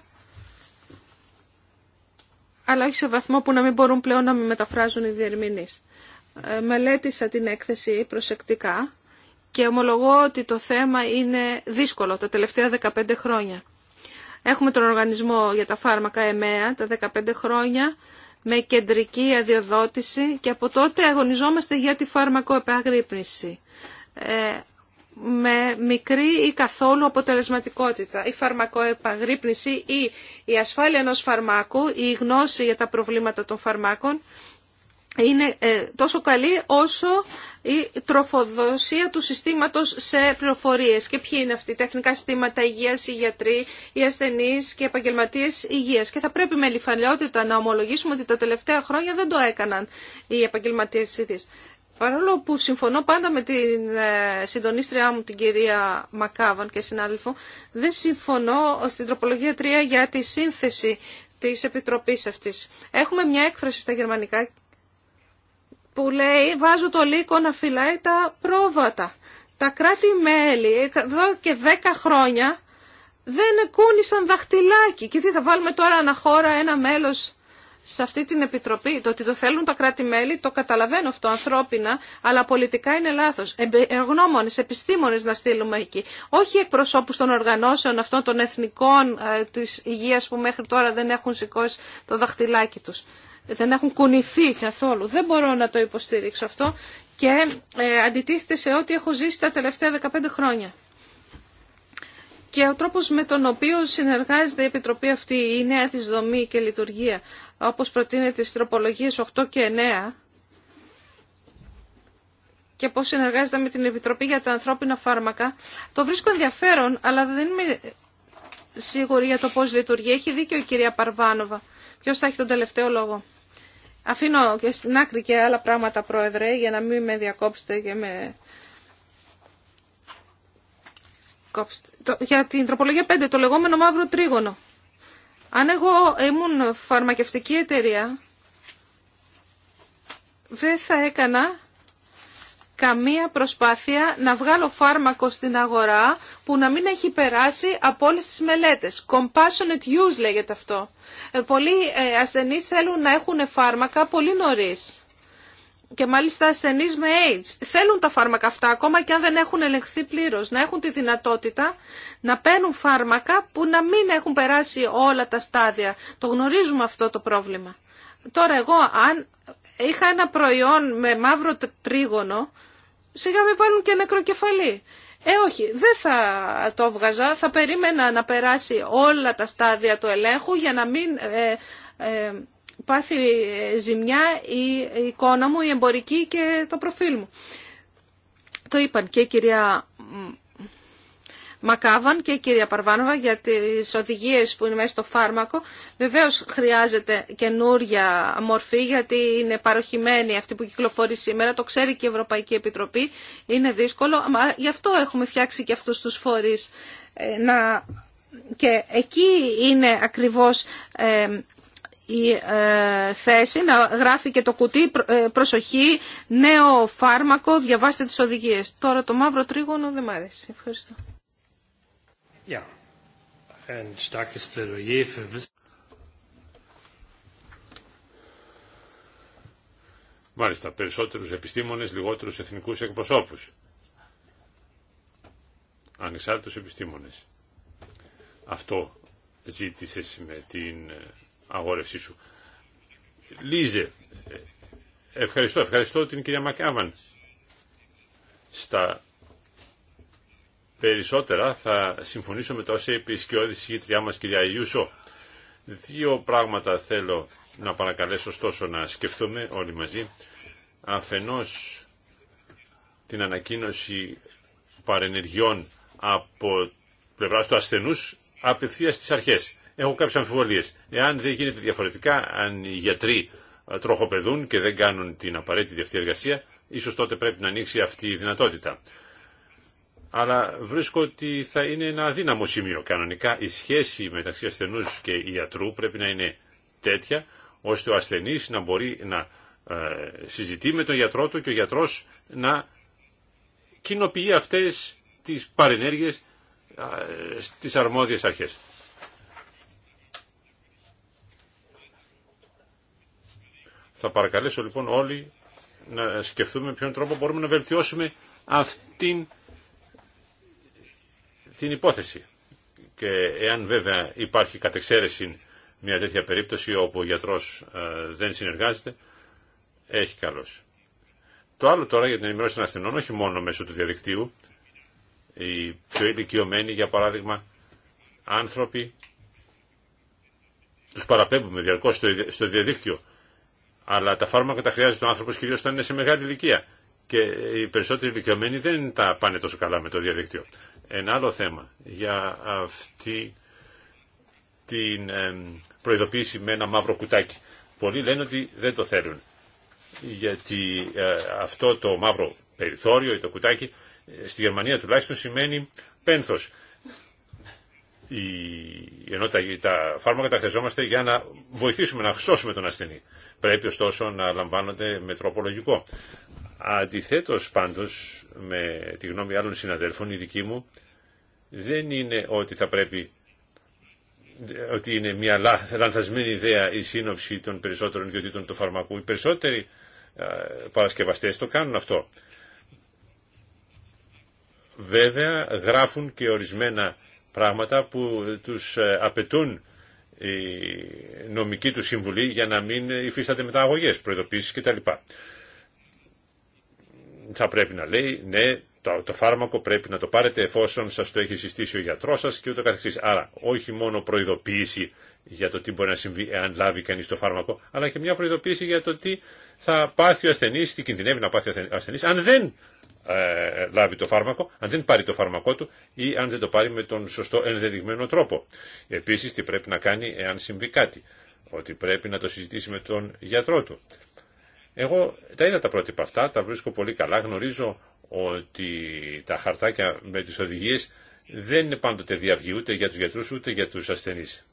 S1: αλλά όχι σε βαθμό που να μην μπορούν πλέον να με μεταφράζουν οι διερμηνείς. Ε, μελέτησα την έκθεση προσεκτικά και ομολογώ ότι το θέμα είναι δύσκολο τα τελευταία 15 χρόνια. Έχουμε τον οργανισμό για τα φάρμακα ΕΜΕΑ τα 15 χρόνια με κεντρική αδειοδότηση και από τότε αγωνιζόμαστε για τη φαρμακοεπαγρύπνηση ε, με μικρή ή καθόλου αποτελεσματικότητα. Η φαρμακοεπαγρύπνηση ή η ασφάλεια ενός φαρμάκου, η γνώση για τα προβλήματα των φαρμάκων είναι ε, τόσο καλή όσο η τροφοδοσία του συστήματος σε πληροφορίες. Και ποιοι είναι αυτοί, τα εθνικά συστήματα υγείας, οι γιατροί, οι ασθενείς και οι επαγγελματίες υγείας. Και θα πρέπει με λιφαλαιότητα να ομολογήσουμε ότι τα τελευταία χρόνια δεν το έκαναν οι επαγγελματίες υγείας. Παρόλο που συμφωνώ πάντα με την ε, συντονίστριά μου την κυρία Μακάβαν και συνάδελφο, δεν συμφωνώ στην τροπολογία 3 για τη σύνθεση της Επιτροπής αυτής. Έχουμε μια έκφραση στα γερμανικά που λέει «Βάζω το λύκο να φυλάει τα πρόβατα». Τα κράτη-μέλη εδώ και δέκα χρόνια δεν κούνησαν δαχτυλάκι. Και τι θα βάλουμε τώρα ένα χώρα, ένα μέλος σε αυτή την επιτροπή. Το ότι το θέλουν τα κράτη-μέλη, το καταλαβαίνω αυτό ανθρώπινα, αλλά πολιτικά είναι λάθος. Εργνώμονες, επιστήμονες να στείλουμε εκεί. Όχι εκπροσώπους των οργανώσεων αυτών των εθνικών ε, της υγείας που μέχρι τώρα δεν έχουν σηκώσει το δαχτυλάκι τους δεν έχουν κουνηθεί καθόλου. Δεν μπορώ να το υποστηρίξω αυτό και ε, αντιτίθεται σε ό,τι έχω ζήσει τα τελευταία 15 χρόνια. Και ο τρόπος με τον οποίο συνεργάζεται η Επιτροπή αυτή, η νέα της δομή και λειτουργία, όπως προτείνεται στις τροπολογίες 8 και 9, και πώς συνεργάζεται με την Επιτροπή για τα ανθρώπινα φάρμακα, το βρίσκω ενδιαφέρον, αλλά δεν είμαι σίγουρη για το πώς λειτουργεί. Έχει δίκιο η κυρία Παρβάνοβα. Ποιος θα έχει τον τελευταίο λόγο. Αφήνω και στην άκρη και άλλα πράγματα, Πρόεδρε, για να μην με διακόψετε και με... Κόψετε. Για την τροπολογία 5, το λεγόμενο μαύρο τρίγωνο. Αν εγώ ήμουν φαρμακευτική εταιρεία, δεν θα έκανα καμία προσπάθεια να βγάλω φάρμακο στην αγορά που να μην έχει περάσει από όλες τις μελέτες. Compassionate use λέγεται αυτό. Ε, πολλοί ε, ασθενείς θέλουν να έχουν φάρμακα πολύ νωρίς. Και μάλιστα ασθενεί με AIDS θέλουν τα φάρμακα αυτά ακόμα και αν δεν έχουν ελεγχθεί πλήρω. Να έχουν τη δυνατότητα να παίρνουν φάρμακα που να μην έχουν περάσει όλα τα στάδια. Το γνωρίζουμε αυτό το πρόβλημα. Τώρα εγώ αν είχα ένα προϊόν με μαύρο τρίγωνο σιγά μην πάρουν και νεκροκεφαλή. Ε, όχι, δεν θα το βγαζα, θα περίμενα να περάσει όλα τα στάδια του ελέγχου για να μην ε, ε πάθει ε, ζημιά η εικόνα μου, η εμπορική και το προφίλ μου. Το είπαν και η κυρία Μακάβαν και η κυρία Παρβάνοβα για τις οδηγίες που είναι μέσα στο φάρμακο. Βεβαίως χρειάζεται καινούρια μορφή γιατί είναι παροχημένη αυτή που κυκλοφορεί σήμερα. Το ξέρει και η Ευρωπαϊκή Επιτροπή. Είναι δύσκολο. Αλλά γι' αυτό έχουμε φτιάξει και αυτούς τους φορείς. Ε, να... Και εκεί είναι ακριβώς ε, η ε, θέση να γράφει και το κουτί προσοχή, νέο φάρμακο, διαβάστε τις οδηγίες. Τώρα το μαύρο τρίγωνο δεν μ' αρέσει. Ευχαριστώ.
S2: Ja, ein starkes Plädoyer für Wissen.
S3: Μάλιστα, περισσότερους επιστήμονες, λιγότερους εθνικούς εκπροσώπους. Ανεξάρτητους επιστήμονες. Αυτό ζήτησες με την ε, αγόρευσή σου. Λίζε, ε, ευχαριστώ, ευχαριστώ την κυρία Μακάβαν στα περισσότερα θα συμφωνήσω με τα όσα είπε η σκιώδη συγγήτριά μας κυρία Ιούσο. Δύο πράγματα θέλω να παρακαλέσω ωστόσο να σκεφτούμε όλοι μαζί. Αφενός την ανακοίνωση παρενεργειών από πλευρά του ασθενούς απευθεία στις αρχές. Έχω κάποιες αμφιβολίες. Εάν δεν γίνεται διαφορετικά, αν οι γιατροί ε, τροχοπεδούν και δεν κάνουν την απαραίτητη αυτή εργασία, ίσως τότε πρέπει να ανοίξει αυτή η δυνατότητα αλλά βρίσκω ότι θα είναι ένα αδύναμο σημείο. Κανονικά η σχέση μεταξύ ασθενούς και ιατρού πρέπει να είναι τέτοια, ώστε ο ασθενής να μπορεί να ε, συζητεί με τον γιατρό του και ο γιατρός να κοινοποιεί αυτές τις παρενέργειες στις αρμόδιες αρχές. Θα παρακαλέσω λοιπόν όλοι να σκεφτούμε ποιον τρόπο μπορούμε να βελτιώσουμε αυτήν την υπόθεση. Και εάν βέβαια υπάρχει κατεξαίρεση μια τέτοια περίπτωση όπου ο γιατρός ε, δεν συνεργάζεται, έχει καλώς. Το άλλο τώρα για την ενημερώση των ασθενών, όχι μόνο μέσω του διαδικτύου, οι πιο ηλικιωμένοι, για παράδειγμα, άνθρωποι, τους παραπέμπουμε διαρκώς στο διαδίκτυο, αλλά τα φάρμακα τα χρειάζεται ο άνθρωπος κυρίως όταν είναι σε μεγάλη ηλικία και οι περισσότεροι ηλικιωμένοι δεν τα πάνε τόσο καλά με το διαδίκτυο. Ένα άλλο θέμα για αυτή την προειδοποίηση με ένα μαύρο κουτάκι. Πολλοί λένε ότι δεν το θέλουν γιατί ε, αυτό το μαύρο περιθώριο ή το κουτάκι ε, στη Γερμανία τουλάχιστον σημαίνει πένθος. Η, το κουτακι στη γερμανια τουλαχιστον σημαινει πενθος ενω τα, τα φάρμακα τα χρειαζόμαστε για να βοηθήσουμε, να σώσουμε τον ασθενή. Πρέπει ωστόσο να λαμβάνονται με τρόπο λογικό. Αντιθέτω πάντως με τη γνώμη άλλων συναδέλφων η δική μου δεν είναι ότι θα πρέπει ότι είναι μια λανθασμένη ιδέα η σύνοψη των περισσότερων ιδιωτήτων του φαρμακού. Οι περισσότεροι παρασκευαστές το κάνουν αυτό. Βέβαια γράφουν και ορισμένα πράγματα που τους ε, απαιτούν η νομική του συμβουλή για να μην υφίστανται μεταγωγές, προειδοποίησεις κτλ θα πρέπει να λέει ναι, το, το φάρμακο πρέπει να το πάρετε εφόσον σας το έχει συστήσει ο γιατρός σας και ούτω καθεξής. Άρα όχι μόνο προειδοποίηση για το τι μπορεί να συμβεί εάν λάβει κανείς το φάρμακο, αλλά και μια προειδοποίηση για το τι θα πάθει ο ασθενής, τι κινδυνεύει να πάθει ο ασθενής, αν δεν ε, λάβει το φάρμακο, αν δεν πάρει το φάρμακό του ή αν δεν το πάρει με τον σωστό ενδεδειγμένο τρόπο. Επίσης τι πρέπει να κάνει εάν συμβεί κάτι, ότι πρέπει να το συζητήσει με τον γιατρό του. Εγώ τα είδα τα πρότυπα αυτά, τα βρίσκω πολύ καλά. Γνωρίζω ότι τα χαρτάκια με τις οδηγίες δεν είναι πάντοτε διαυγή ούτε για τους γιατρούς ούτε για τους ασθενείς.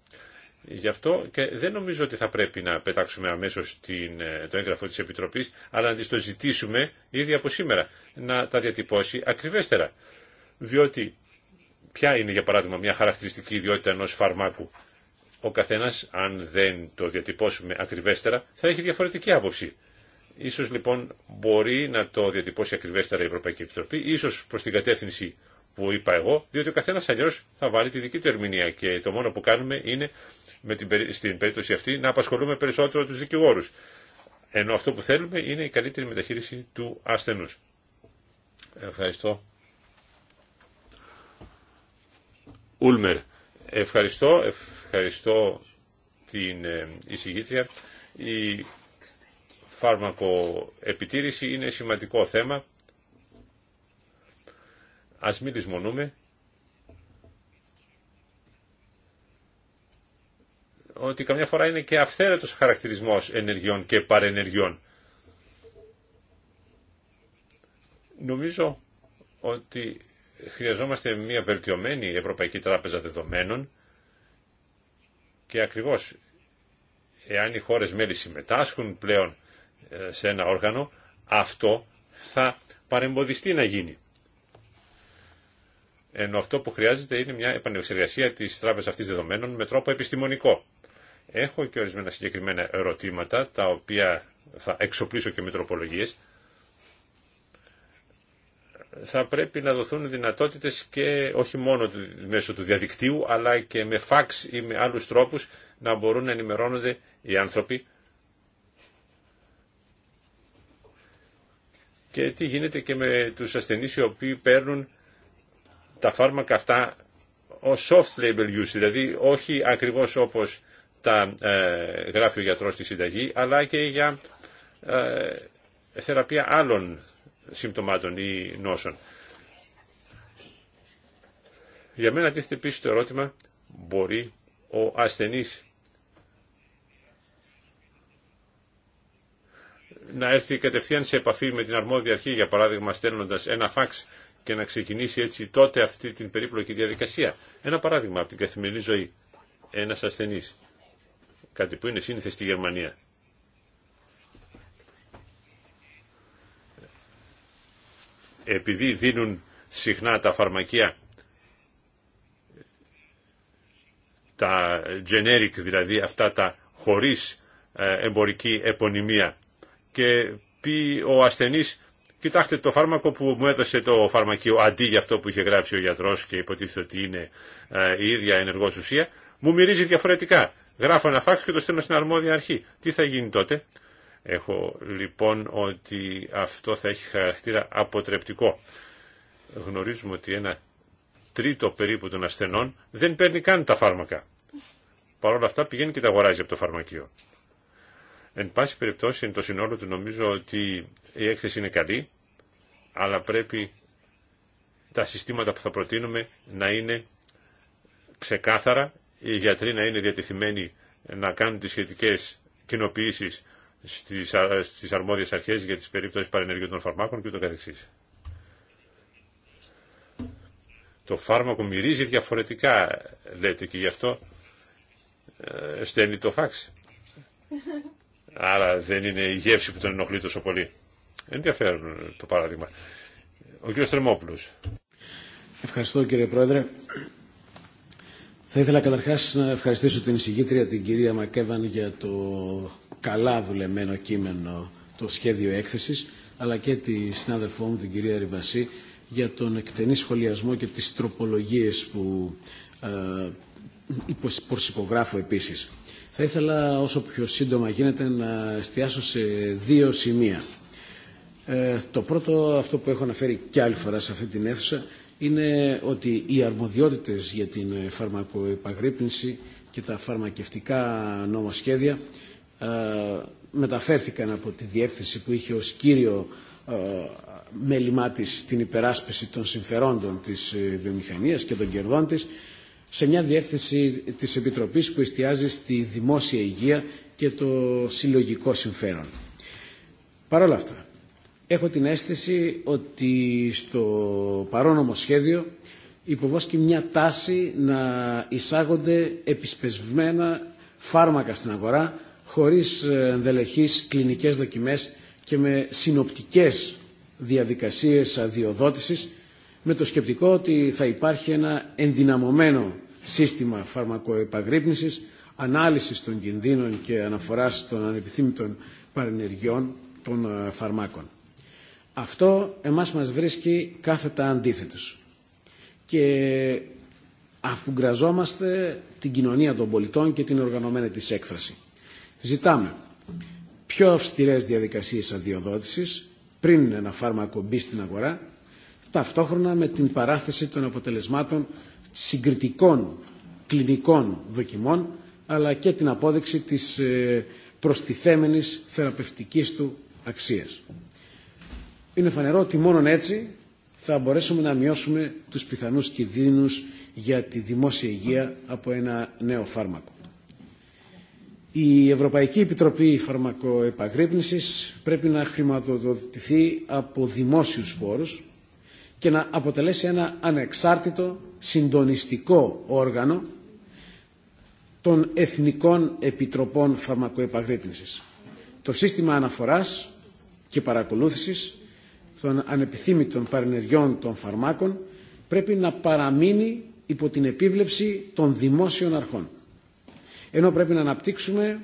S3: Γι' αυτό και δεν νομίζω ότι θα πρέπει να πετάξουμε αμέσως ε, το έγγραφο της Επιτροπής, αλλά να τη το ζητήσουμε ήδη από σήμερα να τα διατυπώσει ακριβέστερα. Διότι ποια είναι για παράδειγμα μια χαρακτηριστική ιδιότητα ενός φαρμάκου. Ο καθένας αν δεν το διατυπώσουμε ακριβέστερα θα έχει διαφορετική άποψη. Ίσως λοιπόν μπορεί να το διατυπώσει ακριβέστερα η Ευρωπαϊκή Επιτροπή, ίσως προς την κατεύθυνση που είπα εγώ, διότι ο καθένας αλλιώς θα βάλει τη δική του ερμηνεία και το μόνο που κάνουμε είναι με την, στην περίπτωση αυτή να απασχολούμε περισσότερο τους δικηγόρους. Ενώ αυτό που θέλουμε είναι η καλύτερη μεταχείριση του ασθενούς. Ευχαριστώ. Ούλμερ. Ευχαριστώ, ευχαριστώ την ε, εισηγήτρια. Η φάρμακο επιτήρηση είναι σημαντικό θέμα. Ας μην λησμονούμε ότι καμιά φορά είναι και αυθαίρετος χαρακτηρισμός ενεργειών και παρενεργειών. Νομίζω ότι χρειαζόμαστε μια βελτιωμένη Ευρωπαϊκή Τράπεζα Δεδομένων και ακριβώς εάν οι χώρες μέλη συμμετάσχουν πλέον σε ένα όργανο, αυτό θα παρεμποδιστεί να γίνει. Ενώ αυτό που χρειάζεται είναι μια επανεξεργασία της τράπεζα αυτής δεδομένων με τρόπο επιστημονικό. Έχω και ορισμένα συγκεκριμένα ερωτήματα, τα οποία θα εξοπλίσω και με τροπολογίε. Θα πρέπει να δοθούν δυνατότητες και όχι μόνο μέσω του διαδικτύου, αλλά και με φάξ ή με άλλου τρόπου να μπορούν να ενημερώνονται οι άνθρωποι και τι γίνεται και με τους ασθενείς οι οποίοι παίρνουν τα φάρμακα αυτά ως soft label use, δηλαδή όχι ακριβώς όπως τα ε, γράφει ο γιατρός στη συνταγή, αλλά και για ε, θεραπεία άλλων συμπτωμάτων ή νόσων. Για μένα τίθεται επίση το ερώτημα, μπορεί ο ασθενής να έρθει κατευθείαν σε επαφή με την αρμόδια αρχή, για παράδειγμα στέλνοντα ένα φαξ και να ξεκινήσει έτσι τότε αυτή την περίπλοκη διαδικασία. Ένα παράδειγμα από την καθημερινή ζωή. Ένα ασθενή. Κάτι που είναι σύνηθε στη Γερμανία. Επειδή δίνουν συχνά τα φαρμακεία τα generic δηλαδή αυτά τα χωρίς ε, εμπορική επωνυμία και πει ο ασθενής κοιτάξτε το φάρμακο που μου έδωσε το φαρμακείο αντί για αυτό που είχε γράψει ο γιατρός και υποτίθεται ότι είναι ε, η ίδια ενεργός ουσία, μου μυρίζει διαφορετικά. Γράφω ένα φάξ και το στέλνω στην αρμόδια αρχή. Τι θα γίνει τότε. Έχω λοιπόν ότι αυτό θα έχει χαρακτήρα αποτρεπτικό. Γνωρίζουμε ότι ένα τρίτο περίπου των ασθενών δεν παίρνει καν τα φάρμακα. Παρ' όλα αυτά πηγαίνει και τα αγοράζει από το φαρμακείο. Εν πάση περιπτώσει, εν το συνόλο του νομίζω ότι η έκθεση είναι καλή, αλλά πρέπει τα συστήματα που θα προτείνουμε να είναι ξεκάθαρα, οι γιατροί να είναι διατεθειμένοι να κάνουν τις σχετικές κοινοποιήσεις στις, στις αρμόδιες αρχές για τις περίπτωσεις παρενέργειων των φαρμάκων και το καθεξής. Το φάρμακο μυρίζει διαφορετικά, λέτε, και γι' αυτό ε, στέλνει το φάξ. [LAUGHS] Άρα δεν είναι η γεύση που τον ενοχλεί τόσο πολύ. Ενδιαφέρον το παράδειγμα. Ο κ. Τρεμόπουλος.
S5: Ευχαριστώ κύριε Πρόεδρε. Θα ήθελα καταρχάς να ευχαριστήσω την εισηγήτρια την κυρία Μακέβαν για το καλά δουλεμένο κείμενο, το σχέδιο έκθεσης, αλλά και τη συνάδελφό μου την κυρία Ριβασή για τον εκτενή σχολιασμό και τις τροπολογίες που ε, προσυπογράφω επίσης. Θα ήθελα όσο πιο σύντομα γίνεται να εστιάσω σε δύο σημεία. Ε, το πρώτο, αυτό που έχω αναφέρει και άλλη φορά σε αυτή την αίθουσα, είναι ότι οι αρμοδιότητες για την φαρμακοεπαγρύπνηση και τα φαρμακευτικά νομοσχέδια ε, μεταφέρθηκαν από τη διεύθυνση που είχε ως κύριο ε, μέλημά της την υπεράσπιση των συμφερόντων της βιομηχανίας και των κερδών της σε μια διεύθυνση της Επιτροπής που εστιάζει στη δημόσια υγεία και το συλλογικό συμφέρον. Παρ' όλα αυτά, έχω την αίσθηση ότι στο παρόνομο σχέδιο υποβόσκει μια τάση να εισάγονται επισπεσμένα φάρμακα στην αγορά χωρίς ε, ενδελεχείς κλινικές δοκιμές και με συνοπτικές διαδικασίες αδειοδότησης με το σκεπτικό ότι θα υπάρχει ένα ενδυναμωμένο σύστημα φαρμακοεπαγρύπνησης, ανάλυσης των κινδύνων και αναφοράς των ανεπιθύμητων παρενεργειών των ε, φαρμάκων. Αυτό εμάς μας βρίσκει κάθετα αντίθετος. Και αφουγκραζόμαστε την κοινωνία των πολιτών και την οργανωμένη της έκφραση. Ζητάμε πιο αυστηρές διαδικασίες αδειοδότησης πριν ένα φάρμακο μπει στην αγορά ταυτόχρονα με την παράθεση των αποτελεσμάτων συγκριτικών κλινικών δοκιμών αλλά και την απόδειξη της ε, προστιθέμενης θεραπευτικής του αξίας. Είναι φανερό ότι μόνο έτσι θα μπορέσουμε να μειώσουμε τους πιθανούς κινδύνους για τη δημόσια υγεία από ένα νέο φάρμακο. Η Ευρωπαϊκή Επιτροπή Φαρμακοεπαγρύπνησης πρέπει να χρηματοδοτηθεί από δημόσιους πόρους και να αποτελέσει ένα ανεξάρτητο συντονιστικό όργανο των Εθνικών Επιτροπών Φαρμακοεπαγρύπνησης. Το σύστημα αναφοράς και παρακολούθησης των ανεπιθύμητων παρενεργειών των φαρμάκων πρέπει να παραμείνει υπό την επίβλεψη των δημόσιων αρχών. Ενώ πρέπει να αναπτύξουμε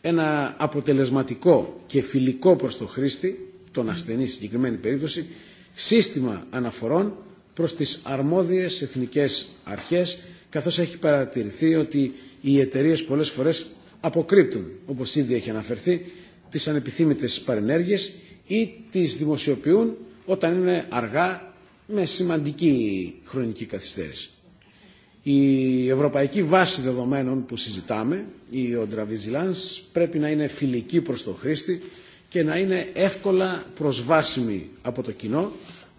S5: ένα αποτελεσματικό και φιλικό προς το χρήστη, τον ασθενή συγκεκριμένη περίπτωση, σύστημα αναφορών προς τις αρμόδιες εθνικές αρχές, καθώς έχει παρατηρηθεί ότι οι εταιρείε πολλές φορές αποκρύπτουν, όπως ήδη έχει αναφερθεί, τις ανεπιθύμητες παρενέργειες ή τις δημοσιοποιούν όταν είναι αργά με σημαντική χρονική καθυστέρηση. Η ευρωπαϊκή βάση δεδομένων που συζητάμε, η Ondra Vigilance, πρέπει να είναι φιλική προς τον χρήστη και να είναι εύκολα προσβάσιμη από το κοινό,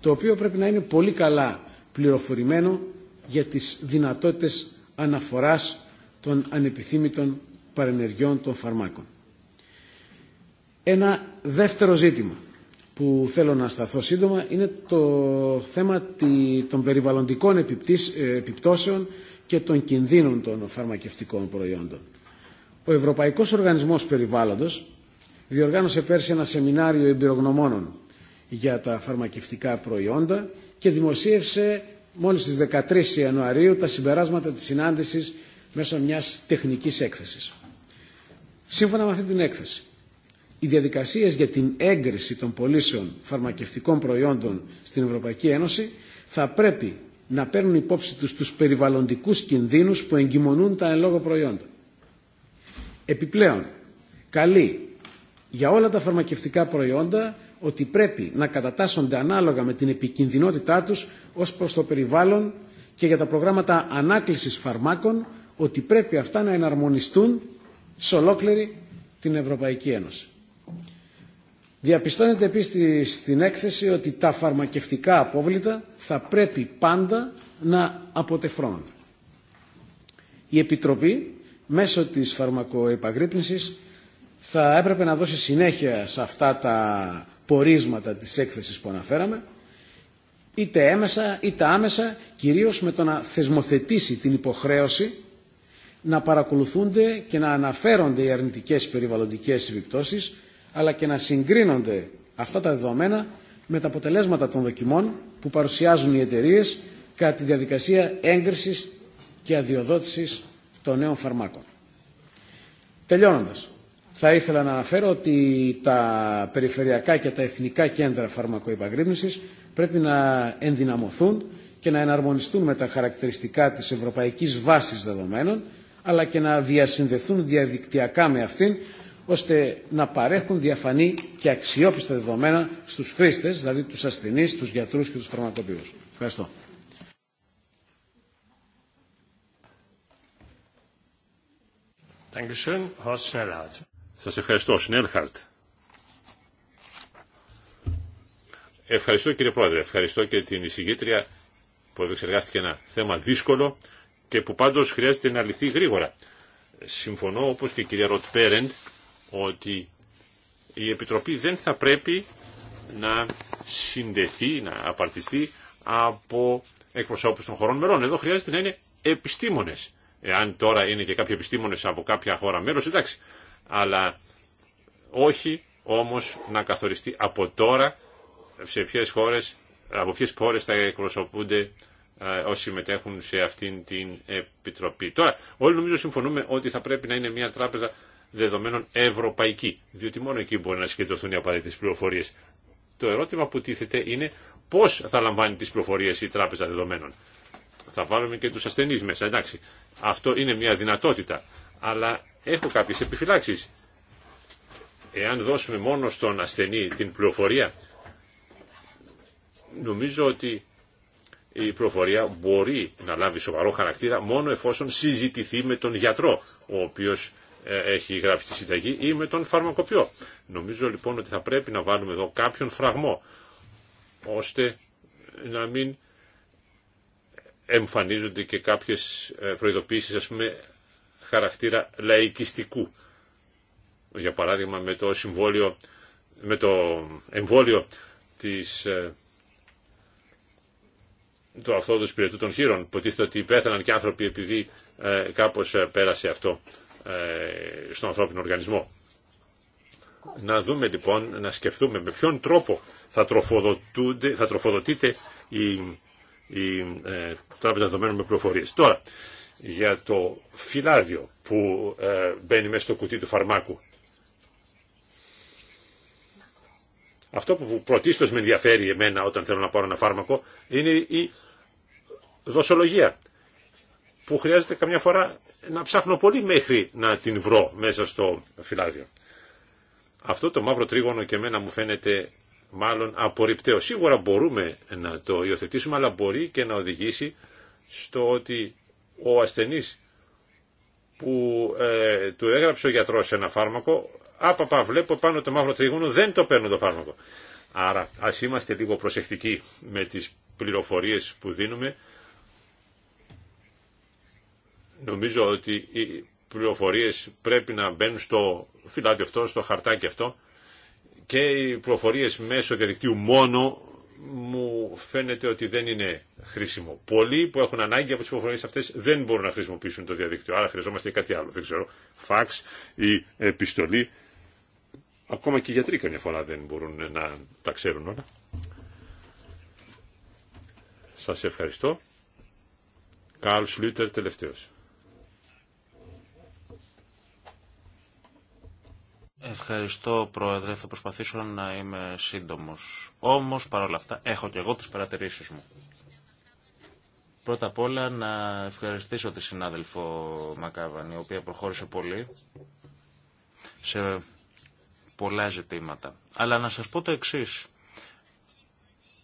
S5: το οποίο πρέπει να είναι πολύ καλά πληροφορημένο για τις δυνατότητες αναφοράς των ανεπιθύμητων παρενεργειών των φαρμάκων. Ένα δεύτερο ζήτημα που θέλω να σταθώ σύντομα είναι το θέμα των περιβαλλοντικών ε, επιπτώσεων και των κινδύνων των φαρμακευτικών προϊόντων. Ο Ευρωπαϊκός Οργανισμός Περιβάλλοντος διοργάνωσε πέρσι ένα σεμινάριο εμπειρογνωμόνων για τα φαρμακευτικά προϊόντα και δημοσίευσε μόλις στις 13 Ιανουαρίου τα συμπεράσματα της συνάντησης μέσω μιας τεχνικής έκθεσης. Σύμφωνα με αυτή την έκθεση, οι διαδικασίες για την έγκριση των πωλήσεων φαρμακευτικών προϊόντων στην Ευρωπαϊκή Ένωση θα πρέπει να παίρνουν υπόψη τους τους περιβαλλοντικούς κινδύνους που εγκυμονούν τα εν λόγω προϊόντα. Επιπλέον, καλεί για όλα τα φαρμακευτικά προϊόντα ότι πρέπει να κατατάσσονται ανάλογα με την επικινδυνότητά τους ως προς το περιβάλλον και για τα προγράμματα ανάκλησης φαρμάκων ότι πρέπει αυτά να εναρμονιστούν σε ολόκληρη την Ευρωπαϊκή Ένωση. Διαπιστώνεται επίσης στην έκθεση ότι τα φαρμακευτικά απόβλητα θα πρέπει πάντα να αποτεφρώνονται. Η Επιτροπή μέσω της φαρμακοεπαγρύπνησης θα έπρεπε να δώσει συνέχεια σε αυτά τα πορίσματα της έκθεσης που αναφέραμε, είτε έμεσα είτε άμεσα, κυρίως με το να θεσμοθετήσει την υποχρέωση να παρακολουθούνται και να αναφέρονται οι αρνητικές περιβαλλοντικές επιπτώσεις, αλλά και να συγκρίνονται αυτά τα δεδομένα με τα αποτελέσματα των δοκιμών που παρουσιάζουν οι εταιρείε κατά τη διαδικασία έγκρισης και αδειοδότησης των νέων φαρμάκων. Τελειώνοντας, θα ήθελα να αναφέρω ότι τα περιφερειακά και τα εθνικά κέντρα φαρμακοεπαγρύπνησης πρέπει να ενδυναμωθούν και να εναρμονιστούν με τα χαρακτηριστικά της ευρωπαϊκής βάσης δεδομένων, αλλά και να διασυνδεθούν διαδικτυακά με αυτήν, ώστε να παρέχουν διαφανή και αξιόπιστα δεδομένα στους χρήστες, δηλαδή τους ασθενείς, τους γιατρούς και τους φαρμακοποιούς. Ευχαριστώ.
S3: Σας ευχαριστώ, Σνέλχαρτ. Ευχαριστώ κύριε Πρόεδρε, ευχαριστώ και την εισηγήτρια που επεξεργάστηκε ένα θέμα δύσκολο και που πάντως χρειάζεται να λυθεί γρήγορα. Συμφωνώ όπως και η κυρία Ροτ Πέρεντ ότι η Επιτροπή δεν θα πρέπει να συνδεθεί, να απαρτιστεί από εκπροσώπους των χωρών μερών. Εδώ χρειάζεται να είναι επιστήμονες. Εάν τώρα είναι και κάποιοι επιστήμονες από κάποια χώρα μέρο, εντάξει, αλλά όχι όμως να καθοριστεί από τώρα σε ποιες χώρες, από ποιες χώρες θα εκπροσωπούνται ε, όσοι συμμετέχουν σε αυτήν την επιτροπή. Τώρα, όλοι νομίζω συμφωνούμε ότι θα πρέπει να είναι μια τράπεζα δεδομένων ευρωπαϊκή, διότι μόνο εκεί μπορεί να συγκεντρωθούν οι απαραίτητες πληροφορίες. Το ερώτημα που τίθεται είναι πώς θα λαμβάνει τις πληροφορίες η τράπεζα δεδομένων. Θα βάλουμε και τους ασθενείς μέσα, εντάξει. Αυτό είναι μια δυνατότητα. Αλλά έχω κάποιες επιφυλάξεις. Εάν δώσουμε μόνο στον ασθενή την πληροφορία, νομίζω ότι η πληροφορία μπορεί να λάβει σοβαρό χαρακτήρα μόνο εφόσον συζητηθεί με τον γιατρό, ο οποίος ε, έχει γράψει τη συνταγή, ή με τον φαρμακοποιό. Νομίζω λοιπόν ότι θα πρέπει να βάλουμε εδώ κάποιον φραγμό, ώστε να μην εμφανίζονται και κάποιες ε, προειδοποίησεις ας πούμε χαρακτήρα λαϊκιστικού. Για παράδειγμα με το συμβόλιο, με το εμβόλιο της, ε, του αυτόδου πυρετού των χείρων που τίθεται ότι πέθαναν και άνθρωποι επειδή ε, κάπως ε, πέρασε αυτό ε, στον ανθρώπινο οργανισμό. Να δούμε λοιπόν, να σκεφτούμε με ποιον τρόπο θα, θα τροφοδοτείται η, η ε, τράπεζα δεδομένων με πληροφορίες. Τώρα, για το φυλάδιο που ε, μπαίνει μέσα στο κουτί του φαρμάκου. Αυτό που πρωτίστως με ενδιαφέρει εμένα όταν θέλω να πάρω ένα φάρμακο είναι η δοσολογία που χρειάζεται καμιά φορά να ψάχνω πολύ μέχρι να την βρω μέσα στο φυλάδιο. Αυτό το μαύρο τρίγωνο και εμένα μου φαίνεται μάλλον απορριπταίο. Σίγουρα μπορούμε να το υιοθετήσουμε αλλά μπορεί και να οδηγήσει στο ότι ο ασθενής που ε, του έγραψε ο γιατρός ένα φάρμακο, άπαπα βλέπω πάνω το μαύρο τριγούνο, δεν το παίρνω το φάρμακο. Άρα ας είμαστε λίγο προσεκτικοί με τις πληροφορίες που δίνουμε. Νομίζω ότι οι πληροφορίες πρέπει να μπαίνουν στο φυλάδι αυτό, στο χαρτάκι αυτό και οι πληροφορίες μέσω διαδικτύου μόνο μου φαίνεται ότι δεν είναι χρήσιμο. Πολλοί που έχουν ανάγκη από τι υποχρεώσει αυτές δεν μπορούν να χρησιμοποιήσουν το διαδίκτυο. Άρα χρειαζόμαστε κάτι άλλο. Δεν ξέρω. Φαξ ή επιστολή. Ακόμα και οι γιατροί καμιά φορά δεν μπορούν να τα ξέρουν όλα. Σας ευχαριστώ. Καρλ Σλούτερ τελευταίος. Ευχαριστώ,
S4: Πρόεδρε. Θα προσπαθήσω να είμαι σύντομος. Όμως, παρόλα αυτά, έχω και εγώ τις παρατηρήσεις μου. Πρώτα απ' όλα, να ευχαριστήσω τη συνάδελφο Μακάβανη, η οποία προχώρησε πολύ σε πολλά ζητήματα. Αλλά να σας πω το εξής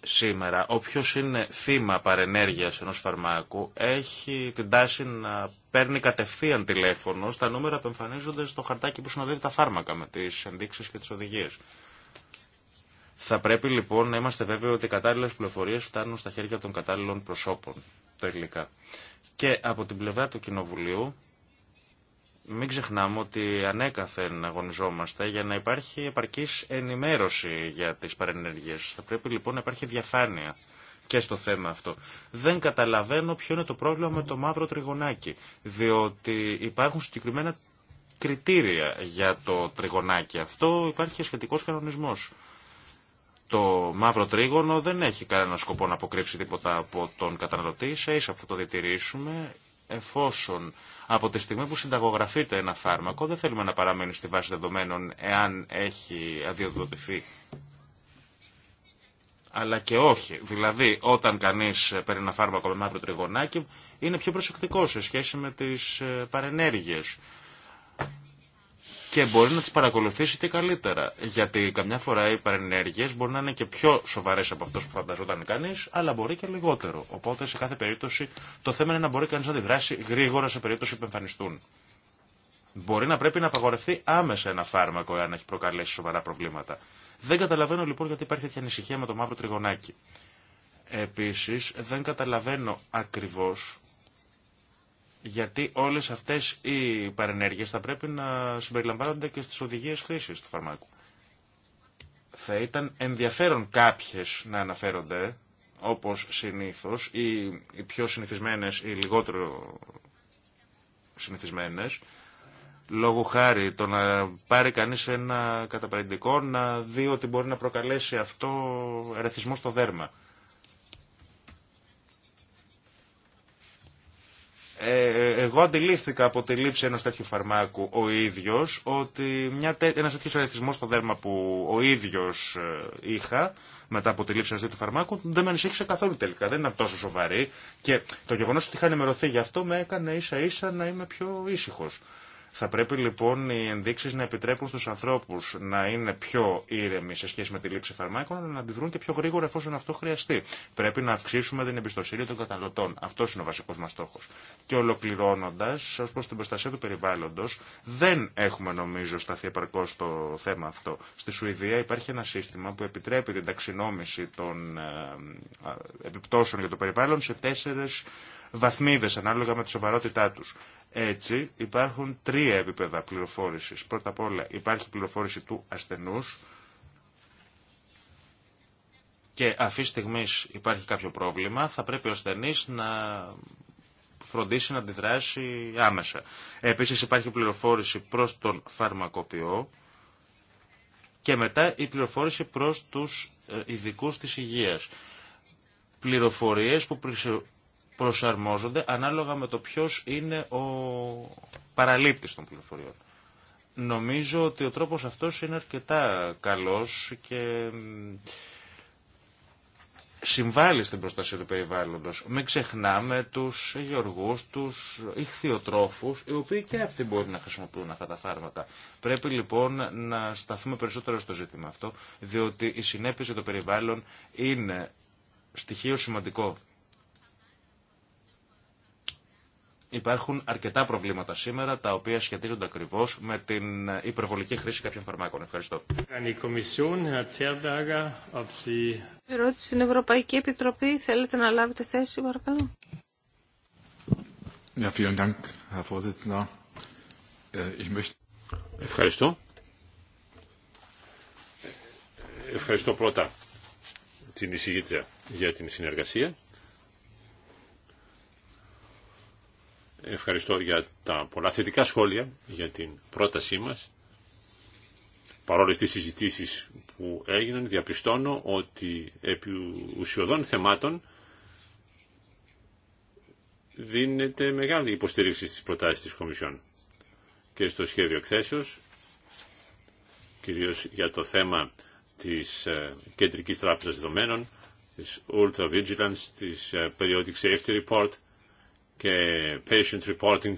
S4: σήμερα όποιος είναι θύμα παρενέργειας ενός φαρμάκου έχει την τάση να παίρνει κατευθείαν τηλέφωνο στα νούμερα που εμφανίζονται στο χαρτάκι που συνοδεύει τα φάρμακα με τις ενδείξεις και τις οδηγίες. Θα πρέπει λοιπόν να είμαστε βέβαιοι ότι οι κατάλληλες πληροφορίες φτάνουν στα χέρια των κατάλληλων προσώπων τελικά. Και από την πλευρά του Κοινοβουλίου μην ξεχνάμε ότι ανέκαθεν αγωνιζόμαστε για να υπάρχει επαρκή ενημέρωση για τι παρενέργειες. Θα πρέπει λοιπόν να υπάρχει διαφάνεια και στο θέμα αυτό. Δεν καταλαβαίνω ποιο είναι το πρόβλημα με το μαύρο τριγωνάκι, διότι υπάρχουν συγκεκριμένα κριτήρια για το τριγωνάκι αυτό, υπάρχει και σχετικός Το μαύρο τρίγωνο δεν έχει κανένα σκοπό να αποκρύψει τίποτα από τον καταναλωτή, Σε αυτό το διατηρήσουμε εφόσον από τη στιγμή που συνταγογραφείται ένα φάρμακο δεν θέλουμε να παραμείνει στη βάση δεδομένων εάν έχει αδειοδοτηθεί αλλά και όχι. Δηλαδή, όταν κανεί παίρνει ένα φάρμακο με μαύρο τριγωνάκι, είναι πιο προσεκτικό σε σχέση με τι ε, παρενέργειε και μπορεί να τι παρακολουθήσει και καλύτερα. Γιατί καμιά φορά οι παρενέργειες μπορεί να είναι και πιο σοβαρέ από αυτό που φανταζόταν κανεί, αλλά μπορεί και λιγότερο. Οπότε σε κάθε περίπτωση το θέμα είναι να μπορεί κανεί να αντιδράσει γρήγορα σε περίπτωση που εμφανιστούν. Μπορεί να πρέπει να απαγορευτεί άμεσα ένα φάρμακο εάν έχει προκαλέσει σοβαρά προβλήματα. Δεν καταλαβαίνω λοιπόν γιατί υπάρχει τέτοια ανησυχία με το μαύρο τριγωνάκι. Επίση, δεν καταλαβαίνω ακριβώ. Γιατί όλες αυτές οι παρενέργειες θα πρέπει να συμπεριλαμβάνονται και στις οδηγίες χρήσης του φαρμάκου. Θα ήταν ενδιαφέρον κάποιες να αναφέρονται, όπως συνήθως, οι, οι πιο συνηθισμένες ή λιγότερο συνηθισμένες, λόγω χάρη το να πάρει κανείς ένα καταπαρεντικό να δει ότι μπορεί να προκαλέσει αυτό ρεθισμό στο δέρμα. Ε, ε, εγώ αντιλήφθηκα από τη λήψη ενός τέτοιου φαρμάκου ο ίδιος ότι μια τέ, ένας τέτοιος αριθμός στο δέρμα που ο ίδιος ε, είχα μετά από τη λήψη ενός τέτοιου φαρμάκου δεν με ανησύχησε καθόλου τελικά, δεν ήταν τόσο σοβαρή και το γεγονός ότι είχα ενημερωθεί γι' αυτό με έκανε ίσα ίσα να είμαι πιο ήσυχος θα πρέπει λοιπόν οι ενδείξει να επιτρέπουν στου ανθρώπου να είναι πιο ήρεμοι σε σχέση με τη λήψη φαρμάκων, αλλά να αντιδρούν και πιο γρήγορα εφόσον αυτό χρειαστεί. Πρέπει να αυξήσουμε την εμπιστοσύνη των καταναλωτών. Αυτό είναι ο βασικό μα στόχο. Και ολοκληρώνοντα ω προ την προστασία του περιβάλλοντο, δεν έχουμε νομίζω σταθεί επαρκώ στο θέμα αυτό. Στη Σουηδία υπάρχει ένα σύστημα που επιτρέπει την ταξινόμηση των ε, ε, επιπτώσεων για το περιβάλλον σε τέσσερι βαθμίδες ανάλογα με τη σοβαρότητά τους. Έτσι υπάρχουν τρία επίπεδα πληροφόρησης. Πρώτα απ' όλα υπάρχει πληροφόρηση του ασθενούς και αυτή στιγμή υπάρχει κάποιο πρόβλημα, θα πρέπει ο ασθενής να φροντίσει να αντιδράσει άμεσα. Επίσης υπάρχει πληροφόρηση προς τον φαρμακοποιό και μετά η πληροφόρηση προς τους ε, ειδικούς της υγείας. Πληροφορίες που προσαρμόζονται ανάλογα με το ποιο είναι ο παραλήπτη των πληροφοριών. Νομίζω ότι ο τρόπος αυτός είναι αρκετά καλός και συμβάλλει στην προστασία του περιβάλλοντος. Μην ξεχνάμε τους γεωργού τους ηχθειοτρόφους, οι οποίοι και αυτοί μπορεί να χρησιμοποιούν αυτά τα φάρμακα. Πρέπει λοιπόν να σταθούμε περισσότερο στο ζήτημα αυτό, διότι η συνέπειση των περιβάλλων είναι στοιχείο σημαντικό Υπάρχουν αρκετά προβλήματα σήμερα, τα οποία σχετίζονται ακριβώ με την υπερβολική χρήση κάποιων φαρμάκων. Ευχαριστώ.
S1: ερώτηση στην Ευρωπαϊκή Επιτροπή. Θέλετε να λάβετε θέση, παρακαλώ.
S3: Äh, Ευχαριστώ. Ευχαριστώ πρώτα την εισηγήτρια για την συνεργασία. Ευχαριστώ για τα πολλά θετικά σχόλια για την πρότασή μας. Παρόλες τις συζητήσεις που έγιναν, διαπιστώνω ότι επί ουσιοδών θεμάτων δίνεται μεγάλη υποστήριξη στις προτάσεις της Κομισιόν και στο σχέδιο εκθέσεως, κυρίως για το θέμα της ε, Κεντρικής Τράπεζας Δεδομένων, της Ultra Vigilance, της ε, Periodic Safety Report, και patient reporting,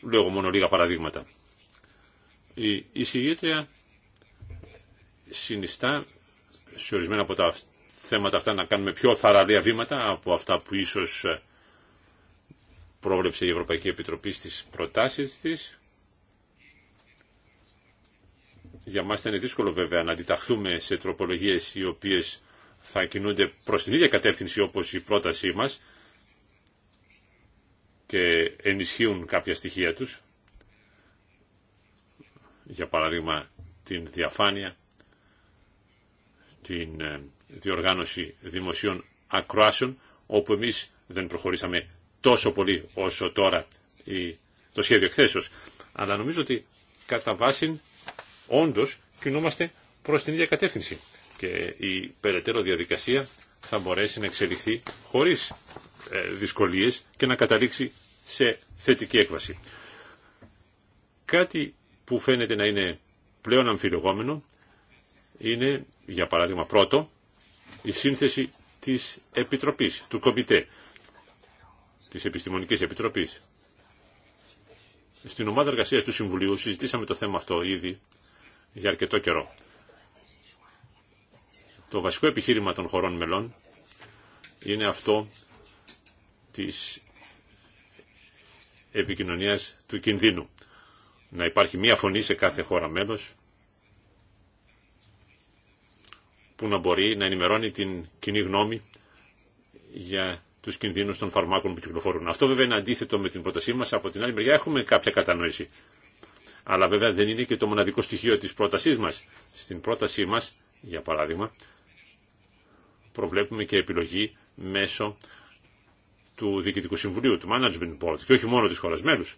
S3: λέω μόνο λίγα παραδείγματα. Η εισηγήτρια συνιστά σε ορισμένα από τα θέματα αυτά να κάνουμε πιο θαραλία βήματα από αυτά που ίσως ε, πρόβλεψε η Ευρωπαϊκή Επιτροπή στις προτάσεις της. Για μας θα είναι δύσκολο βέβαια να αντιταχθούμε σε τροπολογίες οι οποίες θα κινούνται προς την ίδια κατεύθυνση όπως η πρότασή μας, και ενισχύουν κάποια στοιχεία τους, για παράδειγμα την διαφάνεια, την ε, διοργάνωση δημοσίων ακροάσεων, όπου εμείς δεν προχωρήσαμε τόσο πολύ όσο τώρα το σχέδιο εκθέσεως. Αλλά νομίζω ότι κατά βάση όντως κινούμαστε προς την ίδια κατεύθυνση και η περαιτέρω διαδικασία θα μπορέσει να εξελιχθεί χωρίς ε, δυσκολίες και να καταλήξει σε θετική έκβαση. Κάτι που φαίνεται να είναι πλέον αμφιλογόμενο είναι, για παράδειγμα πρώτο, η σύνθεση της Επιτροπής, του Κομιτέ, της Επιστημονικής Επιτροπής. Στην ομάδα εργασίας του Συμβουλίου συζητήσαμε το θέμα αυτό ήδη για αρκετό καιρό. Το βασικό επιχείρημα των χωρών μελών είναι αυτό της επικοινωνίας του κινδύνου. Να υπάρχει μία φωνή σε κάθε χώρα μέλος που να μπορεί να ενημερώνει την κοινή γνώμη για του κινδύνου των φαρμάκων που κυκλοφορούν. Αυτό βέβαια είναι αντίθετο με την πρότασή μα. Από την άλλη μεριά έχουμε κάποια κατανόηση. Αλλά βέβαια δεν είναι και το μοναδικό στοιχείο τη πρότασή μα. Στην πρότασή μα, για παράδειγμα, προβλέπουμε και επιλογή μέσω του Διοικητικού Συμβουλίου, του Management Board και όχι μόνο της χώρας μέλους.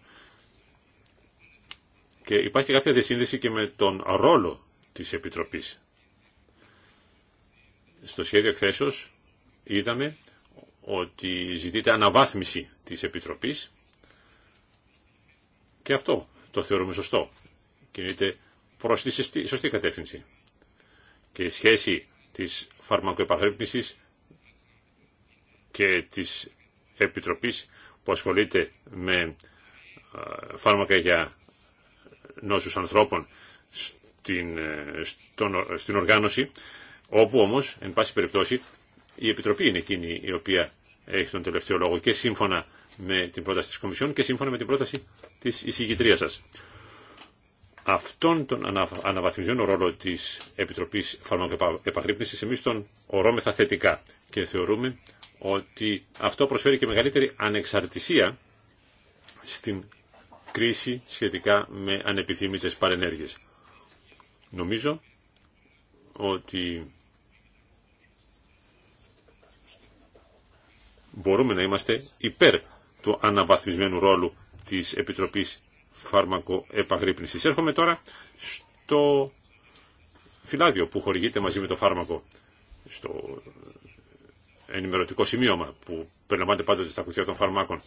S3: Και υπάρχει κάποια διασύνδεση και με τον ρόλο της Επιτροπής. Στο σχέδιο εκθέσεως είδαμε ότι ζητείται αναβάθμιση της Επιτροπής και αυτό το θεωρούμε σωστό. Κινείται προς τη σωστή κατεύθυνση. Και η σχέση της φαρμακοεπαγρύπνησης και της Επιτροπής που ασχολείται με φάρμακα για νόσους ανθρώπων στην, ε, στον, στην οργάνωση, όπου όμως, εν πάση περιπτώσει, η Επιτροπή είναι εκείνη η οποία έχει τον τελευταίο λόγο και σύμφωνα με την πρόταση της Κομισιόν και σύμφωνα με την πρόταση της εισηγητρία σας. Αυτόν τον αναβαθμισμένο ρόλο της Επιτροπής Φαρμακοεπαγρύπνησης εμείς τον ορώμεθα θετικά και θεωρούμε ότι αυτό προσφέρει και μεγαλύτερη ανεξαρτησία στην κρίση σχετικά με ανεπιθύμητες παρενέργειες. Νομίζω ότι μπορούμε να είμαστε υπέρ του αναβαθμισμένου ρόλου της Επιτροπής Φάρμακο Επαγρύπνησης. Έρχομαι τώρα στο φυλάδιο που χορηγείται μαζί με το φάρμακο, στο ενημερωτικό σημείωμα που περιλαμβάνεται πάντοτε στα κουτιά των φαρμάκων.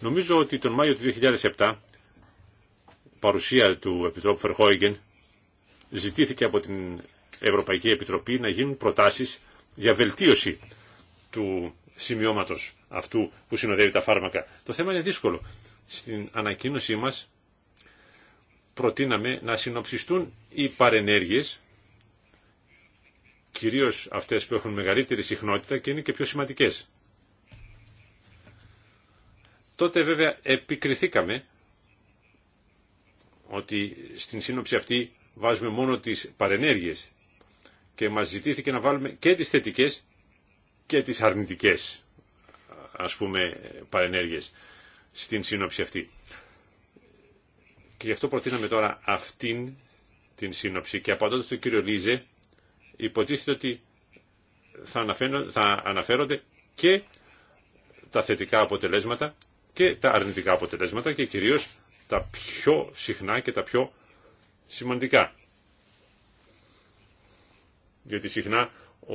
S3: Νομίζω ότι τον Μάιο του 2007 παρουσία του Επιτρόπου Φερχόγγεν ζητήθηκε από την Ευρωπαϊκή Επιτροπή να γίνουν προτάσεις για βελτίωση του σημειώματος αυτού που συνοδεύει τα φάρμακα. Το θέμα είναι δύσκολο. Στην ανακοίνωσή μας προτείναμε να συνοψιστούν οι παρενέργειες κυρίως αυτές που έχουν μεγαλύτερη συχνότητα και είναι και πιο σημαντικές. Τότε βέβαια επικριθήκαμε ότι στην σύνοψη αυτή βάζουμε μόνο τις παρενέργειες και μας ζητήθηκε να βάλουμε και τις θετικές και τις αρνητικές ας πούμε παρενέργειες στην σύνοψη αυτή. Και γι' αυτό προτείναμε τώρα αυτήν την σύνοψη και απαντώντας τον κύριο Λίζε υποτίθεται ότι θα, αναφέρονται και τα θετικά αποτελέσματα και τα αρνητικά αποτελέσματα και κυρίως τα πιο συχνά και τα πιο σημαντικά. Γιατί συχνά ο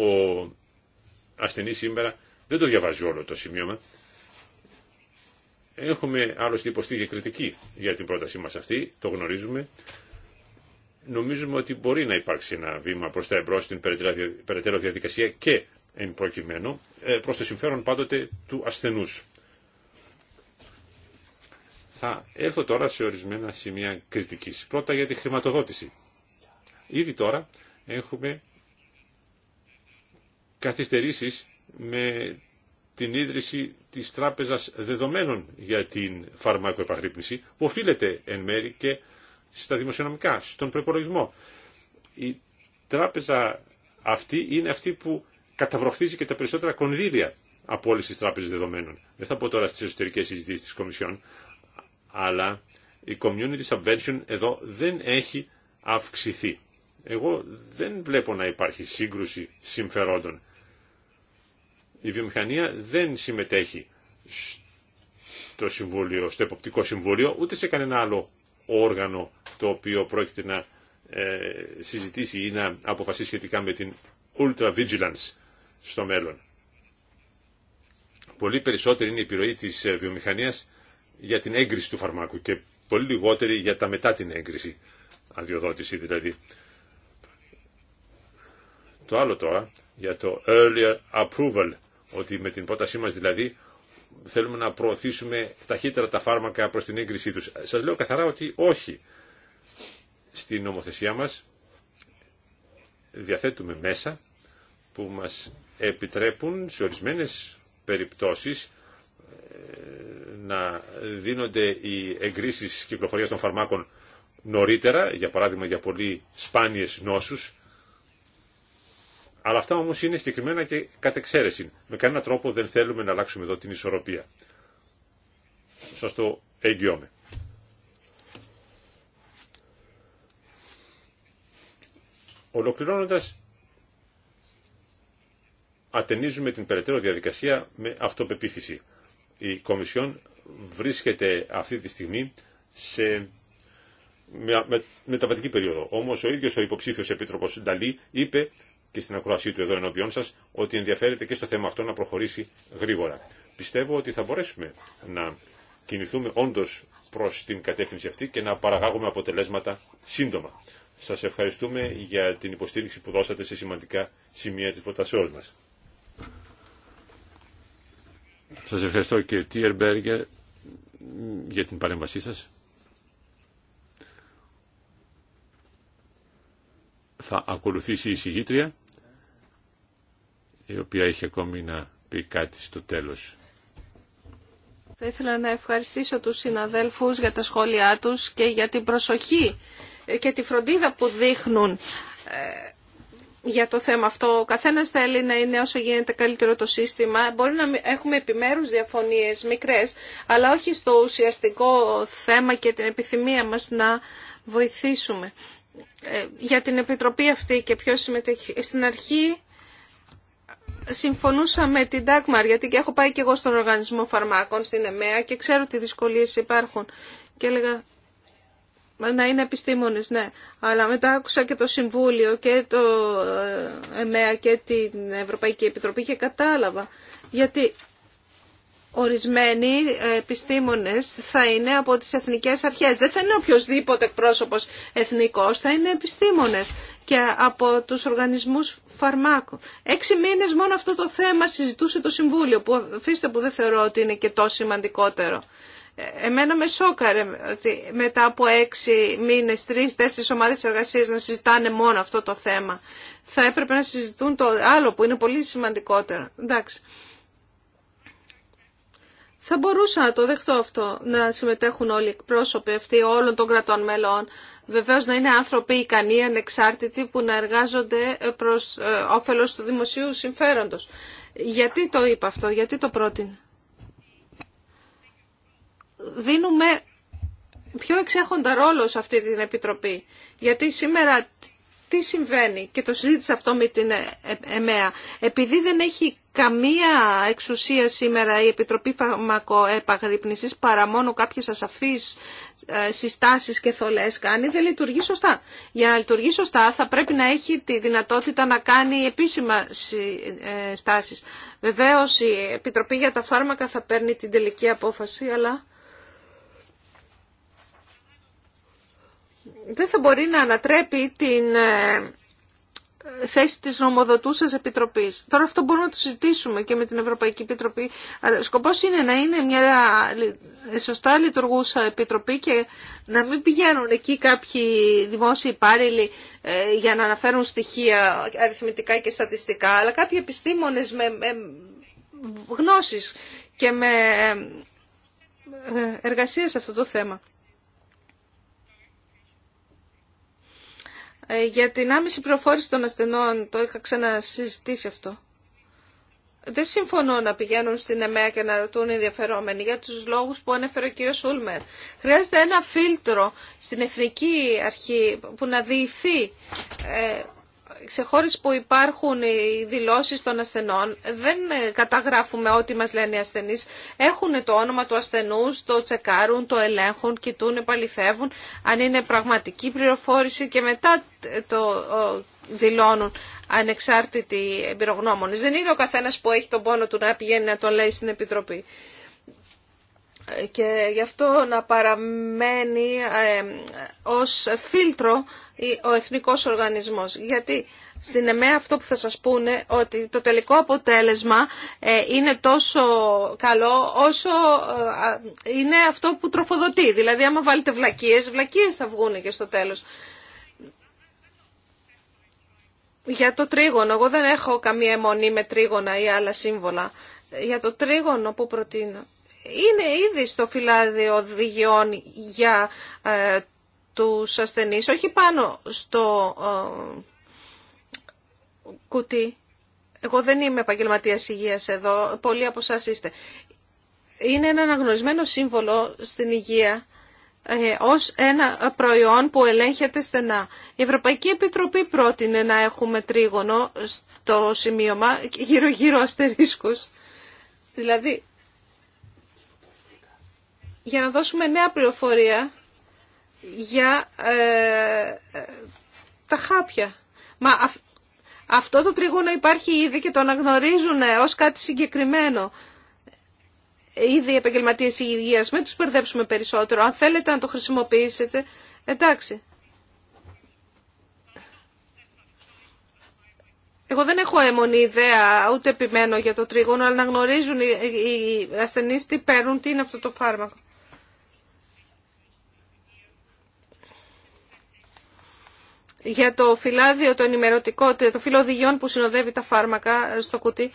S3: ασθενής σήμερα δεν το διαβάζει όλο το σημείωμα. Έχουμε άλλωστε υποστήγη και κριτική για την πρότασή μας αυτή, το γνωρίζουμε νομίζουμε ότι μπορεί να υπάρξει ένα βήμα προς τα εμπρός στην περαιτέρω διαδικασία και εν προκειμένου ε, προς το συμφέρον πάντοτε του ασθενούς. Θα έρθω τώρα σε ορισμένα σημεία κριτικής. Πρώτα για τη χρηματοδότηση. Ήδη τώρα έχουμε καθυστερήσεις με την ίδρυση της Τράπεζας Δεδομένων για την φαρμακοεπαγρύπνηση που οφείλεται εν μέρη και στα δημοσιονομικά, στον προπολογισμό. Η τράπεζα αυτή είναι αυτή που καταβροχθίζει και τα περισσότερα κονδύλια από όλε τι τράπεζε δεδομένων. Δεν θα πω τώρα στι εσωτερικέ συζητήσει τη Κομισιόν, αλλά η community subvention εδώ δεν έχει αυξηθεί. Εγώ δεν βλέπω να υπάρχει σύγκρουση συμφερόντων. Η βιομηχανία δεν συμμετέχει στο, συμβούλιο, εποπτικό συμβούλιο, ούτε σε κανένα άλλο όργανο το οποίο πρόκειται να ε, συζητήσει ή να αποφασίσει σχετικά με την ultra vigilance στο μέλλον. Πολύ περισσότερη είναι η επιρροή της ε, βιομηχανίας για την έγκριση του φαρμάκου και πολύ λιγότερη για τα μετά την έγκριση, αδειοδότηση δηλαδή. Το άλλο τώρα, για το earlier approval, ότι με την πρότασή μας δηλαδή θέλουμε να προωθήσουμε ταχύτερα τα φάρμακα προς την έγκρισή τους. Σας λέω καθαρά ότι όχι στην νομοθεσία μας διαθέτουμε μέσα που μας επιτρέπουν σε ορισμένες περιπτώσεις ε, να δίνονται οι εγκρίσεις κυκλοφορίας των φαρμάκων νωρίτερα, για παράδειγμα για πολύ σπάνιες νόσους, αλλά αυτά όμως είναι συγκεκριμένα και κατ' εξαίρεση. Με κανένα τρόπο δεν θέλουμε να αλλάξουμε εδώ την ισορροπία. Σας το εγγυώμαι. Ολοκληρώνοντας, ατενίζουμε την περαιτέρω διαδικασία με αυτοπεποίθηση. Η Κομισιόν βρίσκεται αυτή τη στιγμή σε μεταβατική περίοδο. Όμως ο ίδιος ο υποψήφιος επίτροπος Νταλή είπε και στην ακροασία του εδώ ενώπιόν σας ότι ενδιαφέρεται και στο θέμα αυτό να προχωρήσει γρήγορα. Πιστεύω ότι θα μπορέσουμε να κινηθούμε όντως προς την κατεύθυνση αυτή και να παραγάγουμε αποτελέσματα σύντομα. Σας ευχαριστούμε για την υποστήριξη που δώσατε σε σημαντικά σημεία της προτασεώς μας. Σας ευχαριστώ και Τίερ Μπέργκερ για την παρέμβασή σας. Θα ακολουθήσει η συγγήτρια, η οποία έχει ακόμη να πει κάτι στο τέλος.
S1: Θα ήθελα να ευχαριστήσω τους συναδέλφους για τα σχόλιά τους και για την προσοχή και τη φροντίδα που δείχνουν ε, για το θέμα αυτό. Ο καθένας θέλει να είναι όσο γίνεται καλύτερο το σύστημα. Μπορεί να έχουμε επιμέρους διαφωνίες μικρές, αλλά όχι στο ουσιαστικό θέμα και την επιθυμία μας να βοηθήσουμε. Ε, για την Επιτροπή αυτή και ποιος συμμετέχει. Στην αρχή συμφωνούσα με την Dagmar, γιατί και έχω πάει και εγώ στον Οργανισμό Φαρμάκων, στην ΕΜΕΑ και ξέρω τι δυσκολίες υπάρχουν. Και έλεγα να είναι επιστήμονες, ναι. Αλλά μετά άκουσα και το Συμβούλιο και το ε, ΕΜΕΑ και την Ευρωπαϊκή Επιτροπή και κατάλαβα. Γιατί ορισμένοι ε, επιστήμονες θα είναι από τις εθνικές αρχές. Δεν θα είναι οποιοδήποτε πρόσωπος εθνικός, θα είναι επιστήμονες και από τους οργανισμούς φαρμάκων. Έξι μήνες μόνο αυτό το θέμα συζητούσε το Συμβούλιο, που αφήστε που δεν θεωρώ ότι είναι και τόσο σημαντικότερο. Εμένα με σόκαρε ότι μετά από έξι μήνες, τρεις, τέσσερις ομάδες εργασίας να συζητάνε μόνο αυτό το θέμα. Θα έπρεπε να συζητούν το άλλο που είναι πολύ σημαντικότερο. Εντάξει. Θα μπορούσα να το δεχτώ αυτό, να συμμετέχουν όλοι οι εκπρόσωποι αυτοί όλων των κρατών μελών. Βεβαίως να είναι άνθρωποι ικανοί, ανεξάρτητοι που να εργάζονται προς ε, όφελος του δημοσίου συμφέροντος. Γιατί το είπα αυτό, γιατί το πρότεινε δίνουμε πιο εξέχοντα ρόλο σε αυτή την Επιτροπή. Γιατί σήμερα τι συμβαίνει και το συζήτησα αυτό με την ΕΜΕΑ. Επειδή δεν έχει καμία εξουσία σήμερα η Επιτροπή Φαρμακοεπαγρύπνησης παρά μόνο κάποιες ασαφείς ε, συστάσεις και θολές κάνει, δεν λειτουργεί σωστά. Για να λειτουργεί σωστά θα πρέπει να έχει τη δυνατότητα να κάνει επίσημα συστάσεις. Ε, Βεβαίως η Επιτροπή για τα Φάρμακα θα παίρνει την τελική απόφαση, αλλά δεν θα μπορεί να ανατρέπει την ε, θέση της νομοδοτούσας επιτροπής. Τώρα αυτό μπορούμε να το συζητήσουμε και με την Ευρωπαϊκή Επιτροπή. Αλλά σκοπός είναι να είναι μια σωστά λειτουργούσα επιτροπή και να μην πηγαίνουν εκεί κάποιοι δημόσιοι υπάλληλοι ε, για να αναφέρουν στοιχεία αριθμητικά και στατιστικά, αλλά κάποιοι επιστήμονες με γνώσεις και με ε, εργασία σε αυτό το θέμα. Ε, για την άμεση προφόρηση των ασθενών, το είχα ξανασυζητήσει αυτό. Δεν συμφωνώ να πηγαίνουν στην ΕΜΕΑ και να ρωτούν οι ενδιαφερόμενοι για τους λόγους που ανέφερε ο κύριος Σούλμερ. Χρειάζεται ένα φίλτρο στην Εθνική Αρχή που να διηθεί ε, σε χώρες που υπάρχουν οι δηλώσεις των ασθενών δεν ε, καταγράφουμε ό,τι μας λένε οι ασθενείς. Έχουν το όνομα του ασθενούς, το τσεκάρουν, το ελέγχουν, κοιτούν, επαληθεύουν αν είναι πραγματική πληροφόρηση και μετά ε, το δηλώνουν ανεξάρτητοι εμπειρογνώμονες. Δεν είναι ο καθένας που έχει τον πόνο του να πηγαίνει να τον λέει στην Επιτροπή και γι' αυτό να παραμένει ε, ως φίλτρο ο εθνικός οργανισμός. Γιατί στην ΕΜΕ αυτό που θα σας πούνε ότι το τελικό αποτέλεσμα ε, είναι τόσο καλό όσο ε, είναι αυτό που τροφοδοτεί. Δηλαδή άμα βάλετε βλακίες, βλακίες θα βγουν και στο τέλος. Για το τρίγωνο, εγώ δεν έχω καμία αιμονή με τρίγωνα ή άλλα σύμβολα. Για το τρίγωνο που προτείνω είναι ήδη στο φυλάδι οδηγιών για ε, τους ασθενείς, όχι πάνω στο ε, κουτί. Εγώ δεν είμαι επαγγελματία υγείας εδώ, πολλοί από εσά είστε. Είναι ένα αναγνωρισμένο σύμβολο στην υγεία ε, ως ένα προϊόν που ελέγχεται στενά. Η Ευρωπαϊκή Επιτροπή πρότεινε να έχουμε τρίγωνο στο σημείωμα γύρω-γύρω αστερίσκους. Δηλαδή για να δώσουμε νέα πληροφορία για ε, τα χάπια. Μα αυτό το τρίγωνο υπάρχει ήδη και το αναγνωρίζουν ως κάτι συγκεκριμένο. Ήδη οι επαγγελματίες υγείας, μην τους περδέψουμε περισσότερο. Αν θέλετε να το χρησιμοποιήσετε, εντάξει. Εγώ δεν έχω έμονη ιδέα, ούτε επιμένω για το τρίγωνο, αλλά να γνωρίζουν οι ασθενείς τι παίρνουν, τι είναι αυτό το φάρμακο. για το φυλάδιο το ενημερωτικό, το φύλλο οδηγιών που συνοδεύει τα φάρμακα στο κουτί,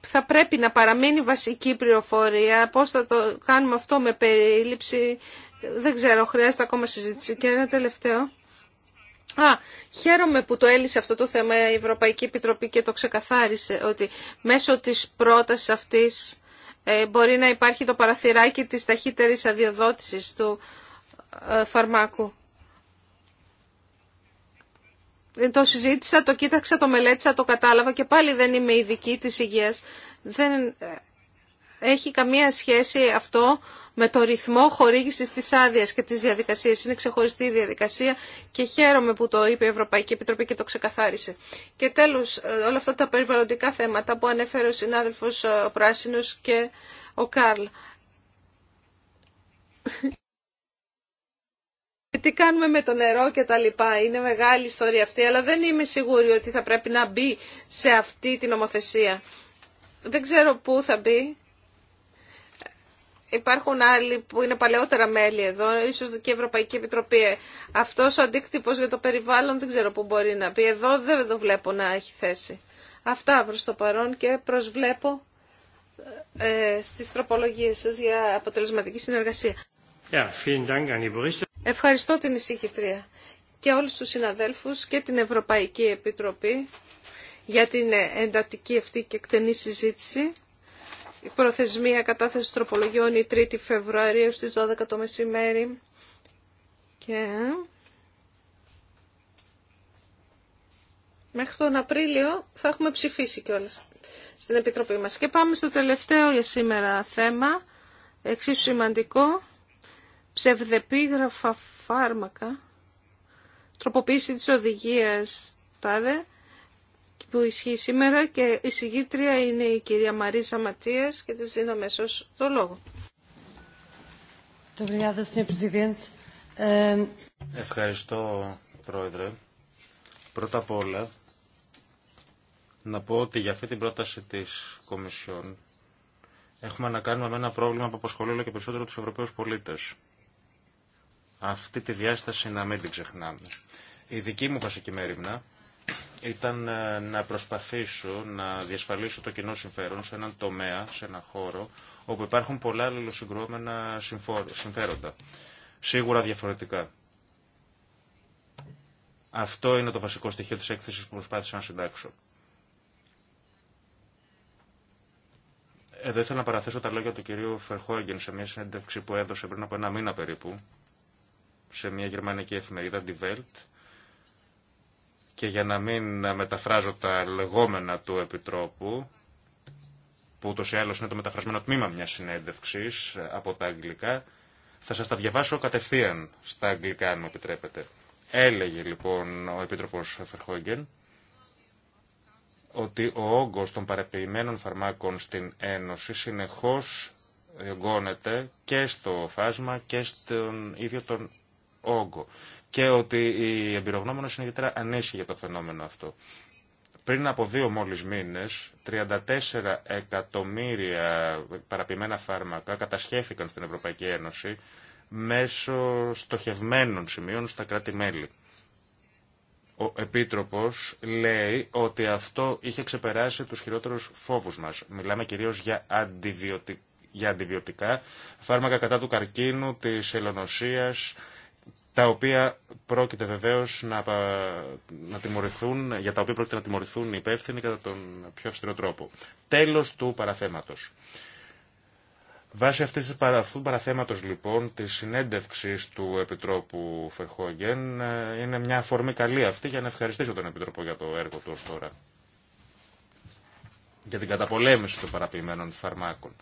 S1: θα πρέπει να παραμείνει βασική πληροφορία. Πώς θα το κάνουμε αυτό με περίληψη, δεν ξέρω, χρειάζεται ακόμα συζήτηση. Και ένα τελευταίο. Α, χαίρομαι που το έλυσε αυτό το θέμα η Ευρωπαϊκή Επιτροπή και το ξεκαθάρισε ότι μέσω της πρότασης αυτής ε, μπορεί να υπάρχει το παραθυράκι της ταχύτερης αδειοδότησης του ε, φαρμάκου το συζήτησα, το κοίταξα, το μελέτησα, το κατάλαβα και πάλι δεν είμαι ειδική της υγείας. Δεν ε, έχει καμία σχέση αυτό με το ρυθμό χορήγησης της άδεια και της διαδικασίας. Είναι ξεχωριστή η διαδικασία και χαίρομαι που το είπε η Ευρωπαϊκή Επιτροπή και το ξεκαθάρισε. Και τέλος, ε, όλα αυτά τα περιβαλλοντικά θέματα που ανέφερε ο συνάδελφος ε, ο Πράσινος και ο Κάρλ τι κάνουμε με το νερό και τα λοιπά. Είναι μεγάλη ιστορία αυτή, αλλά δεν είμαι σίγουρη ότι θα πρέπει να μπει σε αυτή την νομοθεσία. Δεν ξέρω πού θα μπει. Υπάρχουν άλλοι που είναι παλαιότερα μέλη εδώ, ίσως και η Ευρωπαϊκή Επιτροπή. Αυτός ο αντίκτυπος για το περιβάλλον δεν ξέρω πού μπορεί να μπει. Εδώ δεν το βλέπω να έχει θέση. Αυτά προς το παρόν και προσβλέπω ε, στις τροπολογίες σας για αποτελεσματική συνεργασία. Ευχαριστώ την εισηγητρία και όλους τους συναδέλφους και την Ευρωπαϊκή Επιτροπή για την εντατική αυτή και εκτενή συζήτηση. Η προθεσμία κατάθεση τροπολογιών η 3η Φεβρουαρίου στις 12 το μεσημέρι. Και... Μέχρι τον Απρίλιο θα έχουμε ψηφίσει κιόλας στην Επιτροπή μας. Και πάμε στο τελευταίο για σήμερα θέμα, εξίσου σημαντικό, ψευδεπίγραφα φάρμακα, τροποποίηση της οδηγίας τάδε, που ισχύει σήμερα και η συγγήτρια είναι η κυρία Μαρίσα Ματίας και της δίνω αμέσω το λόγο. Ehm,
S4: Ευχαριστώ, Πρόεδρε. Πρώτα απ' όλα, να πω ότι για αυτή την πρόταση της Κομισιόν έχουμε να κάνουμε με ένα πρόβλημα που αποσχολεί όλο και περισσότερο τους Ευρωπαίους πολίτες αυτή τη διάσταση να μην την ξεχνάμε. Η δική μου βασική μέρημνα ήταν ε, να προσπαθήσω να διασφαλίσω το κοινό συμφέρον σε έναν τομέα, σε έναν χώρο, όπου υπάρχουν πολλά αλληλοσυγκρόμενα συμφέροντα. Σίγουρα διαφορετικά. Αυτό είναι το βασικό στοιχείο της έκθεσης που προσπάθησα να συντάξω. Εδώ ήθελα να παραθέσω τα λόγια του κυρίου Φερχόγγεν σε μια συνέντευξη που έδωσε πριν από ένα μήνα περίπου, σε μια γερμανική εφημερίδα, Die Welt, και για να μην μεταφράζω τα λεγόμενα του Επιτρόπου, που ούτως ή άλλως είναι το μεταφρασμένο τμήμα μιας συνέντευξης ε, από τα αγγλικά, θα σας τα διαβάσω κατευθείαν στα αγγλικά, αν μου επιτρέπετε. Έλεγε λοιπόν ο Επίτροπος Φερχόγγεν ότι ο όγκος των παρεποιημένων φαρμάκων στην Ένωση συνεχώς διωγγώνεται και στο φάσμα και στον ίδιο τον όγκο και ότι οι εμπειρογνώμονες είναι ιδιαίτερα ανήσυχοι για το φαινόμενο αυτό. Πριν από δύο μόλις μήνες, 34 εκατομμύρια παραπημένα φάρμακα κατασχέθηκαν στην Ευρωπαϊκή Ένωση μέσω στοχευμένων σημείων στα κράτη-μέλη. Ο Επίτροπος λέει ότι αυτό είχε ξεπεράσει τους χειρότερους φόβους μας. Μιλάμε κυρίως για αντιβιωτικά, για φάρμακα κατά του καρκίνου, της ελονοσίας, τα οποία πρόκειται βεβαίω να, τιμωρηθούν, για τα οποία πρόκειται να τιμωρηθούν οι υπεύθυνοι κατά τον πιο αυστηρό τρόπο. Τέλο του παραθέματο. Βάσει αυτή του παραθέματο, λοιπόν, τη συνέντευξη του Επιτρόπου Φερχόγγεν, ε, είναι μια αφορμή καλή αυτή για να ευχαριστήσω τον Επιτρόπο για το έργο του ω τώρα. Για την καταπολέμηση των παραποιημένων φαρμάκων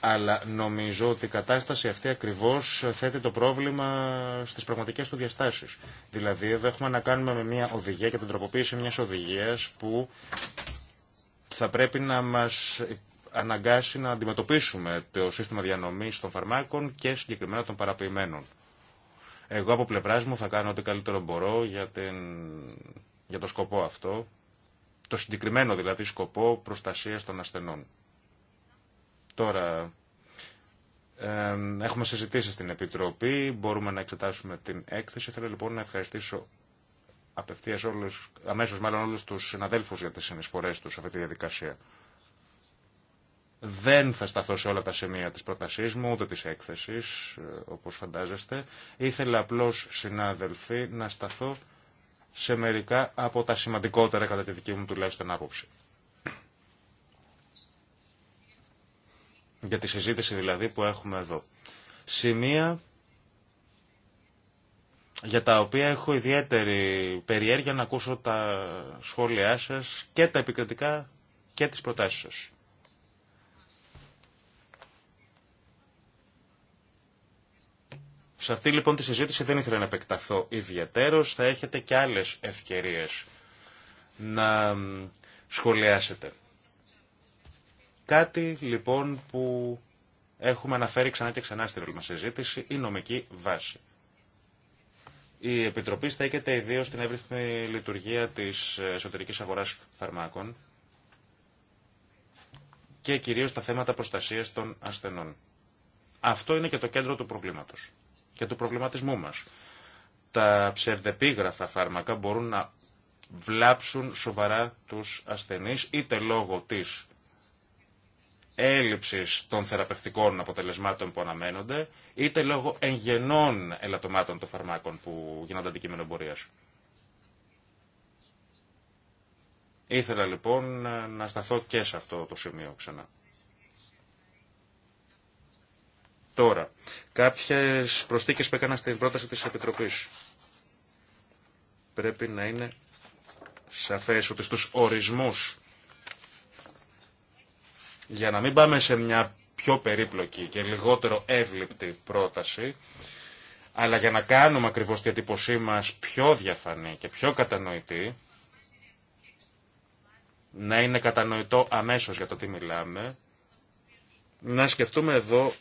S4: αλλά νομίζω ότι η κατάσταση αυτή ακριβώς θέτει το πρόβλημα στις πραγματικές του διαστάσεις. Δηλαδή εδώ έχουμε να κάνουμε με μια οδηγία και την τροποποίηση μιας οδηγίας που θα πρέπει να μας αναγκάσει να αντιμετωπίσουμε το σύστημα διανομής των φαρμάκων και συγκεκριμένα των παραποιημένων. Εγώ από πλευρά μου θα κάνω ό,τι καλύτερο μπορώ για, την... για το σκοπό αυτό, το συγκεκριμένο δηλαδή σκοπό προστασίας των ασθενών. Τώρα, έχουμε συζητήσει στην Επιτροπή, μπορούμε να εξετάσουμε την έκθεση. Θέλω λοιπόν να ευχαριστήσω απευθείας όλους, αμέσως μάλλον όλους τους συναδέλφους για τις συνεισφορές τους σε αυτή τη διαδικασία. Δεν θα σταθώ σε όλα τα σημεία της πρότασής μου, ούτε της έκθεσης, ε, όπως φαντάζεστε. Ήθελα απλώς, συνάδελφοι, να σταθώ σε μερικά από τα σημαντικότερα κατά τη δική μου τουλάχιστον άποψη. για τη συζήτηση δηλαδή που έχουμε εδώ. Σημεία για τα οποία έχω ιδιαίτερη περιέργεια να ακούσω τα σχόλιά σας και τα επικριτικά και τις προτάσεις σας. Σε αυτή λοιπόν τη συζήτηση δεν ήθελα να επεκταθώ ιδιαίτερος, θα έχετε και άλλες ευκαιρίες να σχολιάσετε. Κάτι λοιπόν που έχουμε αναφέρει ξανά και ξανά όλη μας συζήτηση, η νομική βάση. Η Επιτροπή στέκεται ιδίω στην εύρυθμη λειτουργία της εσωτερικής αγοράς φαρμάκων και κυρίως τα θέματα προστασίας των ασθενών. Αυτό είναι και το κέντρο του προβλήματος και του προβληματισμού μας. Τα ψευδεπίγραφα φάρμακα μπορούν να βλάψουν σοβαρά τους ασθενείς είτε λόγω της έλλειψης των θεραπευτικών αποτελεσμάτων που αναμένονται, είτε λόγω εγγενών ελαττωμάτων των φαρμάκων που γίνονται αντικείμενο εμπορία. Ήθελα λοιπόν να σταθώ και σε αυτό το σημείο ξανά. Τώρα, κάποιες προσθήκες που έκανα στην πρόταση της Επιτροπής. Πρέπει να είναι σαφές ότι στους ορισμούς για να μην πάμε σε μια πιο περίπλοκη και λιγότερο εύληπτη πρόταση, αλλά για να κάνουμε ακριβώς την εντύπωσή μας πιο διαφανή και πιο κατανοητή, να είναι κατανοητό αμέσως για το τι μιλάμε, να σκεφτούμε εδώ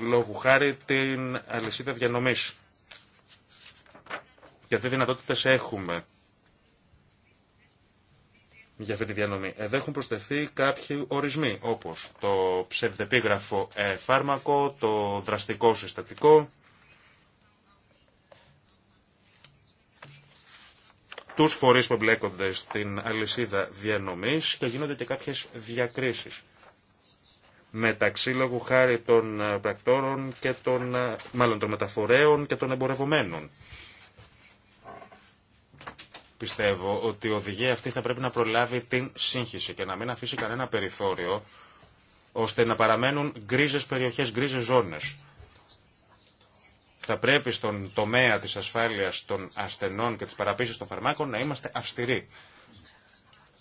S4: λόγου χάρη την αλυσίδα διανομής. Γιατί δυνατότητε δυνατότητες έχουμε για αυτή τη διανομή. Εδώ έχουν προσθεθεί κάποιοι ορισμοί, όπως το ψευδεπίγραφο ε, φάρμακο, το δραστικό συστατικό, τους φορείς που εμπλέκονται στην αλυσίδα διανομής και γίνονται και κάποιες διακρίσεις μεταξύ λόγου χάρη των πρακτόρων και των, μάλλον των μεταφορέων και των εμπορευομένων. Πιστεύω ότι η οδηγία αυτή θα πρέπει να προλάβει την σύγχυση και να μην αφήσει κανένα περιθώριο ώστε να παραμένουν γκρίζες περιοχές, γκρίζες ζώνες. Θα πρέπει στον τομέα της ασφάλειας των ασθενών και της παραπίσης των φαρμάκων να είμαστε αυστηροί.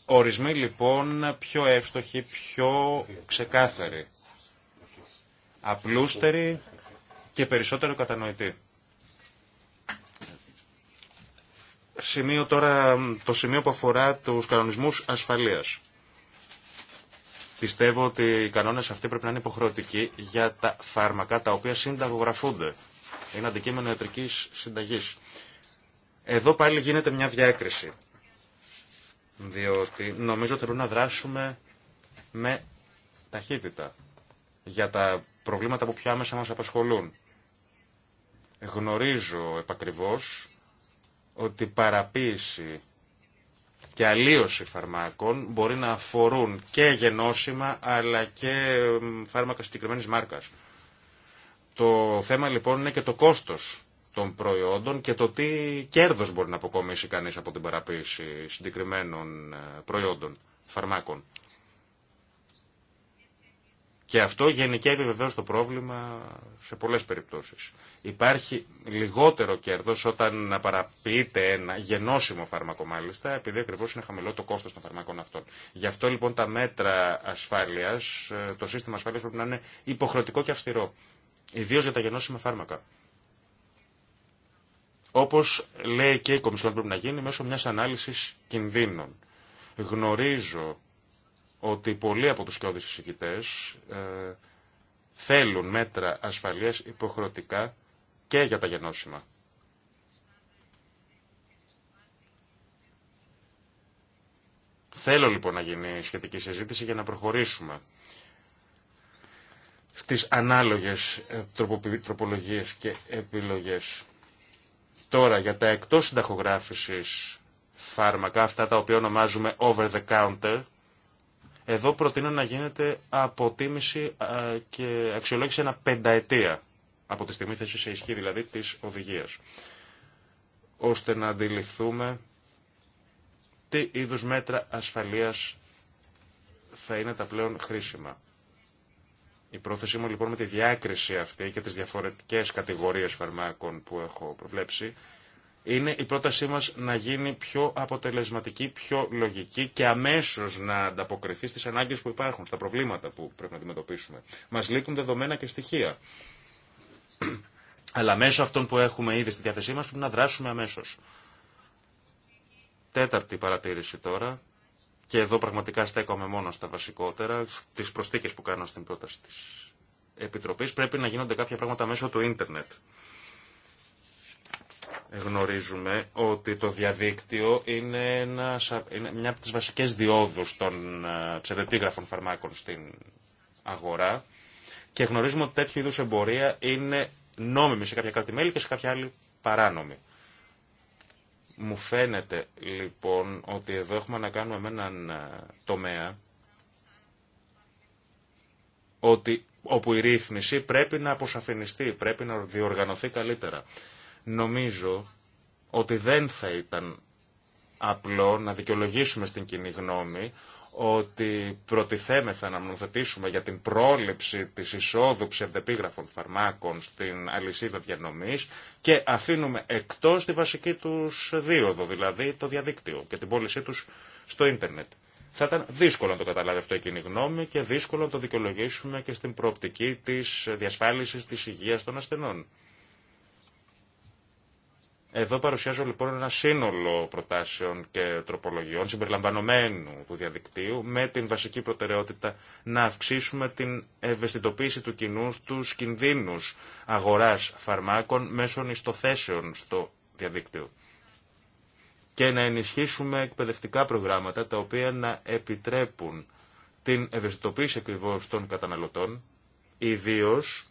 S4: Ορισμοί λοιπόν πιο εύστοχοι, πιο ξεκάθαροι, απλούστεροι και περισσότερο κατανοητοί. Σημείο τώρα, το σημείο που αφορά τους κανονισμούς ασφαλείας. Πιστεύω ότι οι κανόνες αυτοί πρέπει να είναι υποχρεωτικοί για τα φάρμακα τα οποία συνταγογραφούνται. Είναι αντικείμενο ιατρικής συνταγής. Εδώ πάλι γίνεται μια διάκριση. Διότι νομίζω ότι πρέπει να δράσουμε με ταχύτητα για τα προβλήματα που πιο άμεσα μας απασχολούν. Γνωρίζω επακριβώς ότι παραποίηση και αλλίωση φαρμάκων μπορεί να αφορούν και γενώσιμα αλλά και φάρμακα συγκεκριμένη μάρκας. Το θέμα λοιπόν είναι και το κόστος των προϊόντων και το τι κέρδος μπορεί να αποκομίσει κανείς από την παραποίηση συγκεκριμένων ε, προϊόντων, φαρμάκων. Και αυτό γενικεύει βεβαίω το πρόβλημα σε πολλέ περιπτώσει. Υπάρχει λιγότερο κέρδο όταν παραποιείται ένα γενώσιμο φάρμακο, μάλιστα, επειδή ακριβώ είναι χαμηλό το κόστο των φαρμάκων αυτών. Γι' αυτό λοιπόν τα μέτρα ασφάλεια, το σύστημα ασφάλεια πρέπει να είναι υποχρεωτικό και αυστηρό. Ιδίω για τα γενώσιμα φάρμακα. Όπω λέει και η Κομισιόν πρέπει να γίνει μέσω μια ανάλυση κινδύνων. Γνωρίζω ότι πολλοί από τους κοιόδης εισηγητές ε, θέλουν μέτρα ασφαλείας υποχρεωτικά και για τα γενώσιμα. Θέλω λοιπόν να γίνει σχετική συζήτηση για να προχωρήσουμε στις ανάλογες ε, τροπολογίες και επιλογές. Τώρα για τα εκτός συνταχογράφησης φάρμακα, αυτά τα οποία ονομάζουμε over the counter, εδώ προτείνω να γίνεται αποτίμηση και αξιολόγηση ένα πενταετία από τη στιγμή θέση σε ισχύ δηλαδή της οδηγίας, ώστε να αντιληφθούμε τι είδους μέτρα ασφαλείας θα είναι τα πλέον χρήσιμα. Η πρόθεσή μου λοιπόν με τη διάκριση αυτή και τις διαφορετικές κατηγορίες φαρμάκων που έχω προβλέψει είναι η πρότασή μας να γίνει πιο αποτελεσματική, πιο λογική και αμέσως να ανταποκριθεί στις ανάγκες που υπάρχουν, στα προβλήματα που πρέπει να αντιμετωπίσουμε. Μας λείπουν δεδομένα και στοιχεία. Αλλά μέσω αυτών που έχουμε ήδη στη διάθεσή μας πρέπει να δράσουμε αμέσως. Τέταρτη παρατήρηση τώρα, και εδώ πραγματικά στέκομαι μόνο στα βασικότερα, στις προσθήκες που κάνω στην πρόταση της Επιτροπής, πρέπει να γίνονται κάποια πράγματα μέσω του ίντερνετ γνωρίζουμε ότι το διαδίκτυο είναι, μια από τις βασικές διόδους των ε, ψευδεπίγραφων φαρμάκων στην αγορά και γνωρίζουμε ότι τέτοιου είδους εμπορία είναι νόμιμη σε κάποια κράτη-μέλη και σε κάποια άλλη παράνομη. Μου φαίνεται λοιπόν ότι εδώ έχουμε να κάνουμε με έναν ε, τομέα ότι, όπου η ρύθμιση πρέπει να αποσαφινιστεί, πρέπει να διοργανωθεί καλύτερα. Νομίζω ότι δεν θα ήταν απλό να δικαιολογήσουμε στην κοινή γνώμη ότι προτιθέμεθα να μονοθετήσουμε για την πρόληψη της εισόδου ψευδεπίγραφων φαρμάκων στην αλυσίδα διανομής και αφήνουμε εκτός τη βασική τους δίωδο, δηλαδή το διαδίκτυο και την πώλησή τους στο ίντερνετ. Θα ήταν δύσκολο να το καταλάβει αυτό η κοινή γνώμη και δύσκολο να το δικαιολογήσουμε και στην προοπτική της διασφάλισης της υγείας των ασθενών. Εδώ παρουσιάζω λοιπόν ένα σύνολο προτάσεων και τροπολογιών συμπεριλαμβανομένου του διαδικτύου με την βασική προτεραιότητα να αυξήσουμε την ευαισθητοποίηση του κοινού του κινδύνους αγοράς φαρμάκων μέσω ιστοθέσεων στο διαδίκτυο και να ενισχύσουμε εκπαιδευτικά προγράμματα τα οποία να επιτρέπουν την ευαισθητοποίηση ακριβώ των καταναλωτών ιδίως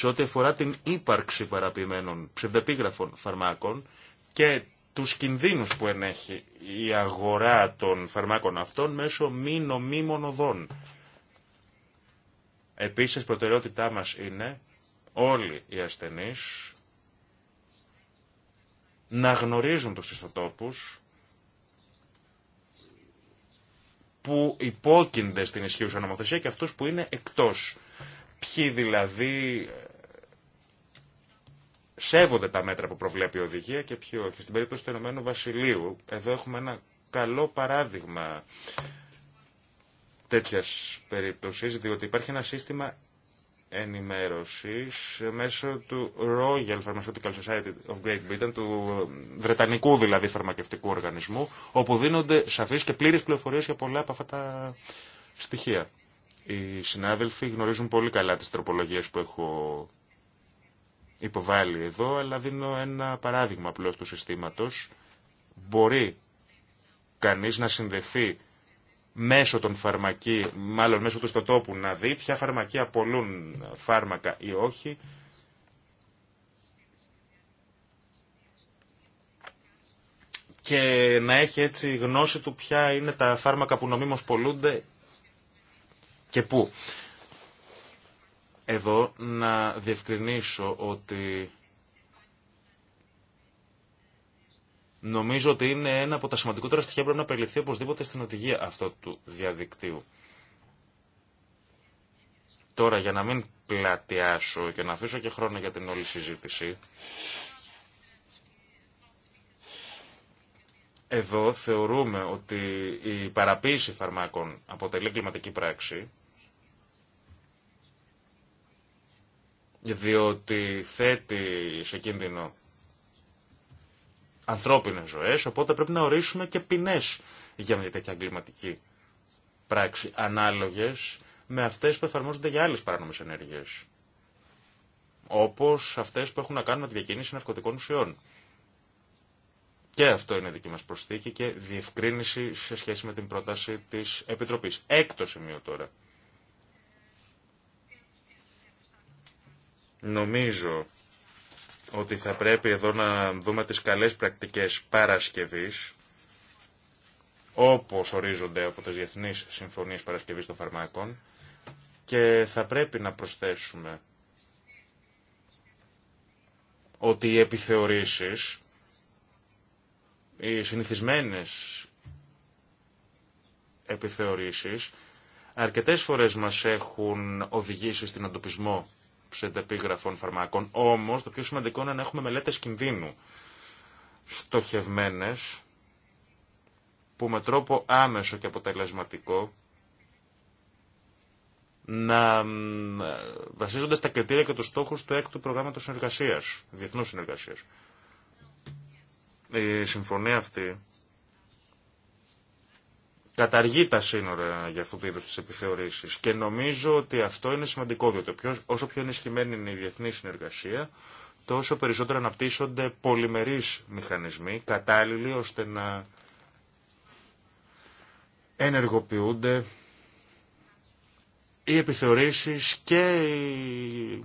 S4: σε ό,τι αφορά την ύπαρξη παραποιημένων ψευδεπίγραφων φαρμάκων και τους κινδύνους που ενέχει η αγορά των φαρμάκων αυτών μέσω μη νομίμων οδών. Επίσης, προτεραιότητά μας είναι όλοι οι ασθενείς να γνωρίζουν τους ιστοτόπους που υπόκεινται στην ισχύουσα νομοθεσία και αυτούς που είναι εκτός. Ποιοι δηλαδή σέβονται τα μέτρα που προβλέπει η οδηγία και ποιοι όχι. Στην περίπτωση του Ενωμένου Βασιλείου, εδώ έχουμε ένα καλό παράδειγμα τέτοια περίπτωση, διότι υπάρχει ένα σύστημα ενημέρωσης μέσω του Royal Pharmaceutical Society of Great Britain, του Βρετανικού δηλαδή φαρμακευτικού οργανισμού, όπου δίνονται σαφείς και πλήρες πληροφορίες για πολλά από αυτά τα στοιχεία. Οι συνάδελφοι γνωρίζουν πολύ καλά τις τροπολογίες που έχω Υποβάλλει εδώ, αλλά δίνω ένα παράδειγμα απλώς του συστήματος. Μπορεί κανείς να συνδεθεί μέσω των φαρμακεί, μάλλον μέσω του στοτόπου να δει ποια φαρμακή απολούν φάρμακα ή όχι. Και να έχει έτσι γνώση του ποια είναι τα φάρμακα που νομίμως πολλούνται και πού. Εδώ να διευκρινίσω ότι νομίζω ότι είναι ένα από τα σημαντικότερα στοιχεία που πρέπει να περιληφθεί οπωσδήποτε στην οδηγία αυτό του διαδικτύου. Τώρα για να μην πλατιάσω και να αφήσω και χρόνο για την όλη συζήτηση, εδώ θεωρούμε ότι η παραποίηση φαρμάκων αποτελεί κλιματική πράξη διότι θέτει σε κίνδυνο ανθρώπινες ζωές, οπότε πρέπει να ορίσουμε και ποινές για μια τέτοια εγκληματική πράξη, ανάλογες με αυτές που εφαρμόζονται για άλλες παράνομες ενέργειες, όπως αυτές που έχουν να κάνουν με τη διακίνηση ναρκωτικών ουσιών. Και αυτό είναι δική μας προσθήκη και διευκρίνηση σε σχέση με την πρόταση της Επιτροπής. Έκτο σημείο τώρα. Νομίζω ότι θα πρέπει εδώ να δούμε τις καλές πρακτικές παρασκευής, όπως ορίζονται από τις Διεθνείς Συμφωνίες Παρασκευής των Φαρμάκων, και θα πρέπει να προσθέσουμε ότι οι επιθεωρήσεις, οι συνηθισμένες επιθεωρήσεις, αρκετές φορές μας έχουν οδηγήσει στην αντοπισμό ψευδεπίγραφων φαρμάκων. Όμω το πιο σημαντικό είναι να έχουμε μελέτε κινδύνου στοχευμένε που με τρόπο άμεσο και αποτελεσματικό να βασίζονται στα κριτήρια και τους στόχους του έκτου προγράμματος συνεργασίας, διεθνούς συνεργασίας. Η συμφωνία αυτή καταργεί τα σύνορα για αυτού του είδου τι επιθεωρήσει. Και νομίζω ότι αυτό είναι σημαντικό, διότι όσο πιο ενισχυμένη είναι η διεθνή συνεργασία, τόσο περισσότερο αναπτύσσονται πολυμερείς μηχανισμοί κατάλληλοι ώστε να ενεργοποιούνται οι επιθεωρήσεις και η...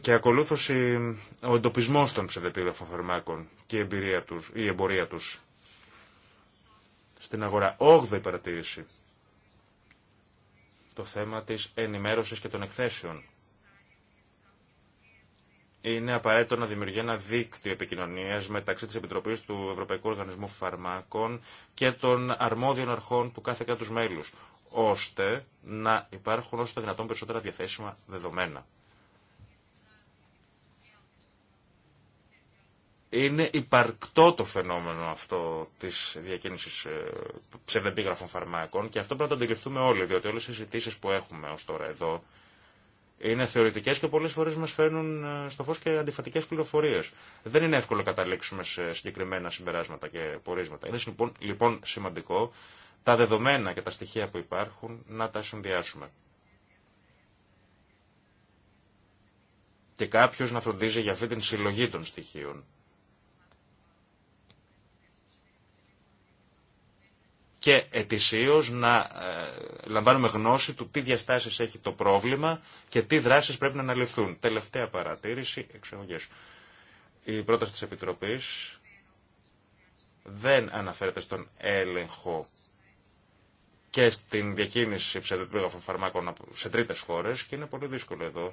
S4: και ακολούθως ο εντοπισμός των ψευδεπίγραφων φαρμάκων και η, εμπειρία τους, η εμπορία τους στην αγορά. Όγδοη παρατήρηση. Το θέμα της ενημέρωσης και των εκθέσεων. Είναι απαραίτητο να δημιουργεί ένα δίκτυο επικοινωνία μεταξύ τη Επιτροπή του Ευρωπαϊκού Οργανισμού Φαρμάκων και των αρμόδιων αρχών του κάθε κράτου μέλου, ώστε να υπάρχουν όσο το δυνατόν περισσότερα διαθέσιμα δεδομένα. Είναι υπαρκτό το φαινόμενο αυτό τη διακίνηση ε, ψευδεπίγραφων φαρμάκων και αυτό πρέπει να το αντιληφθούμε όλοι, διότι όλε οι συζητήσει που έχουμε ω τώρα εδώ είναι θεωρητικέ και πολλέ φορέ μα φέρνουν ε, στο φω και αντιφατικέ πληροφορίε. Δεν είναι εύκολο να καταλήξουμε σε συγκεκριμένα συμπεράσματα και πορίσματα. Είναι λοιπόν, λοιπόν σημαντικό τα δεδομένα και τα στοιχεία που υπάρχουν να τα συνδυάσουμε. Και κάποιο να φροντίζει για αυτή την συλλογή των στοιχείων και ετησίω να ε, λαμβάνουμε γνώση του τι διαστάσεις έχει το πρόβλημα και τι δράσεις πρέπει να αναλυθούν. Τελευταία παρατήρηση, εξαγωγές. Η πρόταση της Επιτροπής δεν αναφέρεται στον έλεγχο και στην διακίνηση ψευδεπίγραφων φαρμάκων σε τρίτες χώρες και είναι πολύ δύσκολο εδώ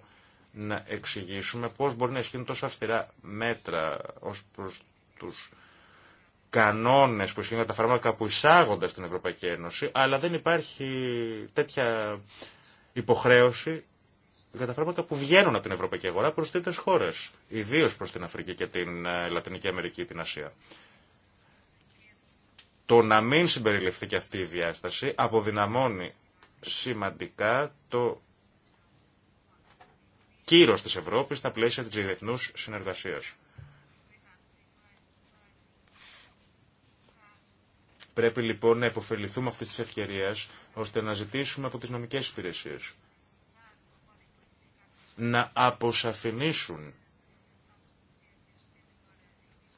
S4: να εξηγήσουμε πώς μπορεί να ισχύουν τόσο αυστηρά μέτρα ως προς τους Κανόνε που ισχύουν για τα φάρμακα που εισάγονται στην Ευρωπαϊκή Ένωση, αλλά δεν υπάρχει τέτοια υποχρέωση για τα φάρμακα που βγαίνουν από την Ευρωπαϊκή Αγορά προ τρίτε χώρε, ιδίω προ την Αφρική και την ε, Λατινική Αμερική ή την Ασία. Το να μην συμπεριληφθεί και αυτή η διάσταση αποδυναμώνει σημαντικά το κύρος της Ευρώπης στα πλαίσια της διεθνούς συνεργασίας. Πρέπει λοιπόν να υποφεληθούμε αυτή τη ευκαιρία ώστε να ζητήσουμε από τι νομικέ υπηρεσίε να αποσαφηνίσουν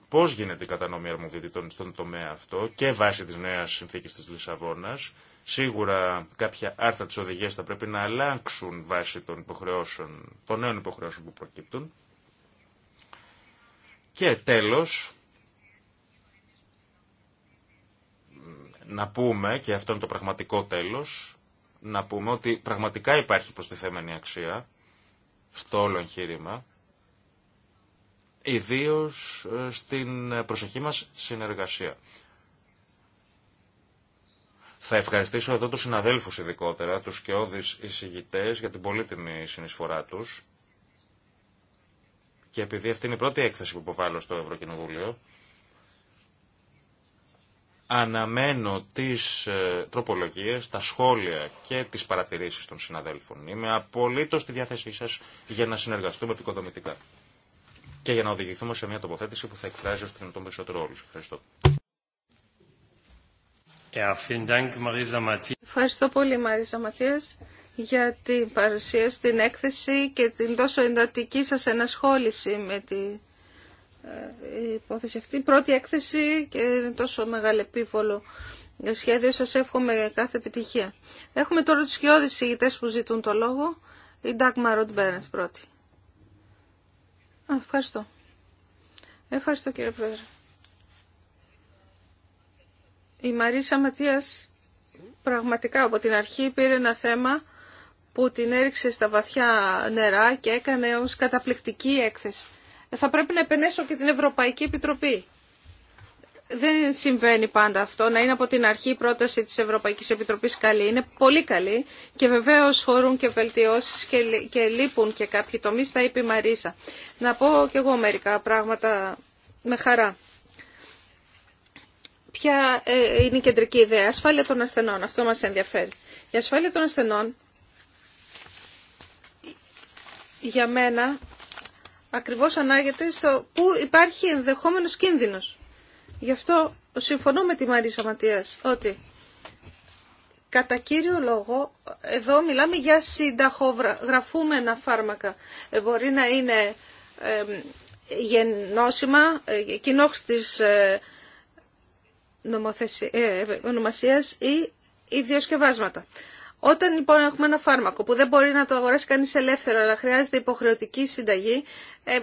S4: πώς γίνεται η κατανομή αρμοδιτήτων στον τομέα αυτό και βάσει της νέας συνθήκης της Λισαβόνας. Σίγουρα κάποια άρθρα της οδηγίας θα πρέπει να αλλάξουν βάσει των, υποχρεώσεων, των νέων υποχρεώσεων που προκύπτουν. Και τέλος, να πούμε, και αυτό είναι το πραγματικό τέλος, να πούμε ότι πραγματικά υπάρχει προστιθέμενη αξία στο όλο εγχείρημα, ιδίως ε, στην προσοχή μας συνεργασία. Θα ευχαριστήσω εδώ τους συναδέλφους ειδικότερα, τους σκιώδεις εισηγητές για την πολύτιμη συνεισφορά τους. Και επειδή αυτή είναι η πρώτη έκθεση που υποβάλλω στο Ευρωκοινοβούλιο, Αναμένω τις ε, τροπολογίες, τα σχόλια και τις παρατηρήσεις των συναδέλφων. Είμαι απολύτως στη διάθεσή σας για να συνεργαστούμε επικοδομητικά και για να
S2: οδηγηθούμε σε μια τοποθέτηση που θα εκφράζει ως δυνατόν περισσότερο όλους. Ευχαριστώ.
S1: Ευχαριστώ πολύ Μαρίζα Ματίας για την παρουσία στην έκθεση και την τόσο εντατική σας ενασχόληση με τη ε, η υπόθεση αυτή. πρώτη έκθεση και είναι τόσο μεγάλο επίβολο σχέδιο. Σας εύχομαι κάθε επιτυχία. Έχουμε τώρα τους σχεώδεις συγητές που ζητούν το λόγο. Η Ντάγμα Ροντ πρώτη. Α, ευχαριστώ. Ευχαριστώ κύριε Πρόεδρε. Η Μαρίσα Ματίας πραγματικά από την αρχή πήρε ένα θέμα που την έριξε στα βαθιά νερά και έκανε ως καταπληκτική έκθεση θα πρέπει να επενέσω και την Ευρωπαϊκή Επιτροπή. Δεν συμβαίνει πάντα αυτό. Να είναι από την αρχή η πρόταση της Ευρωπαϊκής Επιτροπής καλή. Είναι πολύ καλή και βεβαίως χωρούν και βελτιώσεις και, λείπουν και κάποιοι τομείς, τα είπε η Μαρίσα. Να πω κι εγώ μερικά πράγματα με χαρά. Ποια ε, είναι η κεντρική ιδέα. Ασφάλεια των ασθενών. Αυτό μας ενδιαφέρει. Η ασφάλεια των ασθενών για μένα ακριβώς ανάγεται στο πού υπάρχει ενδεχόμενος κίνδυνος. Γι' αυτό συμφωνώ με τη Μαρίσα Ματίας ότι κατά κύριο λόγο εδώ μιλάμε για συνταχογραφούμενα φάρμακα. Ε, μπορεί να είναι γενώσιμα, ε, κοινόχ της ε, ονομασίας ή ιδιοσκευάσματα. Όταν λοιπόν έχουμε ένα φάρμακο που δεν μπορεί να το αγοράσει κανεί ελεύθερο, αλλά χρειάζεται υποχρεωτική συνταγή, ε,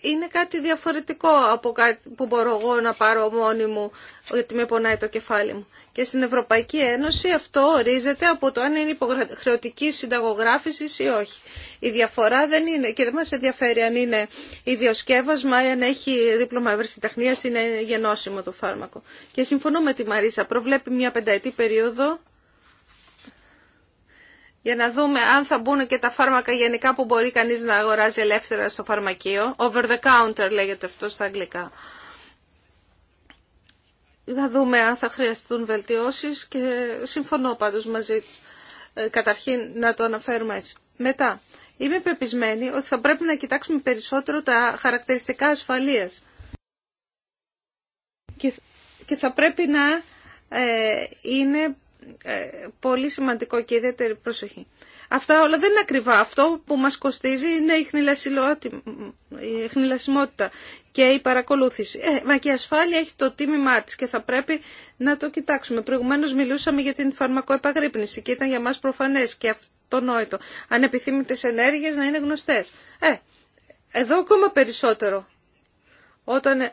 S1: είναι κάτι διαφορετικό από κάτι που μπορώ εγώ να πάρω μόνη μου, γιατί με πονάει το κεφάλι μου. Και στην Ευρωπαϊκή Ένωση αυτό ορίζεται από το αν είναι υποχρεωτική συνταγογράφηση ή όχι. Η διαφορά δεν είναι και δεν μα ενδιαφέρει αν είναι ιδιοσκεύασμα ή αν έχει δίπλωμα ευρεσιτεχνία ή είναι γενώσιμο το φάρμακο. Και συμφωνώ με τη Μαρίσα, προβλέπει μια πενταετή περίοδο για να δούμε αν θα μπουν και τα φάρμακα γενικά που μπορεί κανείς να αγοράζει ελεύθερα στο φαρμακείο. Over the counter λέγεται αυτό στα αγγλικά. Να δούμε αν θα χρειαστούν βελτιώσεις και συμφωνώ πάντως μαζί ε, καταρχήν να το αναφέρουμε έτσι. Μετά, είμαι πεπισμένη ότι θα πρέπει να κοιτάξουμε περισσότερο τα χαρακτηριστικά ασφαλείας και θα πρέπει να ε, είναι ε, πολύ σημαντικό και ιδιαίτερη προσοχή. Αυτά όλα δεν είναι ακριβά. Αυτό που μας κοστίζει είναι η, χνηλασιμότητα και η παρακολούθηση. Ε, μα και η ασφάλεια έχει το τίμημά της και θα πρέπει να το κοιτάξουμε. Προηγουμένως μιλούσαμε για την φαρμακοεπαγρύπνηση και ήταν για μας προφανές και αυτονόητο. επιθύμητες ενέργειες να είναι γνωστές. Ε, εδώ ακόμα περισσότερο. Όταν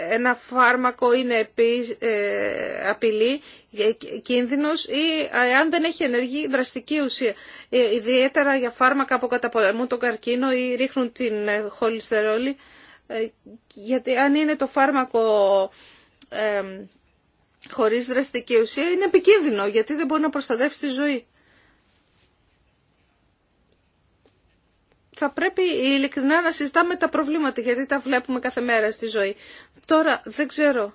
S1: ένα φάρμακο είναι ε, απειλή, ε, κίνδυνος ή ε, αν δεν έχει ενεργή δραστική ουσία. Ιδιαίτερα για φάρμακα που καταπολεμούν τον καρκίνο ή ρίχνουν την χολυστερόλη. Γιατί αν είναι το φάρμακο χωρίς δραστική ουσία είναι επικίνδυνο γιατί δεν μπορεί να προστατεύσει τη ζωή. θα πρέπει ειλικρινά να συζητάμε τα προβλήματα, γιατί τα βλέπουμε κάθε μέρα στη ζωή. Τώρα δεν ξέρω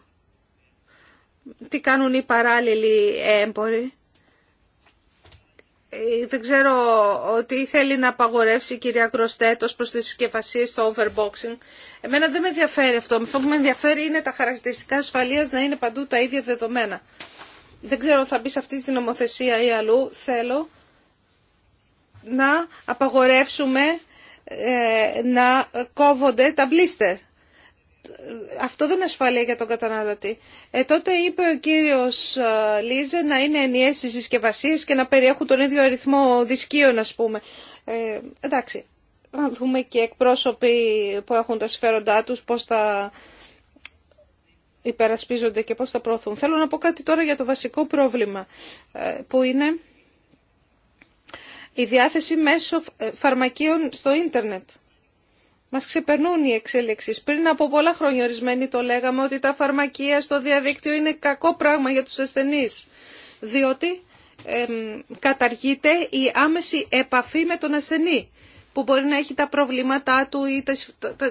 S1: τι κάνουν οι παράλληλοι έμποροι. Ε, δεν ξέρω ότι θέλει να απαγορεύσει η κυρία Κροστέτος προς τις συσκευασίε στο overboxing. Εμένα δεν με ενδιαφέρει αυτό. Αυτό που με ενδιαφέρει είναι τα χαρακτηριστικά ασφαλείας να είναι παντού τα ίδια δεδομένα. Δεν ξέρω θα μπει σε αυτή την νομοθεσία ή αλλού. Θέλω να απαγορεύσουμε ε, να κόβονται τα μπλίστερ. Αυτό δεν ασφαλεία για τον καταναλωτή. Ε, τότε είπε ο κύριος ε, Λίζε να είναι ενιαίες οι συσκευασίε και να περιέχουν τον ίδιο αριθμό δισκείων, ας πούμε. Ε, εντάξει, θα δούμε και εκπρόσωποι που έχουν τα συμφέροντά τους, πώς θα υπερασπίζονται και πώς θα προωθούν. Θέλω να πω κάτι τώρα για το βασικό πρόβλημα, που είναι η διάθεση μέσω ε, φαρμακείων στο ίντερνετ. Μας ξεπερνούν οι εξέλιξει. Πριν από πολλά χρόνια ορισμένοι το λέγαμε ότι τα φαρμακεία στο διαδίκτυο είναι κακό πράγμα για τους ασθενείς, διότι καταργείται η άμεση επαφή με τον ασθενή που μπορεί να έχει τα προβλήματά του ή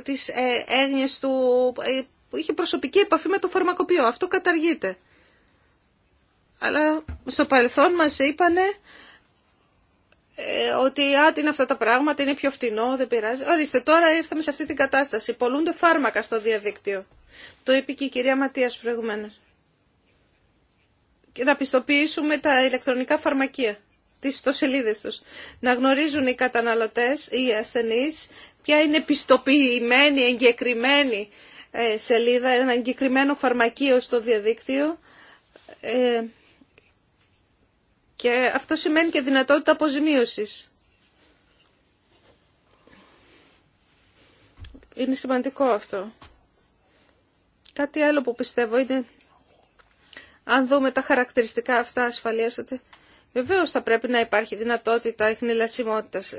S1: τις ε, έννοιες του, ε, που είχε προσωπική επαφή με το φαρμακοποιό. Αυτό καταργείται. Αλλά στο παρελθόν μας είπανε ε, ότι α, είναι αυτά τα πράγματα, είναι πιο φτηνό, δεν πειράζει. Ορίστε, τώρα ήρθαμε σε αυτή την κατάσταση. Πολλούνται φάρμακα στο διαδίκτυο. Το είπε και η κυρία Ματίας προηγουμένως. Και να πιστοποιήσουμε τα ηλεκτρονικά φαρμακεία, τις ιστοσελίδε τους. Να γνωρίζουν οι καταναλωτές, οι ασθενεί, ποια είναι πιστοποιημένη, εγκεκριμένη ε, σελίδα, ένα εγκεκριμένο φαρμακείο στο διαδίκτυο ε, και αυτό σημαίνει και δυνατότητα αποζημίωσης. Είναι σημαντικό αυτό. Κάτι άλλο που πιστεύω είναι, αν δούμε τα χαρακτηριστικά αυτά ασφαλείας, ότι βεβαίως θα πρέπει να υπάρχει δυνατότητα εχνηλασιμότητας.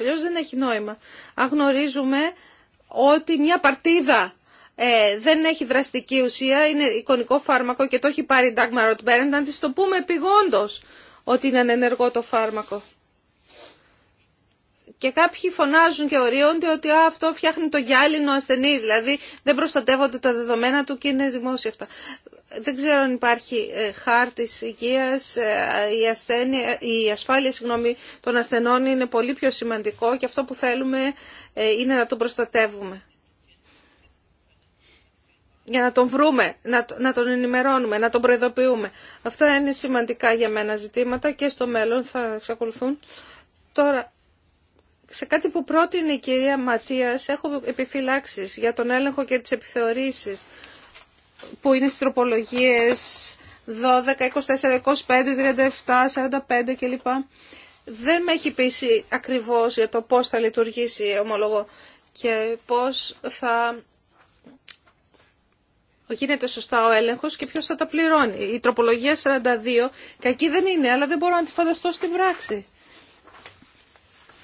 S1: Αλλιώς δεν έχει νόημα. Αν γνωρίζουμε ότι μια παρτίδα ε, δεν έχει δραστική ουσία, είναι εικονικό φάρμακο και το έχει πάρει η Dagmar Rothbard, να της το πούμε επιγόντως ότι είναι ανενεργό το φάρμακο. Και κάποιοι φωνάζουν και ορίονται ότι αυτό φτιάχνει το γυάλινο ασθενή, δηλαδή δεν προστατεύονται τα δεδομένα του και είναι δημόσια αυτά. Δεν ξέρω αν υπάρχει ε, χάρτης υγείας, ε, η, η ασφάλεια συγγνώμη, των ασθενών είναι πολύ πιο σημαντικό και αυτό που θέλουμε ε, είναι να το προστατεύουμε για να τον βρούμε, να τον ενημερώνουμε, να τον προειδοποιούμε. Αυτά είναι σημαντικά για μένα ζητήματα και στο μέλλον θα εξακολουθούν. Τώρα, σε κάτι που πρότεινε η κυρία Ματίας, έχω επιφυλάξεις για τον έλεγχο και τις επιθεωρήσεις που είναι στις τροπολογίες 12, 24, 25, 37, 45 κλπ. Δεν με έχει πείσει ακριβώς για το πώς θα λειτουργήσει, ομολογώ, και πώς θα γίνεται σωστά ο έλεγχος και ποιος θα τα πληρώνει. Η τροπολογία 42 κακή δεν είναι, αλλά δεν μπορώ να τη φανταστώ στην πράξη.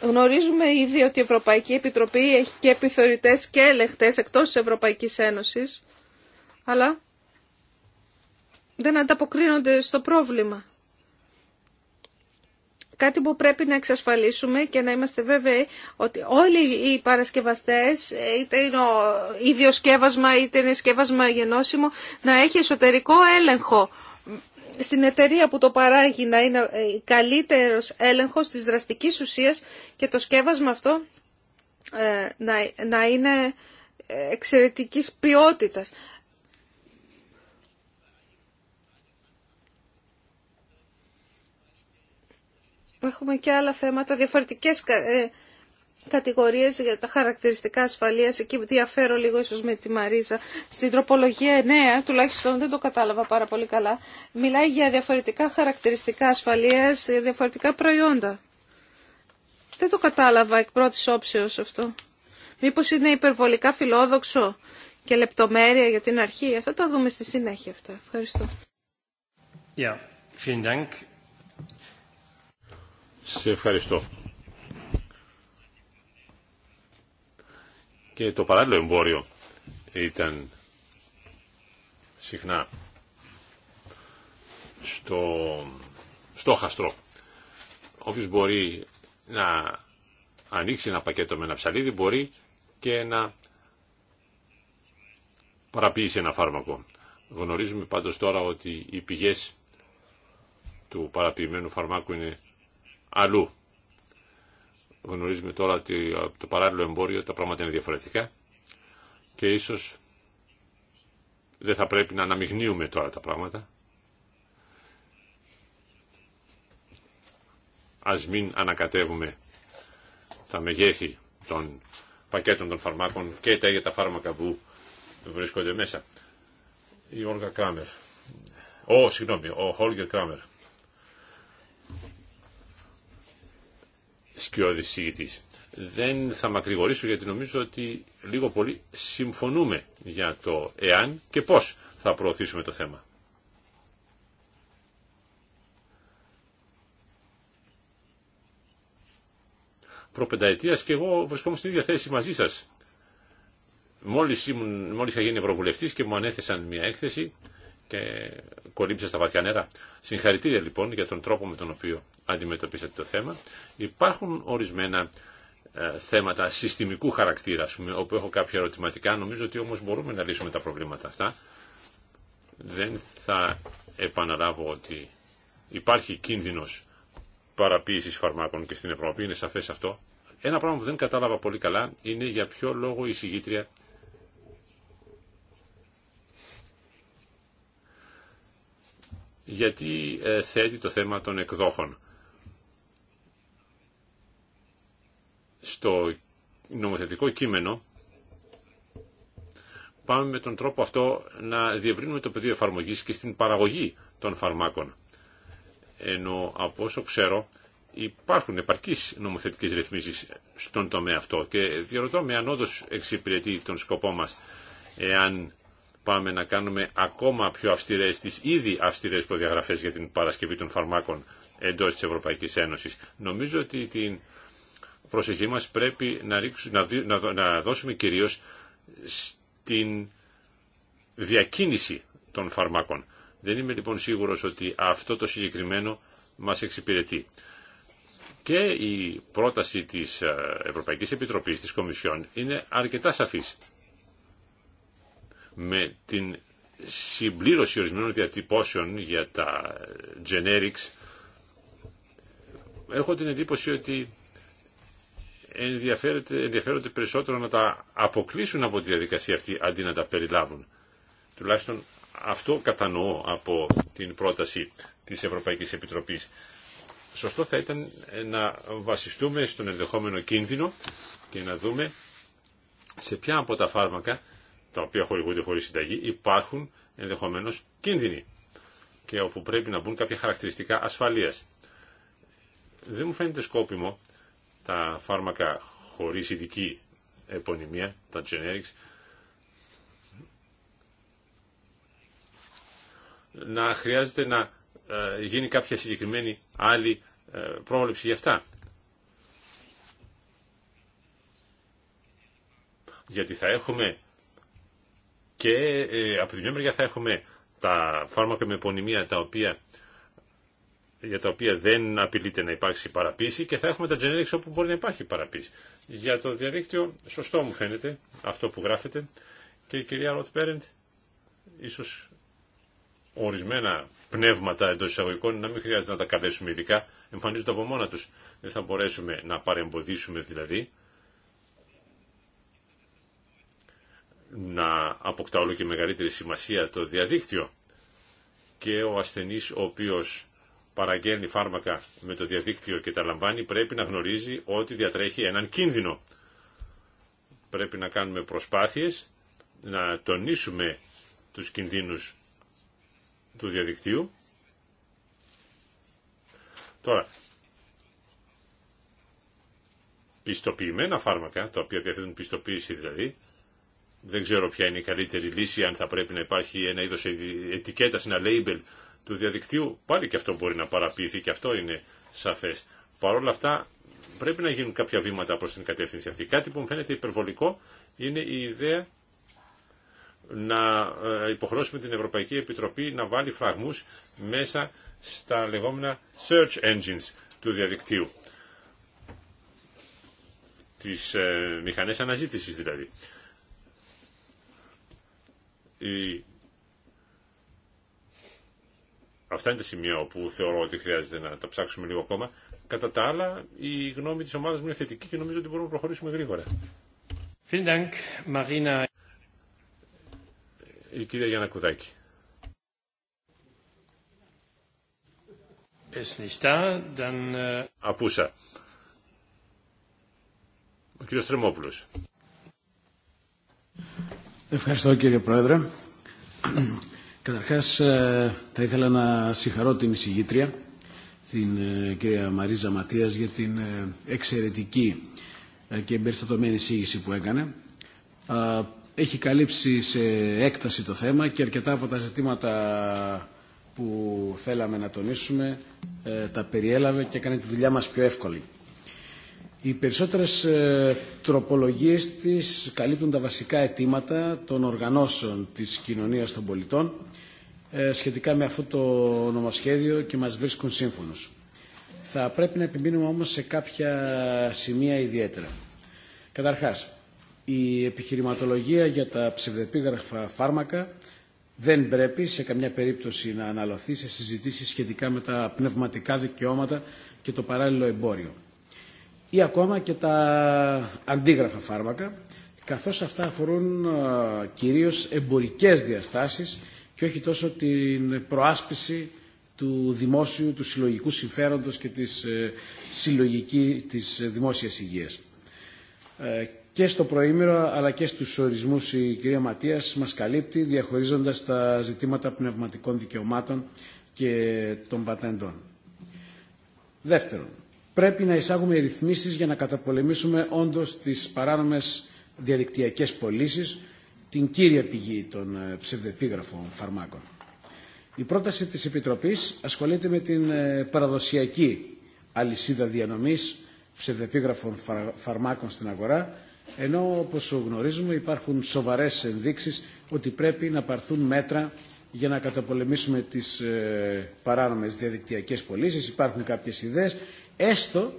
S1: Γνωρίζουμε ήδη ότι η Ευρωπαϊκή Επιτροπή έχει και επιθεωρητές και ελεγχτέ εκτός τη Ευρωπαϊκής Ένωσης, αλλά δεν ανταποκρίνονται στο πρόβλημα κάτι που πρέπει να εξασφαλίσουμε και να είμαστε βέβαιοι ότι όλοι οι παρασκευαστές, είτε είναι ίδιο σκεύασμα είτε είναι σκεύασμα γενώσιμο, να έχει εσωτερικό έλεγχο στην εταιρεία που το παράγει να είναι καλύτερος έλεγχος της δραστικής ουσίας και το σκεύασμα αυτό ε, να, να είναι εξαιρετικής ποιότητας. Έχουμε και άλλα θέματα, διαφορετικές ε, κατηγορίες για τα χαρακτηριστικά ασφαλείας. Εκεί διαφέρω λίγο ίσως με τη Μαρίζα. Στην τροπολογία 9, τουλάχιστον δεν το κατάλαβα πάρα πολύ καλά, μιλάει για διαφορετικά χαρακτηριστικά ασφαλείας, ε, διαφορετικά προϊόντα. Δεν το κατάλαβα εκ πρώτης όψεως αυτό. Μήπως είναι υπερβολικά φιλόδοξο και λεπτομέρεια για την αρχή. Θα τα δούμε στη συνέχεια αυτά. Ευχαριστώ.
S2: Yeah, σε ευχαριστώ.
S3: Και το παράλληλο εμπόριο ήταν συχνά στο χαστρό. Όποιος μπορεί να ανοίξει ένα πακέτο με ένα ψαλίδι μπορεί και να παραποιήσει ένα φάρμακο. Γνωρίζουμε πάντως τώρα ότι οι πηγές του παραποιημένου φαρμάκου είναι αλλού. Γνωρίζουμε τώρα ότι από το παράλληλο εμπόριο τα πράγματα είναι διαφορετικά και ίσως δεν θα πρέπει να αναμειγνύουμε τώρα τα πράγματα. Ας μην ανακατεύουμε τα μεγέθη των πακέτων των φαρμάκων και τα ίδια τα φάρμακα που βρίσκονται μέσα. Η Όλγα Ο, συγγνώμη, ο Χόλγερ Κράμερ. σκιώδη Δεν θα μακρηγορήσω γιατί νομίζω ότι λίγο πολύ συμφωνούμε για το εάν και πώ θα προωθήσουμε το θέμα. Προπενταετία και εγώ βρισκόμουν στην ίδια θέση μαζί σα. Μόλι μόλις είχα γίνει Ευρωβουλευτή και μου ανέθεσαν μια έκθεση και κολύμψε στα βαθιά νερά. Συγχαρητήρια λοιπόν για τον τρόπο με τον οποίο αντιμετωπίσατε το θέμα. Υπάρχουν ορισμένα ε, θέματα συστημικού χαρακτήρα, πούμε, όπου έχω κάποια ερωτηματικά. Νομίζω ότι όμως μπορούμε να λύσουμε τα προβλήματα αυτά. Δεν θα επαναλάβω ότι υπάρχει κίνδυνος παραποίησης φαρμάκων και στην Ευρώπη, είναι σαφές αυτό. Ένα πράγμα που δεν κατάλαβα πολύ καλά είναι για ποιο λόγο η συγγήτρια γιατί ε, θέτει το θέμα των εκδόχων. Στο νομοθετικό κείμενο πάμε με τον τρόπο αυτό να διευρύνουμε το πεδίο εφαρμογής και στην παραγωγή των φαρμάκων. Ενώ από όσο ξέρω υπάρχουν επαρκείς νομοθετικές ρυθμίσεις στον τομέα αυτό και διαρωτώ με αν όντως εξυπηρετεί τον σκοπό μας εάν πάμε να κάνουμε ακόμα πιο αυστηρές τις ήδη αυστηρές προδιαγραφές για την παρασκευή των φαρμάκων εντός της Ευρωπαϊκής Ένωσης. Νομίζω ότι την προσοχή μας πρέπει να, να δώσουμε κυρίως στην διακίνηση των φαρμάκων. Δεν είμαι λοιπόν σίγουρος ότι αυτό το συγκεκριμένο μας εξυπηρετεί. Και η πρόταση της ε, Ευρωπαϊκής Επιτροπής, της Κομισιόν, είναι αρκετά σαφής με την συμπλήρωση ορισμένων διατυπώσεων για τα generics έχω την εντύπωση ότι ενδιαφέρονται περισσότερο να τα αποκλείσουν από τη διαδικασία αυτή αντί να τα περιλάβουν. Τουλάχιστον αυτό κατανοώ από την πρόταση της Ευρωπαϊκής Επιτροπής. Σωστό θα ήταν να βασιστούμε στον ενδεχόμενο κίνδυνο και να δούμε σε ποια από τα φάρμακα τα οποία χορηγούνται χωρί συνταγή, υπάρχουν ενδεχομένω κίνδυνοι και όπου πρέπει να μπουν κάποια χαρακτηριστικά ασφαλεία. Δεν μου φαίνεται σκόπιμο τα φάρμακα χωρί ειδική επωνυμία, τα generics, να χρειάζεται να ε, γίνει κάποια συγκεκριμένη άλλη ε, πρόβλεψη για αυτά. Γιατί θα έχουμε και ε, από τη μια μεριά θα έχουμε τα φάρμακα με επωνυμία τα οποία, για τα οποία δεν απειλείται να υπάρξει παραπίση και θα έχουμε τα generics όπου μπορεί να υπάρχει παραπίση. Για το διαδίκτυο, σωστό μου φαίνεται αυτό που γράφεται και η κυρία Ροτ Πέρεντ ίσως ορισμένα πνεύματα εντό εισαγωγικών να μην χρειάζεται να τα καλέσουμε ειδικά, εμφανίζονται από μόνα τους. Δεν θα μπορέσουμε να παρεμποδίσουμε δηλαδή να αποκτά όλο και μεγαλύτερη σημασία το διαδίκτυο και ο ασθενής ο οποίος παραγγέλνει φάρμακα με το διαδίκτυο και τα λαμβάνει πρέπει να γνωρίζει ότι διατρέχει έναν κίνδυνο. Πρέπει να κάνουμε προσπάθειες να τονίσουμε τους κινδύνους του διαδικτύου. Τώρα, πιστοποιημένα φάρμακα, τα οποία διαθέτουν πιστοποίηση δηλαδή, δεν ξέρω ποια είναι η καλύτερη λύση, αν θα πρέπει να υπάρχει ένα είδος ετικέτα, ένα label του διαδικτύου. Πάλι και αυτό μπορεί να παραποιηθεί και αυτό είναι σαφές. Παρ' όλα αυτά πρέπει να γίνουν κάποια βήματα προς την κατεύθυνση αυτή. Κάτι που μου φαίνεται υπερβολικό είναι η ιδέα να ε, υποχρεώσουμε την Ευρωπαϊκή Επιτροπή να βάλει φραγμούς μέσα στα λεγόμενα search engines του διαδικτύου. Τις ε, μηχανές αναζήτησης δηλαδή. Αυτά είναι τα σημεία όπου θεωρώ ότι χρειάζεται να τα ψάξουμε λίγο ακόμα. Κατά τα άλλα, η γνώμη της ομάδας μου είναι θετική και νομίζω ότι μπορούμε να προχωρήσουμε γρήγορα.
S2: Η κυρία Γιάννα Κουδάκη. Äh,
S3: Απούσα. Ο κύριος Τρεμόπουλος.
S5: Ευχαριστώ κύριε Πρόεδρε. Καταρχάς ε, θα ήθελα να συγχαρώ την εισηγήτρια, την ε, κυρία Μαρίζα Ματίας, για την ε, εξαιρετική και εμπεριστατωμένη εισήγηση που έκανε. Έχει καλύψει σε έκταση το θέμα και αρκετά από τα ζητήματα που θέλαμε να τονίσουμε τα περιέλαβε και έκανε τη δουλειά μας πιο εύκολη. Οι περισσότερες ε, τροπολογίες της καλύπτουν τα βασικά αιτήματα των οργανώσεων της κοινωνίας των πολιτών ε, σχετικά με αυτό το νομοσχέδιο και μας βρίσκουν σύμφωνος. Θα πρέπει να επιμείνουμε όμως σε κάποια σημεία ιδιαίτερα. Καταρχάς, η επιχειρηματολογία για τα ψευδεπίγραφα φάρμακα δεν πρέπει σε καμιά περίπτωση να αναλωθεί σε συζητήσεις σχετικά με τα πνευματικά δικαιώματα και το παράλληλο εμπόριο ή ακόμα και τα αντίγραφα φάρμακα, καθώς αυτά αφορούν κυρίως εμπορικές διαστάσεις και όχι τόσο την προάσπιση του δημόσιου, του συλλογικού συμφέροντος και της, ε, συλλογική, της δημόσιας υγείας. Ε, και στο προήμερο αλλά και στους ορισμούς η κυρία Ματίας μας καλύπτει διαχωρίζοντας τα ζητήματα πνευματικών δικαιωμάτων και των πατέντων. Δεύτερον, πρέπει να εισάγουμε ρυθμίσεις για να καταπολεμήσουμε όντως τις παράνομες διαδικτυακές πωλήσει, την κύρια πηγή των ε, ψευδεπίγραφων φαρμάκων. Η πρόταση της Επιτροπής ασχολείται με την ε, παραδοσιακή αλυσίδα διανομής ψευδεπίγραφων φαρμάκων στην αγορά, ενώ όπως γνωρίζουμε υπάρχουν σοβαρές ενδείξεις ότι πρέπει να παρθούν μέτρα για να καταπολεμήσουμε τις ε, παράνομες διαδικτυακές πωλήσει. Υπάρχουν κάποιες ιδέες έστω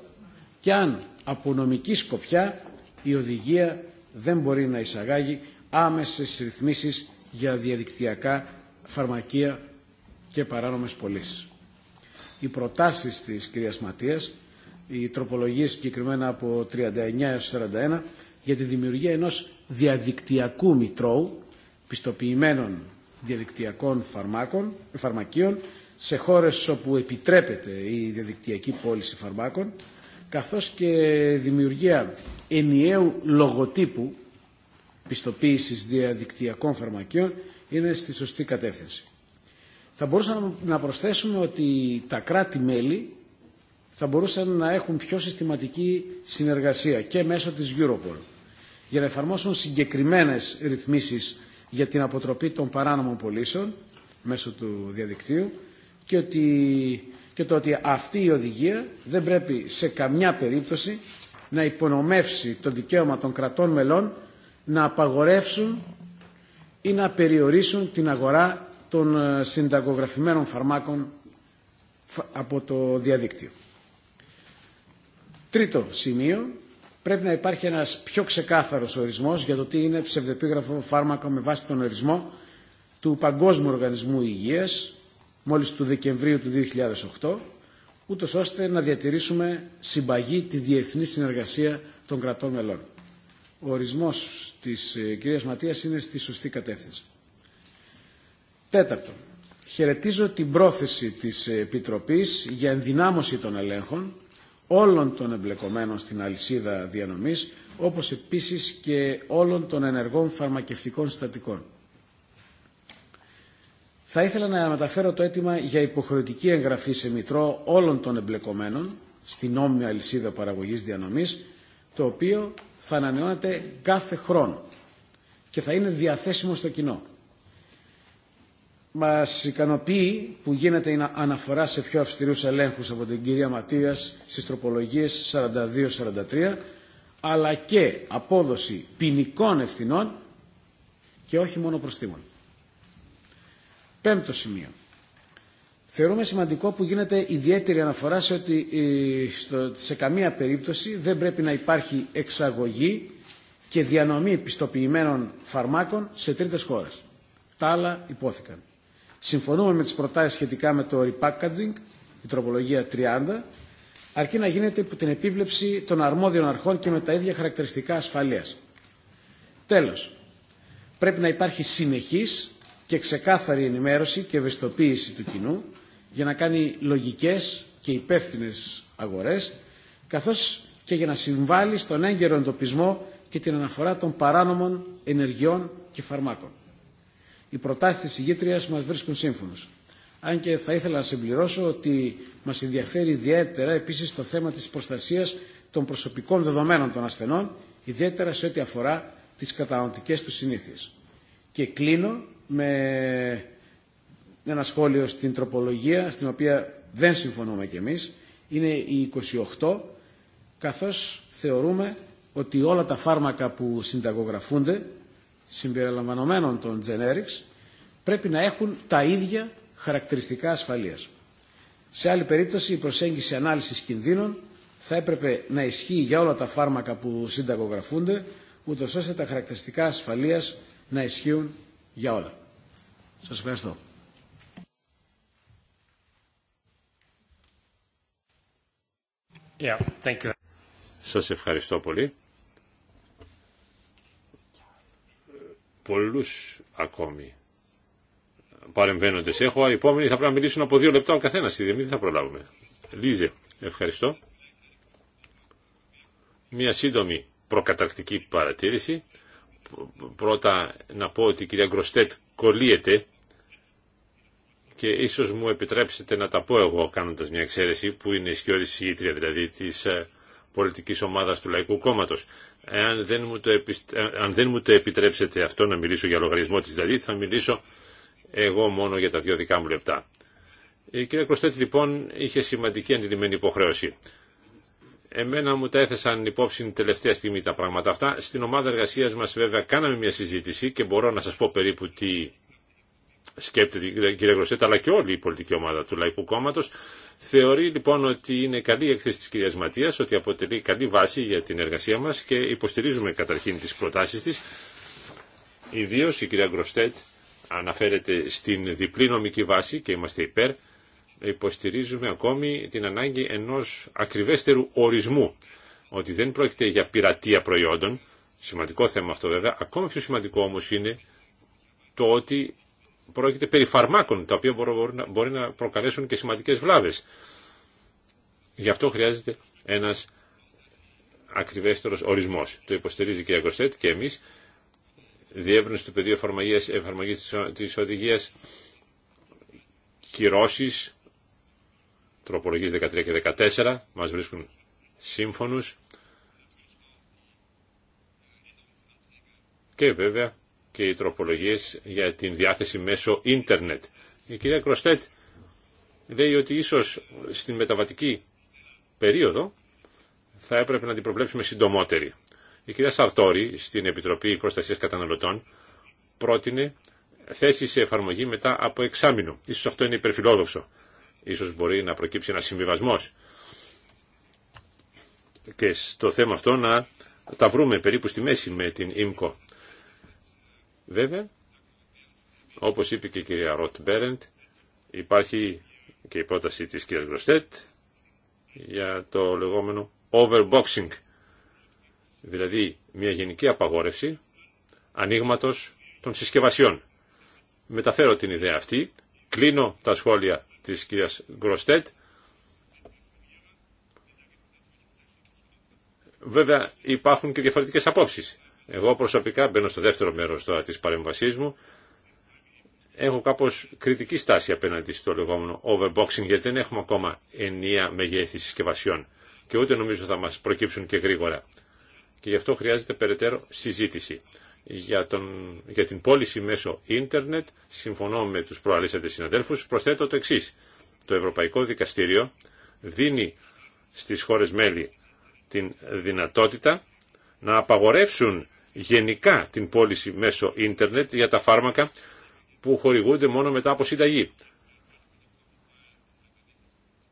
S5: και αν από νομική σκοπιά η οδηγία δεν μπορεί να εισαγάγει άμεσες ρυθμίσεις για διαδικτυακά φαρμακεία και παράνομες πωλήσει. Οι προτάσεις της κυρίας Ματίας, οι τροπολογίες συγκεκριμένα από 39 έως 41, για τη δημιουργία ενός διαδικτυακού μητρώου πιστοποιημένων διαδικτυακών φαρμάκων, φαρμακείων σε χώρες όπου επιτρέπεται η διαδικτυακή πώληση φαρμάκων καθώς και δημιουργία ενιαίου λογοτύπου πιστοποίησης διαδικτυακών φαρμακείων είναι στη σωστή κατεύθυνση. Θα μπορούσαμε να προσθέσουμε ότι τα κράτη-μέλη θα μπορούσαν να έχουν πιο συστηματική συνεργασία και μέσω της Europol για να εφαρμόσουν συγκεκριμένες ρυθμίσεις για την αποτροπή των παράνομων πωλήσεων μέσω του διαδικτύου και, ότι, και το ότι αυτή η οδηγία δεν πρέπει σε καμιά περίπτωση να υπονομεύσει το δικαίωμα των κρατών μελών να απαγορεύσουν ή να περιορίσουν την αγορά των ε, συνταγογραφημένων φαρμάκων από το διαδίκτυο. Τρίτο σημείο, πρέπει να υπάρχει ένας πιο ξεκάθαρος ορισμός για το τι είναι ψευδεπίγραφο φάρμακό με βάση τον ορισμό του Παγκόσμιου Οργανισμού Υγείας μόλις του Δεκεμβρίου του 2008, ούτως ώστε να διατηρήσουμε συμπαγή τη διεθνή συνεργασία των κρατών μελών. Ο ορισμός της ε, κυρίας Ματίας είναι στη σωστή κατεύθυνση. Τέταρτον, χαιρετίζω την πρόθεση της Επιτροπής για ενδυνάμωση των ελέγχων όλων των εμπλεκομένων στην αλυσίδα διανομής, όπως επίσης και όλων των ενεργών φαρμακευτικών συστατικών. Θα ήθελα να μεταφέρω το αίτημα για υποχρεωτική εγγραφή σε Μητρό όλων των εμπλεκομένων στην ομοια αλυσίδα παραγωγής διανομής, το οποίο θα ανανεώνεται κάθε χρόνο και θα είναι διαθέσιμο στο κοινό. Μας ικανοποιεί που γίνεται η αναφορά σε πιο αυστηρούς ελέγχου από την κυρία Ματίας στι τροπολογιε 42 42-43, αλλά και απόδοση ποινικών ευθυνών και όχι μόνο προστήμων. Πέμπτο σημείο. Θεωρούμε σημαντικό που γίνεται ιδιαίτερη αναφορά σε ότι ε, σε καμία περίπτωση δεν πρέπει να υπάρχει εξαγωγή και διανομή πιστοποιημένων φαρμάκων σε τρίτες χώρες. Τα άλλα υπόθηκαν. Συμφωνούμε με τις προτάσεις σχετικά με το repackaging, η τροπολογία 30, αρκεί να γίνεται υπό την επίβλεψη των αρμόδιων αρχών και με τα ίδια χαρακτηριστικά ασφαλείας. Τέλος, πρέπει να υπάρχει συνεχής και ξεκάθαρη ενημέρωση και ευαισθητοποίηση του κοινού για να κάνει λογικές και υπεύθυνε αγορές καθώς και για να συμβάλλει στον έγκαιρο εντοπισμό και την αναφορά των παράνομων ενεργειών και φαρμάκων. Οι προτάσεις της ηγήτριας μας βρίσκουν σύμφωνος. Αν και θα ήθελα να συμπληρώσω ότι μας ενδιαφέρει ιδιαίτερα επίσης το θέμα της προστασίας των προσωπικών δεδομένων των ασθενών, ιδιαίτερα σε ό,τι αφορά τις κατανοητικέ του συνήθειε. Και κλείνω με ένα σχόλιο στην τροπολογία, στην οποία δεν συμφωνούμε κι εμείς. Είναι η 28, καθώς θεωρούμε ότι όλα τα φάρμακα που συνταγογραφούνται, συμπεριλαμβανομένων των generics, πρέπει να έχουν τα ίδια χαρακτηριστικά ασφαλείας. Σε άλλη περίπτωση, η προσέγγιση ανάλυσης κινδύνων θα έπρεπε να ισχύει για όλα τα φάρμακα που συνταγογραφούνται, ούτως ώστε τα χαρακτηριστικά ασφαλείας να ισχύουν για όλα. Σας ευχαριστώ.
S2: Yeah,
S3: Σας ευχαριστώ πολύ. Πολλούς ακόμη παρεμβαίνοντες έχω. Οι επόμενοι θα πρέπει να μιλήσουν από δύο λεπτά ο καθένας, Η δεν θα προλάβουμε. Λίζε, ευχαριστώ. Μια σύντομη προκαταρκτική παρατήρηση πρώτα να πω ότι η κυρία Γκροστέτ κολλείεται και ίσως μου επιτρέψετε να τα πω εγώ κάνοντας μια εξαίρεση που είναι η ίτρια δηλαδή της ε, πολιτικής ομάδας του Λαϊκού Κόμματος. Ε, αν δεν μου το επιτρέψετε αυτό να μιλήσω για λογαριασμό της δηλαδή θα μιλήσω εγώ μόνο για τα δύο δικά μου λεπτά. Η κυρία Κροστέτ, λοιπόν είχε σημαντική αντιλημμένη υποχρέωση. Εμένα μου τα έθεσαν υπόψη την τελευταία στιγμή τα πράγματα αυτά. Στην ομάδα εργασίας μας βέβαια κάναμε μια συζήτηση και μπορώ να σας πω περίπου τι σκέπτεται κυρία Γροσέτα αλλά και όλη η πολιτική ομάδα του Λαϊκού Κόμματος. Θεωρεί λοιπόν ότι είναι καλή η έκθεση της κυρίας Ματίας, ότι αποτελεί καλή βάση για την εργασία μας και υποστηρίζουμε καταρχήν τις προτάσεις της. Ιδίω η κυρία Γκροστέτ αναφέρεται στην διπλή νομική βάση και είμαστε υπέρ υποστηρίζουμε ακόμη την ανάγκη ενός ακριβέστερου ορισμού ότι δεν πρόκειται για πειρατεία προϊόντων, σημαντικό θέμα αυτό βέβαια, ακόμη πιο σημαντικό όμως είναι το ότι πρόκειται περί φαρμάκων, τα οποία μπορεί να προκαλέσουν και σημαντικές βλάβες. Γι' αυτό χρειάζεται ένας ακριβέστερος ορισμός. Το υποστηρίζει και η Αγκοστέτ και εμείς. Διεύρυνση του πεδίου εφαρμογής, εφαρμογής της οδηγίας, κυρώσεις, τροπολογίες 13 και 14 μας βρίσκουν σύμφωνους και βέβαια και οι τροπολογίες για την διάθεση μέσω ίντερνετ. Η κυρία Κροστέτ λέει ότι ίσως στην μεταβατική περίοδο θα έπρεπε να την προβλέψουμε συντομότερη. Η κυρία Σαρτόρη στην Επιτροπή Προστασίας Καταναλωτών πρότεινε θέση σε εφαρμογή μετά από εξάμεινο. Ίσως αυτό είναι υπερφιλόδοξο. Ίσως μπορεί να προκύψει ένα συμβιβασμό. Και στο θέμα αυτό να τα βρούμε περίπου στη μέση με την ΙΜΚΟ. Βέβαια, όπως είπε και η κυρία Ροτ Μπέρεντ, υπάρχει και η πρόταση της κυρίας Γκροστέτ για το λεγόμενο overboxing, δηλαδή μια γενική απαγόρευση ανοίγματο των συσκευασιών. Μεταφέρω την ιδέα αυτή, κλείνω τα σχόλια της κυρίας Γκροστέτ. Βέβαια υπάρχουν και διαφορετικές απόψεις. Εγώ προσωπικά μπαίνω στο δεύτερο μέρος τώρα της παρέμβασής μου. Έχω κάπως κριτική στάση απέναντι στο λεγόμενο overboxing γιατί δεν έχουμε ακόμα ενία μεγέθη συσκευασιών και ούτε νομίζω θα μας προκύψουν και γρήγορα. Και γι' αυτό χρειάζεται περαιτέρω συζήτηση για, τον, για την πώληση μέσω ίντερνετ, συμφωνώ με τους προαλήσαντες συναδέλφους, προσθέτω το εξής. Το Ευρωπαϊκό Δικαστήριο δίνει στις χώρες μέλη την δυνατότητα να απαγορεύσουν γενικά την πώληση μέσω ίντερνετ για τα φάρμακα που χορηγούνται μόνο μετά από συνταγή.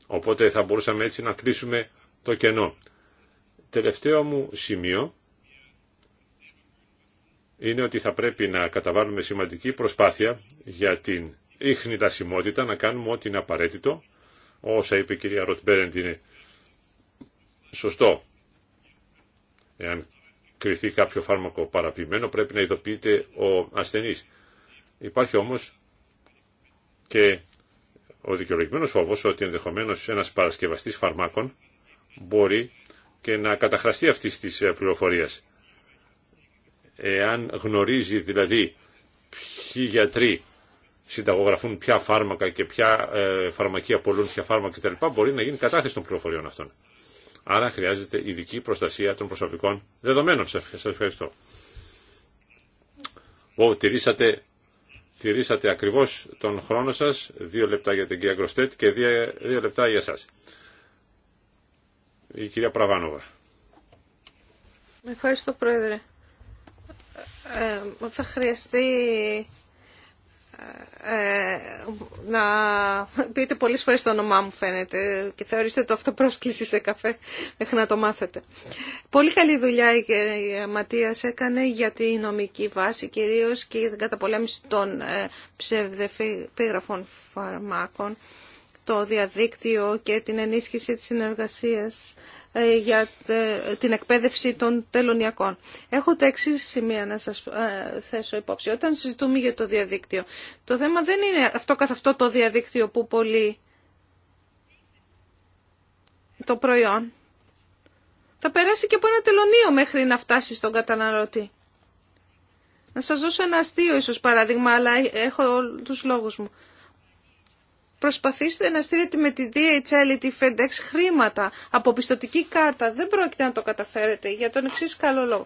S3: Οπότε θα μπορούσαμε έτσι να κλείσουμε το κενό. Τελευταίο μου σημείο είναι ότι θα πρέπει να καταβάλουμε σημαντική προσπάθεια για την ίχνη λασιμότητα να κάνουμε ό,τι είναι απαραίτητο. Όσα είπε η κυρία Ροτμπέρεντ είναι σωστό. Εάν κρυθεί κάποιο φάρμακο παραποιημένο πρέπει να ειδοποιείται ο ασθενής. Υπάρχει όμως και ο δικαιολογημένος φόβος ότι ενδεχομένως ένας παρασκευαστής φαρμάκων μπορεί και να καταχραστεί αυτής της πληροφορίας εάν γνωρίζει δηλαδή ποιοι γιατροί συνταγογραφούν ποια φάρμακα και ποια ε, φαρμακεία πολλούν ποια φάρμακα κτλ. μπορεί να γίνει κατάθεση των πληροφοριών αυτών. Άρα χρειάζεται ειδική προστασία των προσωπικών δεδομένων. Σας ευχαριστώ. Ω, τηρήσατε, τηρήσατε ακριβώς τον χρόνο σας, δύο λεπτά για την κυρία Γκροστέτ και δύο, λεπτά για εσάς. Η κυρία Πραβάνοβα.
S1: Ευχαριστώ Πρόεδρε. Ε, ε, θα χρειαστεί ε, να πείτε πολλές φορές το όνομά μου φαίνεται και θεωρήστε το αυτοπρόσκληση σε καφέ μέχρι να το μάθετε. Πολύ καλή δουλειά η Ματίας έκανε για τη νομική βάση κυρίως και για την καταπολέμηση των ψευδεπίγραφων φαρμάκων το διαδίκτυο και την ενίσχυση της συνεργασίας ε, για ε, την εκπαίδευση των τελωνιακών. Έχω τα εξή σημεία να σας ε, θέσω υπόψη. Όταν συζητούμε για το διαδίκτυο, το θέμα δεν είναι αυτό καθ' αυτό το διαδίκτυο που πολύ το προϊόν. Θα περάσει και από ένα τελωνίο μέχρι να φτάσει στον καταναλωτή. Να σας δώσω ένα αστείο ίσως παράδειγμα, αλλά έχω τους λόγους μου. Προσπαθήστε να στείλετε με τη DHL ή τη FedEx χρήματα από πιστοτική κάρτα. Δεν πρόκειται να το καταφέρετε για τον εξή καλό λόγο.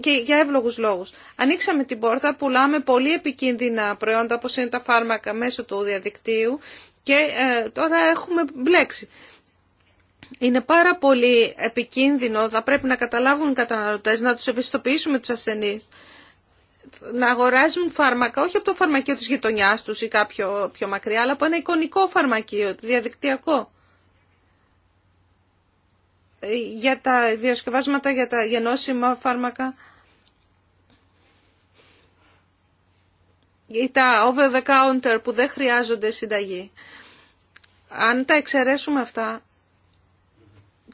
S1: και για εύλογου λόγου. Ανοίξαμε την πόρτα, πουλάμε πολύ επικίνδυνα προϊόντα όπω είναι τα φάρμακα μέσω του διαδικτύου και ε, τώρα έχουμε μπλέξει. Είναι πάρα πολύ επικίνδυνο, θα πρέπει να καταλάβουν οι καταναλωτές, να τους ευαισθητοποιήσουμε τους ασθενείς να αγοράζουν φάρμακα όχι από το φαρμακείο της γειτονιάς τους ή κάποιο πιο μακριά, αλλά από ένα εικονικό φαρμακείο, διαδικτυακό. Ε, για τα διασκευάσματα, για τα γενώσιμα φάρμακα. Ή τα over the counter που δεν χρειάζονται συνταγή. Αν τα εξαιρέσουμε αυτά,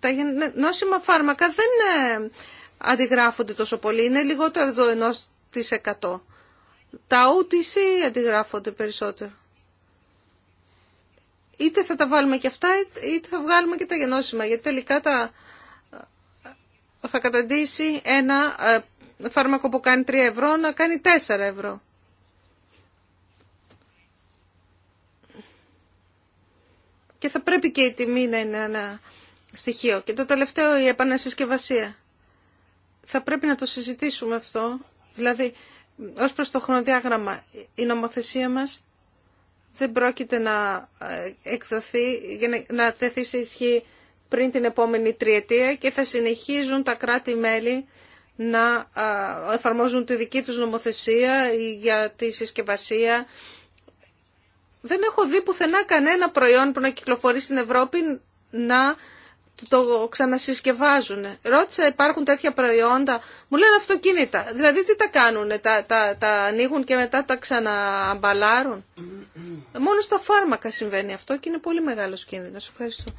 S1: τα γενώσιμα φάρμακα δεν ε, αντιγράφονται τόσο πολύ. Είναι λιγότερο το τα OTC αντιγράφονται περισσότερο. Είτε θα τα βάλουμε και αυτά, είτε θα βγάλουμε και τα γενώσιμα, γιατί τελικά τα... θα καταντήσει ένα ε, φάρμακο που κάνει 3 ευρώ να κάνει 4 ευρώ. Και θα πρέπει και η τιμή να είναι ένα στοιχείο. Και το τελευταίο, η επανασυσκευασία. Θα πρέπει να το συζητήσουμε αυτό Δηλαδή, ως προς το χρονοδιάγραμμα, η νομοθεσία μας δεν πρόκειται να ε, εκδοθεί, να τεθεί σε ισχύ πριν την επόμενη τριετία και θα συνεχίζουν τα κράτη-μέλη να ε, εφαρμόζουν τη δική τους νομοθεσία για τη συσκευασία. Δεν έχω δει πουθενά κανένα προϊόν που να κυκλοφορεί στην Ευρώπη να το ξανασυσκευάζουν. Ρώτησα, υπάρχουν τέτοια προϊόντα. Μου λένε αυτοκίνητα. Δηλαδή τι τα κάνουν, τα, τα, τα ανοίγουν και μετά τα ξανααμπαλάρουν. [CLEARS THROAT] Μόνο στα φάρμακα συμβαίνει αυτό και είναι πολύ μεγάλο κίνδυνο. Ευχαριστώ.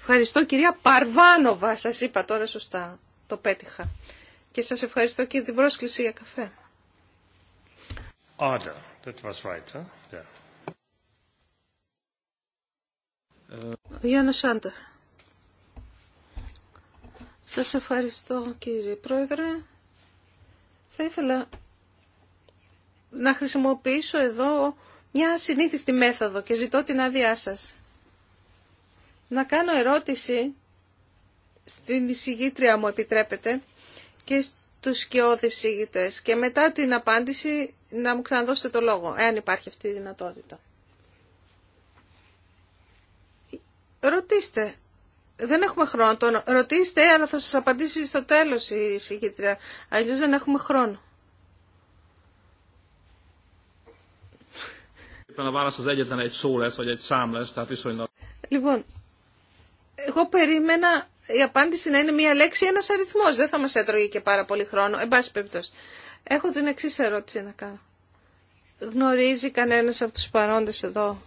S1: Ευχαριστώ κυρία Παρβάνοβα, σας είπα τώρα σωστά, το πέτυχα. Και σα ευχαριστώ και την πρόσκληση για καφέ. Γιάννα Σάντα. Σας ευχαριστώ κύριε Πρόεδρε. Θα ήθελα να χρησιμοποιήσω εδώ μια συνήθιστη μέθοδο και ζητώ την άδειά σας. Να κάνω ερώτηση στην εισηγήτρια μου επιτρέπετε και στους σκιώδεις εισηγητές και μετά την απάντηση να μου ξαναδώσετε το λόγο, εάν υπάρχει αυτή η δυνατότητα. Ρωτήστε. Δεν έχουμε χρόνο. ρωτήστε, αλλά θα σας απαντήσει στο τέλος η συγκήτρια. Αλλιώς δεν έχουμε χρόνο. Λοιπόν, εγώ περίμενα η απάντηση να είναι μία λέξη ή ένας αριθμός. Δεν θα μας έτρωγε και πάρα πολύ χρόνο. Εν πάση περιπτώσει. Έχω την εξής ερώτηση να κάνω. Γνωρίζει κανένας από τους παρόντες εδώ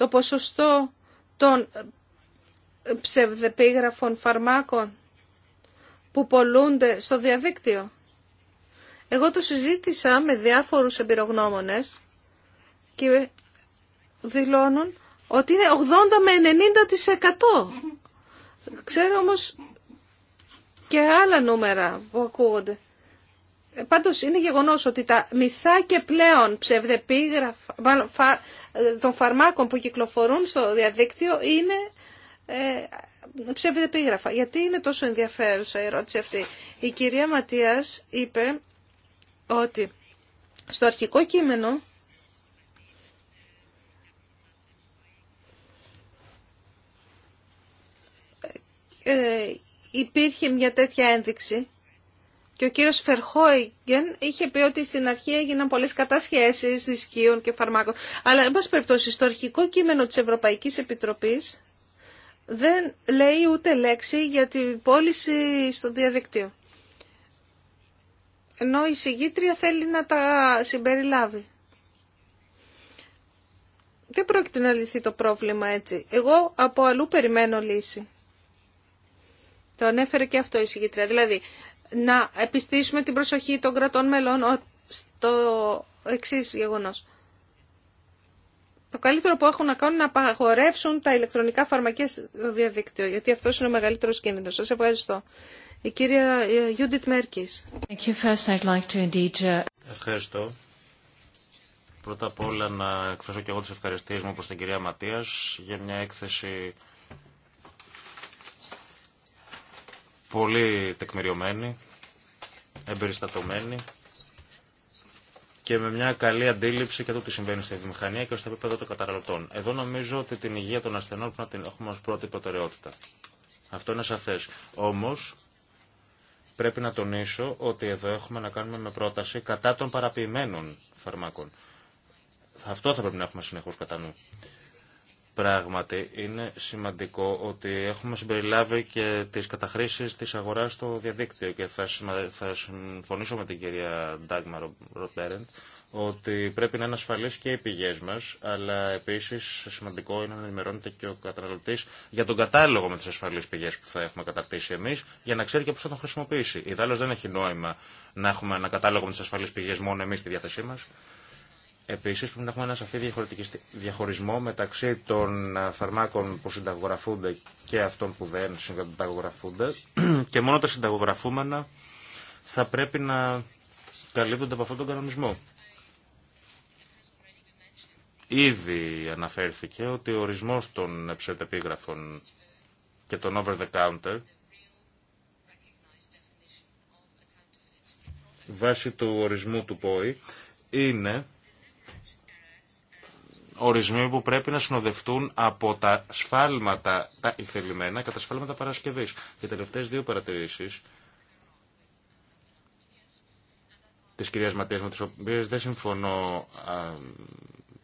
S1: το ποσοστό των ψευδεπίγραφων φαρμάκων που πολλούνται στο διαδίκτυο. Εγώ το συζήτησα με διάφορους εμπειρογνώμονες και δηλώνουν ότι είναι 80 με 90%. Ξέρω όμως και άλλα νούμερα που ακούγονται. Ε, πάντως είναι γεγονός ότι τα μισά και πλέον ψευδεπίγραφα, των φαρμάκων που κυκλοφορούν στο διαδίκτυο είναι ε, Γιατί είναι τόσο ενδιαφέρουσα η ερώτηση αυτή. Η κυρία Ματίας είπε ότι στο αρχικό κείμενο ε, ε υπήρχε μια τέτοια ένδειξη και ο κύριος Φερχόιγκεν είχε πει ότι στην αρχή έγιναν πολλές κατασχέσεις δισκίων και φαρμάκων. Αλλά, εν πάση περιπτώσει, στο αρχικό κείμενο της Ευρωπαϊκής Επιτροπής δεν λέει ούτε λέξη για την πώληση στο διαδικτύο. Ενώ η συγγήτρια θέλει να τα συμπεριλάβει. Δεν πρόκειται να λυθεί το πρόβλημα έτσι. Εγώ από αλλού περιμένω λύση. Το ανέφερε και αυτό η συγκήτρια. Δηλαδή, να επιστήσουμε την προσοχή των κρατών μελών στο εξή γεγονός. Το καλύτερο που έχουν να κάνουν είναι να απαγορεύσουν τα ηλεκτρονικά φαρμακεία στο διαδίκτυο, γιατί αυτός είναι ο μεγαλύτερος κίνδυνος. Σας ευχαριστώ. Η κυρία Γιούντιτ ε, Μέρκης. Uh,
S4: ευχαριστώ. Πρώτα απ' όλα να εκφράσω και εγώ τις ευχαριστίες μου προς την κυρία Ματίας για μια έκθεση πολύ τεκμηριωμένη, εμπεριστατωμένη και με μια καλή αντίληψη για το τι συμβαίνει στη βιομηχανία και στο επίπεδο των καταναλωτών. Εδώ νομίζω ότι την υγεία των ασθενών πρέπει να την έχουμε ω πρώτη προτεραιότητα. Αυτό είναι σαφές. Όμω, πρέπει να τονίσω ότι εδώ έχουμε να κάνουμε με πρόταση κατά των παραποιημένων φαρμάκων. Αυτό θα πρέπει να έχουμε συνεχώ κατά νου. Πράγματι, είναι σημαντικό ότι έχουμε συμπεριλάβει και τις καταχρήσεις της αγοράς στο διαδίκτυο και θα, θα συμφωνήσω με την κυρία Ντάγμα Ροτέρεντ ότι πρέπει να είναι ασφαλείς και οι πηγές μας, αλλά επίσης σημαντικό είναι να ενημερώνεται και ο καταναλωτής για τον κατάλογο με τις ασφαλείς πηγές που θα έχουμε καταρτήσει εμείς, για να ξέρει και πώς θα τον χρησιμοποιήσει. Ιδάλλως δεν έχει νόημα να έχουμε ένα κατάλογο με τις ασφαλείς πηγές μόνο εμείς στη διάθεσή μας. Επίση, πρέπει να έχουμε ένα σαφή διαχωρισμό μεταξύ των ε, φαρμάκων που συνταγογραφούνται και αυτών που δεν συνταγογραφούνται [CLEARS THROAT] και μόνο τα συνταγογραφούμενα θα πρέπει να καλύπτονται από αυτόν τον κανονισμό. Ήδη αναφέρθηκε ότι ο ορισμός των ψευδεπίγραφων και των over the counter βάσει του ορισμού του ΠΟΗ είναι ορισμοί που πρέπει να συνοδευτούν από τα σφάλματα, τα ηθελημένα και τα σφάλματα παρασκευής. Και τελευταίε δύο παρατηρήσει της κυρία Ματίας με τι οποίε δεν συμφωνώ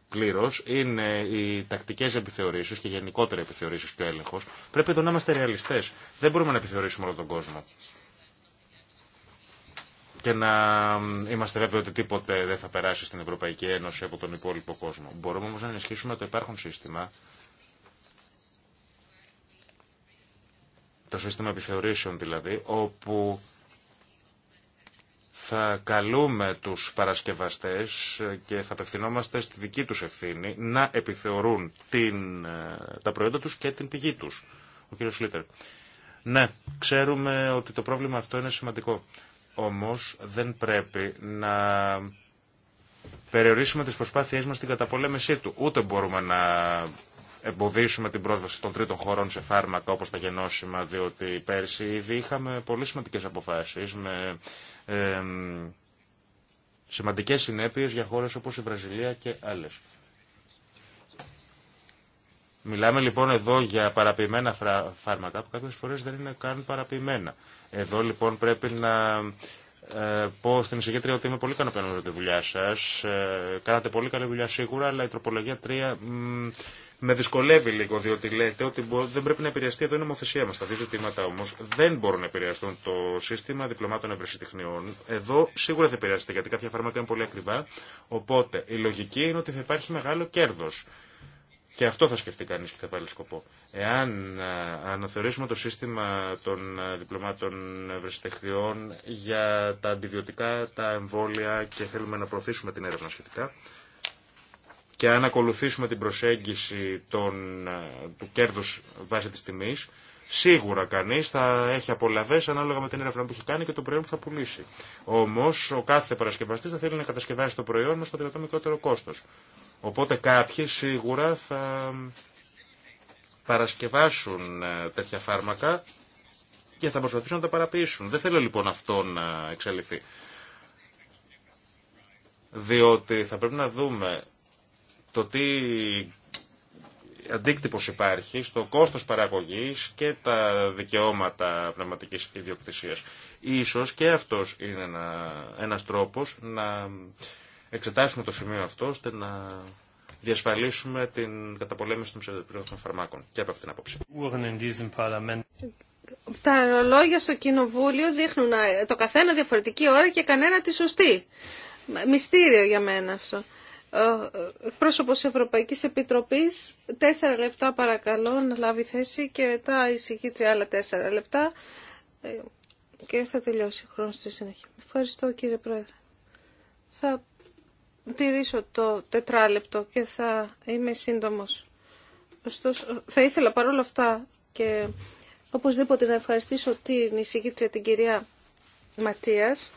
S4: πλήρω είναι οι τακτικέ επιθεωρήσεις και γενικότερα επιθεωρήσεις και ο έλεγχο. Πρέπει εδώ να είμαστε ρεαλιστέ. Δεν μπορούμε να επιθεωρήσουμε όλο τον κόσμο και να είμαστε βέβαιοι ότι τίποτε δεν θα περάσει στην Ευρωπαϊκή Ένωση από τον υπόλοιπο κόσμο. Μπορούμε όμως να ενισχύσουμε το υπάρχον σύστημα, το σύστημα επιθεωρήσεων δηλαδή, όπου θα καλούμε τους παρασκευαστές και θα απευθυνόμαστε στη δική τους ευθύνη να επιθεωρούν την, τα προϊόντα τους και την πηγή τους. Ο κύριος Ναι, ξέρουμε ότι το πρόβλημα αυτό είναι σημαντικό. Όμως δεν πρέπει να περιορίσουμε τις προσπάθειές μας στην καταπολέμησή του. Ούτε μπορούμε να εμποδίσουμε την πρόσβαση των τρίτων χωρών σε φάρμακα όπως τα γενώσιμα, διότι πέρσι ήδη είχαμε πολύ σημαντικές αποφάσεις με ε, σημαντικές συνέπειες για χώρες όπως η Βραζιλία και άλλες. Μιλάμε λοιπόν εδώ για παραποιημένα φάρμακα που κάποιες φορές δεν είναι καν παραποιημένα. Εδώ λοιπόν πρέπει να ε, πω στην εισηγήτρια ότι είμαι πολύ ικανοποιημένο με τη δουλειά σα. Ε, κάνατε πολύ καλή δουλειά σίγουρα, αλλά η τροπολογία 3 με δυσκολεύει λίγο, διότι λέτε ότι δεν πρέπει να επηρεαστεί εδώ η νομοθεσία μα. Τα δύο ζητήματα όμω δεν μπορούν να επηρεαστούν το σύστημα διπλωμάτων ευρεσιτεχνιών. Εδώ σίγουρα θα επηρεαστεί, γιατί κάποια φάρμακα είναι πολύ ακριβά. Οπότε η λογική είναι ότι θα υπάρχει μεγάλο κέρδο. Και αυτό θα σκεφτεί κανείς και θα βάλει σκοπό. Εάν αναθεωρήσουμε το σύστημα των διπλωμάτων ευρεσιτεχνιών για τα αντιβιωτικά, τα εμβόλια και θέλουμε να προωθήσουμε την έρευνα σχετικά, και αν ακολουθήσουμε την προσέγγιση των, του κέρδους βάσει της τιμής, Σίγουρα κανεί θα έχει απολαυέ ανάλογα με την έρευνα που έχει κάνει και το προϊόν που θα πουλήσει. Όμω ο κάθε παρασκευαστή θα θέλει να κατασκευάσει το προϊόν μα στο δυνατό μικρότερο κόστο. Οπότε κάποιοι σίγουρα θα παρασκευάσουν ε, τέτοια φάρμακα και θα προσπαθήσουν να τα παραποιήσουν. Δεν θέλω λοιπόν αυτό να εξελιχθεί. Διότι θα πρέπει να δούμε το τι αντίκτυπος υπάρχει στο κόστος παραγωγής και τα δικαιώματα πνευματικής ιδιοκτησίας. Ίσως και αυτός είναι ένα, ένας τρόπος να εξετάσουμε το σημείο αυτό ώστε να διασφαλίσουμε την καταπολέμηση των ψευδοπλήρων φαρμάκων και από αυτήν την άποψη.
S1: Τα ρολόγια στο κοινοβούλιο δείχνουν το καθένα διαφορετική ώρα και κανένα τη σωστή. Μυστήριο για μένα αυτό. Πρόσωπος Ευρωπαϊκής Επιτροπής, τέσσερα λεπτά παρακαλώ να λάβει θέση και μετά η άλλα τέσσερα λεπτά ε, και θα τελειώσει ο χρόνο στη συνέχεια. Ευχαριστώ κύριε Πρόεδρε. Θα τηρήσω το τετράλεπτο και θα είμαι σύντομος. Ωστόσο, θα ήθελα παρόλα αυτά και οπωσδήποτε να ευχαριστήσω την εισηγήτρια την κυρία Ματίας.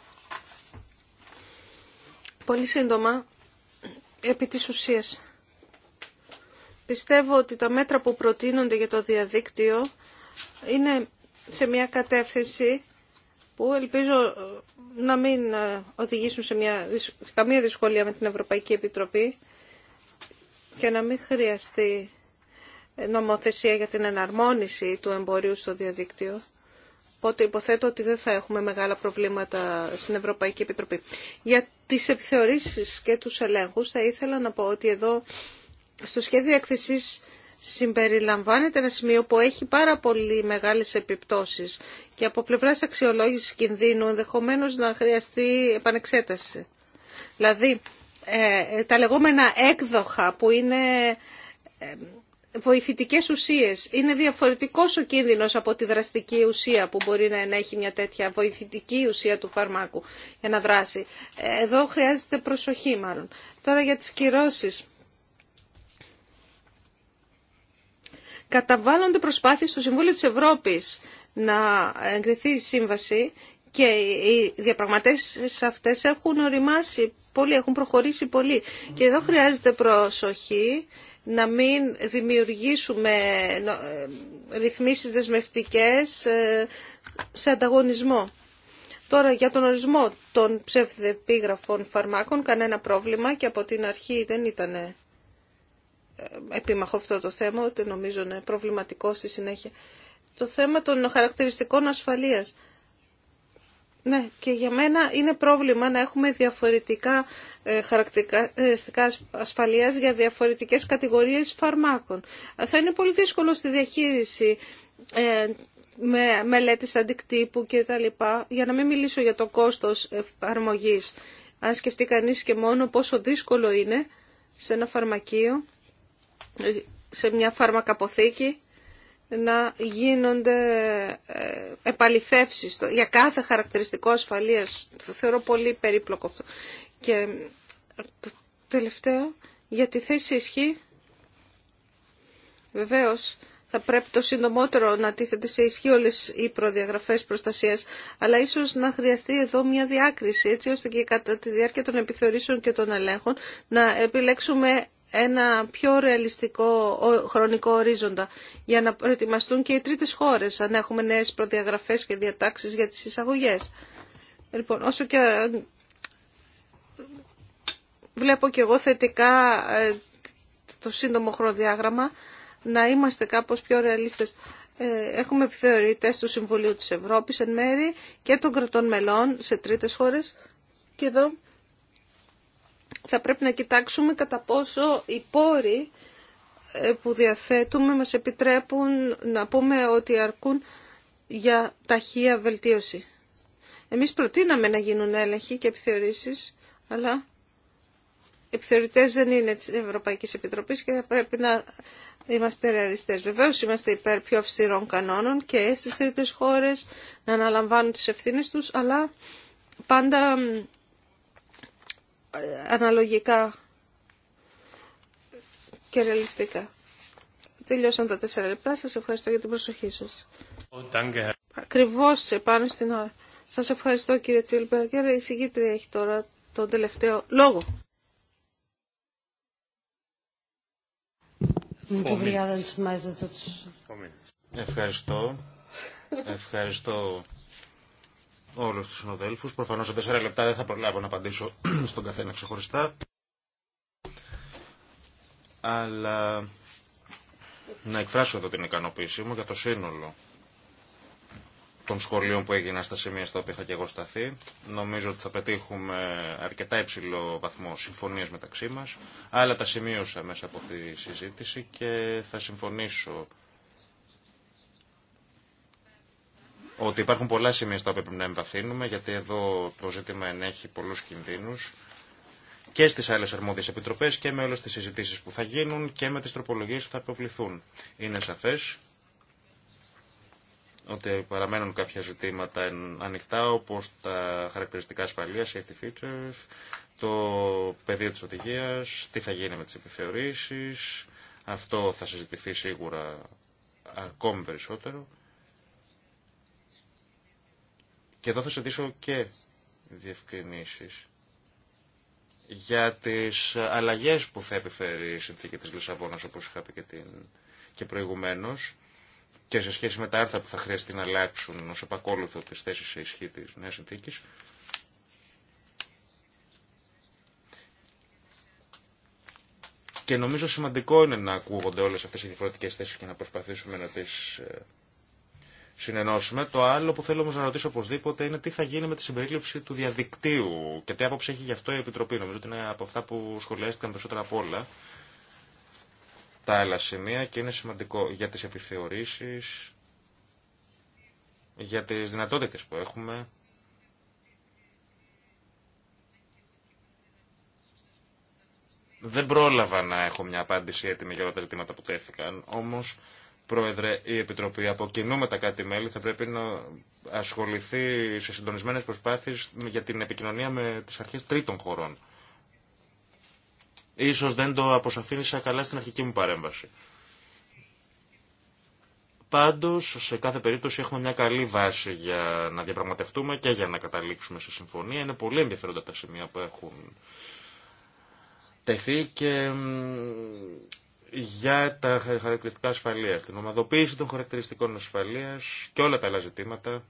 S1: Πολύ σύντομα, επί της ουσίας. Πιστεύω ότι τα μέτρα που προτείνονται για το διαδίκτυο είναι σε μια κατεύθυνση που ελπίζω να μην ε, οδηγήσουν σε μια, καμία δυσκολία με την Ευρωπαϊκή Επιτροπή και να μην χρειαστεί νομοθεσία για την εναρμόνιση του εμπορίου στο διαδίκτυο. Οπότε υποθέτω ότι δεν θα έχουμε μεγάλα προβλήματα στην Ευρωπαϊκή Επιτροπή. Για τις επιθεωρήσεις και τους ελέγχους θα ήθελα να πω ότι εδώ στο σχέδιο έκθεσης συμπεριλαμβάνεται ένα σημείο που έχει πάρα πολύ μεγάλες επιπτώσεις και από πλευράς αξιολόγησης κινδύνου ενδεχομένω να χρειαστεί επανεξέταση. Δηλαδή, ε, ε, τα λεγόμενα έκδοχα που είναι ε, βοηθητικές ουσίες. Είναι διαφορετικός ο κίνδυνος από τη δραστική ουσία που μπορεί να έχει μια τέτοια βοηθητική ουσία του φαρμάκου για να δράσει. Εδώ χρειάζεται προσοχή μάλλον. Τώρα για τις κυρώσεις. καταβάλλονται προσπάθειες στο Συμβούλιο της Ευρώπης να εγκριθεί η σύμβαση και οι διαπραγματεύσεις αυτές έχουν οριμάσει πολύ, έχουν προχωρήσει πολύ. Και εδώ χρειάζεται προσοχή να μην δημιουργήσουμε ε, ρυθμίσεις δεσμευτικές ε, σε ανταγωνισμό. Τώρα για τον ορισμό των ψευδεπίγραφων φαρμάκων κανένα πρόβλημα και από την αρχή δεν ήταν ε, επίμαχο αυτό το θέμα, ότι νομίζω είναι προβληματικό στη συνέχεια. Το θέμα των χαρακτηριστικών ασφαλείας. Ναι, και για μένα είναι πρόβλημα να έχουμε διαφορετικά ε, χαρακτηριστικά ε, ασφαλείας για διαφορετικές κατηγορίες φαρμάκων. Θα είναι πολύ δύσκολο στη διαχείριση με μελέτης αντικτύπου και τα λοιπά, για να μην μιλήσω για το κόστος αρμογής. Αν σκεφτεί κανείς και μόνο πόσο δύσκολο είναι σε ένα φαρμακείο σε μια φαρμακαποθήκη να γίνονται ε, επαληθεύσεις για κάθε χαρακτηριστικό ασφαλείας. Το θεωρώ πολύ περίπλοκο αυτό. Και ε, το τελευταίο, για τη θέση ισχύ, βεβαίως θα πρέπει το συντομότερο να τίθεται σε ισχύ όλες οι προδιαγραφές προστασίας, αλλά ίσως να χρειαστεί εδώ μια διάκριση, έτσι ώστε και κατά τη διάρκεια των επιθεωρήσεων και των ελέγχων να επιλέξουμε ένα πιο ρεαλιστικό χρονικό ορίζοντα για να προετοιμαστούν και οι τρίτες χώρες αν έχουμε νέες προδιαγραφές και διατάξεις για τις εισαγωγές. Λοιπόν, όσο και βλέπω και εγώ θετικά ε, το σύντομο χρονοδιάγραμμα να είμαστε κάπως πιο ρεαλίστες. Ε, έχουμε επιθεωρητές του Συμβουλίου της Ευρώπης εν μέρη και των κρατών μελών σε τρίτες χώρες και εδώ θα πρέπει να κοιτάξουμε κατά πόσο οι πόροι ε, που διαθέτουμε μας επιτρέπουν να πούμε ότι αρκούν για ταχεία βελτίωση. Εμείς προτείναμε να γίνουν έλεγχοι και επιθεωρήσεις, αλλά επιθεωρητές δεν είναι της Ευρωπαϊκής Επιτροπής και θα πρέπει να είμαστε ρεαλιστές. Βεβαίως είμαστε υπέρ πιο αυστηρών κανόνων και στις τρίτες χώρες να αναλαμβάνουν τις ευθύνες τους, αλλά πάντα αναλογικά και ρεαλιστικά. Τελειώσαν τα τέσσερα λεπτά. Σας ευχαριστώ για την προσοχή σας.
S2: Oh,
S1: Ακριβώς επάνω στην ώρα. Σας ευχαριστώ κύριε Τιλμπεργκερ. Η συγκήτρια έχει τώρα τον τελευταίο λόγο.
S4: Ευχαριστώ. Ευχαριστώ όλους τους συνοδέλφους. Προφανώς σε τέσσερα λεπτά δεν θα προλάβω να απαντήσω [CLEARS THROAT] στον καθένα ξεχωριστά. Αλλά να εκφράσω εδώ την ικανοποίησή μου για το σύνολο των σχολείων που έγιναν στα σημεία στα οποία είχα και εγώ σταθεί. Νομίζω ότι θα πετύχουμε αρκετά υψηλό βαθμό συμφωνία μεταξύ μας. Άλλα τα σημείωσα μέσα από τη συζήτηση και θα συμφωνήσω ότι υπάρχουν πολλά σημεία στα οποία πρέπει να εμβαθύνουμε, γιατί εδώ το ζήτημα ενέχει πολλούς κινδύνους και στις άλλες αρμόδιες επιτροπέ και με όλες τις συζητήσει που θα γίνουν και με τις τροπολογίες που θα προβληθούν. Είναι σαφές ότι παραμένουν κάποια ζητήματα ανοιχτά, όπως τα χαρακτηριστικά ασφαλεία, safety features, το πεδίο της οδηγίας, τι θα γίνει με τις επιθεωρήσεις. Αυτό θα συζητηθεί σίγουρα ακόμη περισσότερο. Και εδώ θα συζητήσω και διευκρινήσεις για τις αλλαγές που θα επιφέρει η συνθήκη της Λισαβόνας, όπως είχα πει και, την... και προηγουμένως, και σε σχέση με τα άρθρα που θα χρειαστεί να αλλάξουν ως επακόλουθο τις θέσεις σε ισχύ της νέας συνθήκης. Και νομίζω σημαντικό είναι να ακούγονται όλες αυτές οι διαφορετικές θέσεις και να προσπαθήσουμε να τις ε, συνενώσουμε. Το άλλο που θέλω όμω να ρωτήσω οπωσδήποτε είναι τι θα γίνει με τη συμπερίληψη του διαδικτύου και τι άποψη έχει γι' αυτό η Επιτροπή. Νομίζω ότι είναι από αυτά που σχολιάστηκαν περισσότερα από όλα τα άλλα σημεία και είναι σημαντικό για τις επιθεωρήσεις, για τις δυνατότητες που έχουμε. Δεν πρόλαβα να έχω μια απάντηση έτοιμη για όλα τα ζητήματα που τέθηκαν, όμως Πρόεδρε, η Επιτροπή από κοινού με τα κάτι μέλη θα πρέπει να ασχοληθεί σε συντονισμένες προσπάθειες για την επικοινωνία με τις αρχές τρίτων χωρών. Ίσως δεν το αποσαφήνισα καλά στην αρχική μου παρέμβαση. Πάντως, σε κάθε περίπτωση έχουμε μια καλή βάση για να διαπραγματευτούμε και για να καταλήξουμε σε συμφωνία. Είναι πολύ ενδιαφέροντα τα σημεία που έχουν τεθεί και για τα χαρακτηριστικά ασφαλεία. την ομαδοποίηση των χαρακτηριστικών ασφαλείας και όλα τα άλλα ζητήματα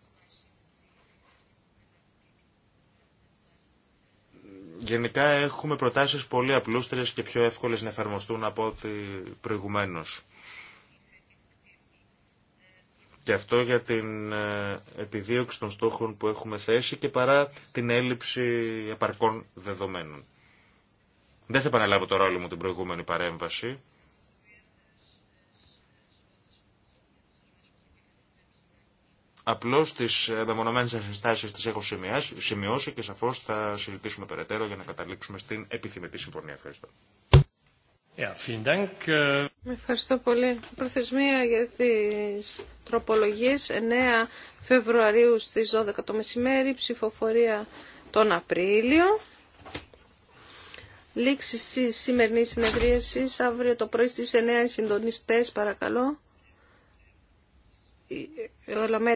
S4: γενικά έχουμε προτάσεις πολύ απλούστερες και πιο εύκολες να εφαρμοστούν από ό,τι προηγουμένως. Και αυτό για την ε, επιδίωξη των στόχων που έχουμε θέσει και παρά την έλλειψη επαρκών δεδομένων. Δεν θα επαναλάβω το ρόλο μου την προηγούμενη παρέμβαση. Απλώ τι μεμονωμένε ενστάσει τι έχω σημειώσει και σαφώ θα συζητήσουμε περαιτέρω για να καταλήξουμε στην επιθυμητή συμφωνία. Ευχαριστώ.
S2: Yeah, ε.
S1: Ευχαριστώ πολύ. Προθεσμία για τις τροπολογίες 9 Φεβρουαρίου στις 12 το μεσημέρι, ψηφοφορία τον Απρίλιο. Λήξη τη σημερινή συνεδρίαση, αύριο το πρωί στι 9 οι συντονιστές παρακαλώ.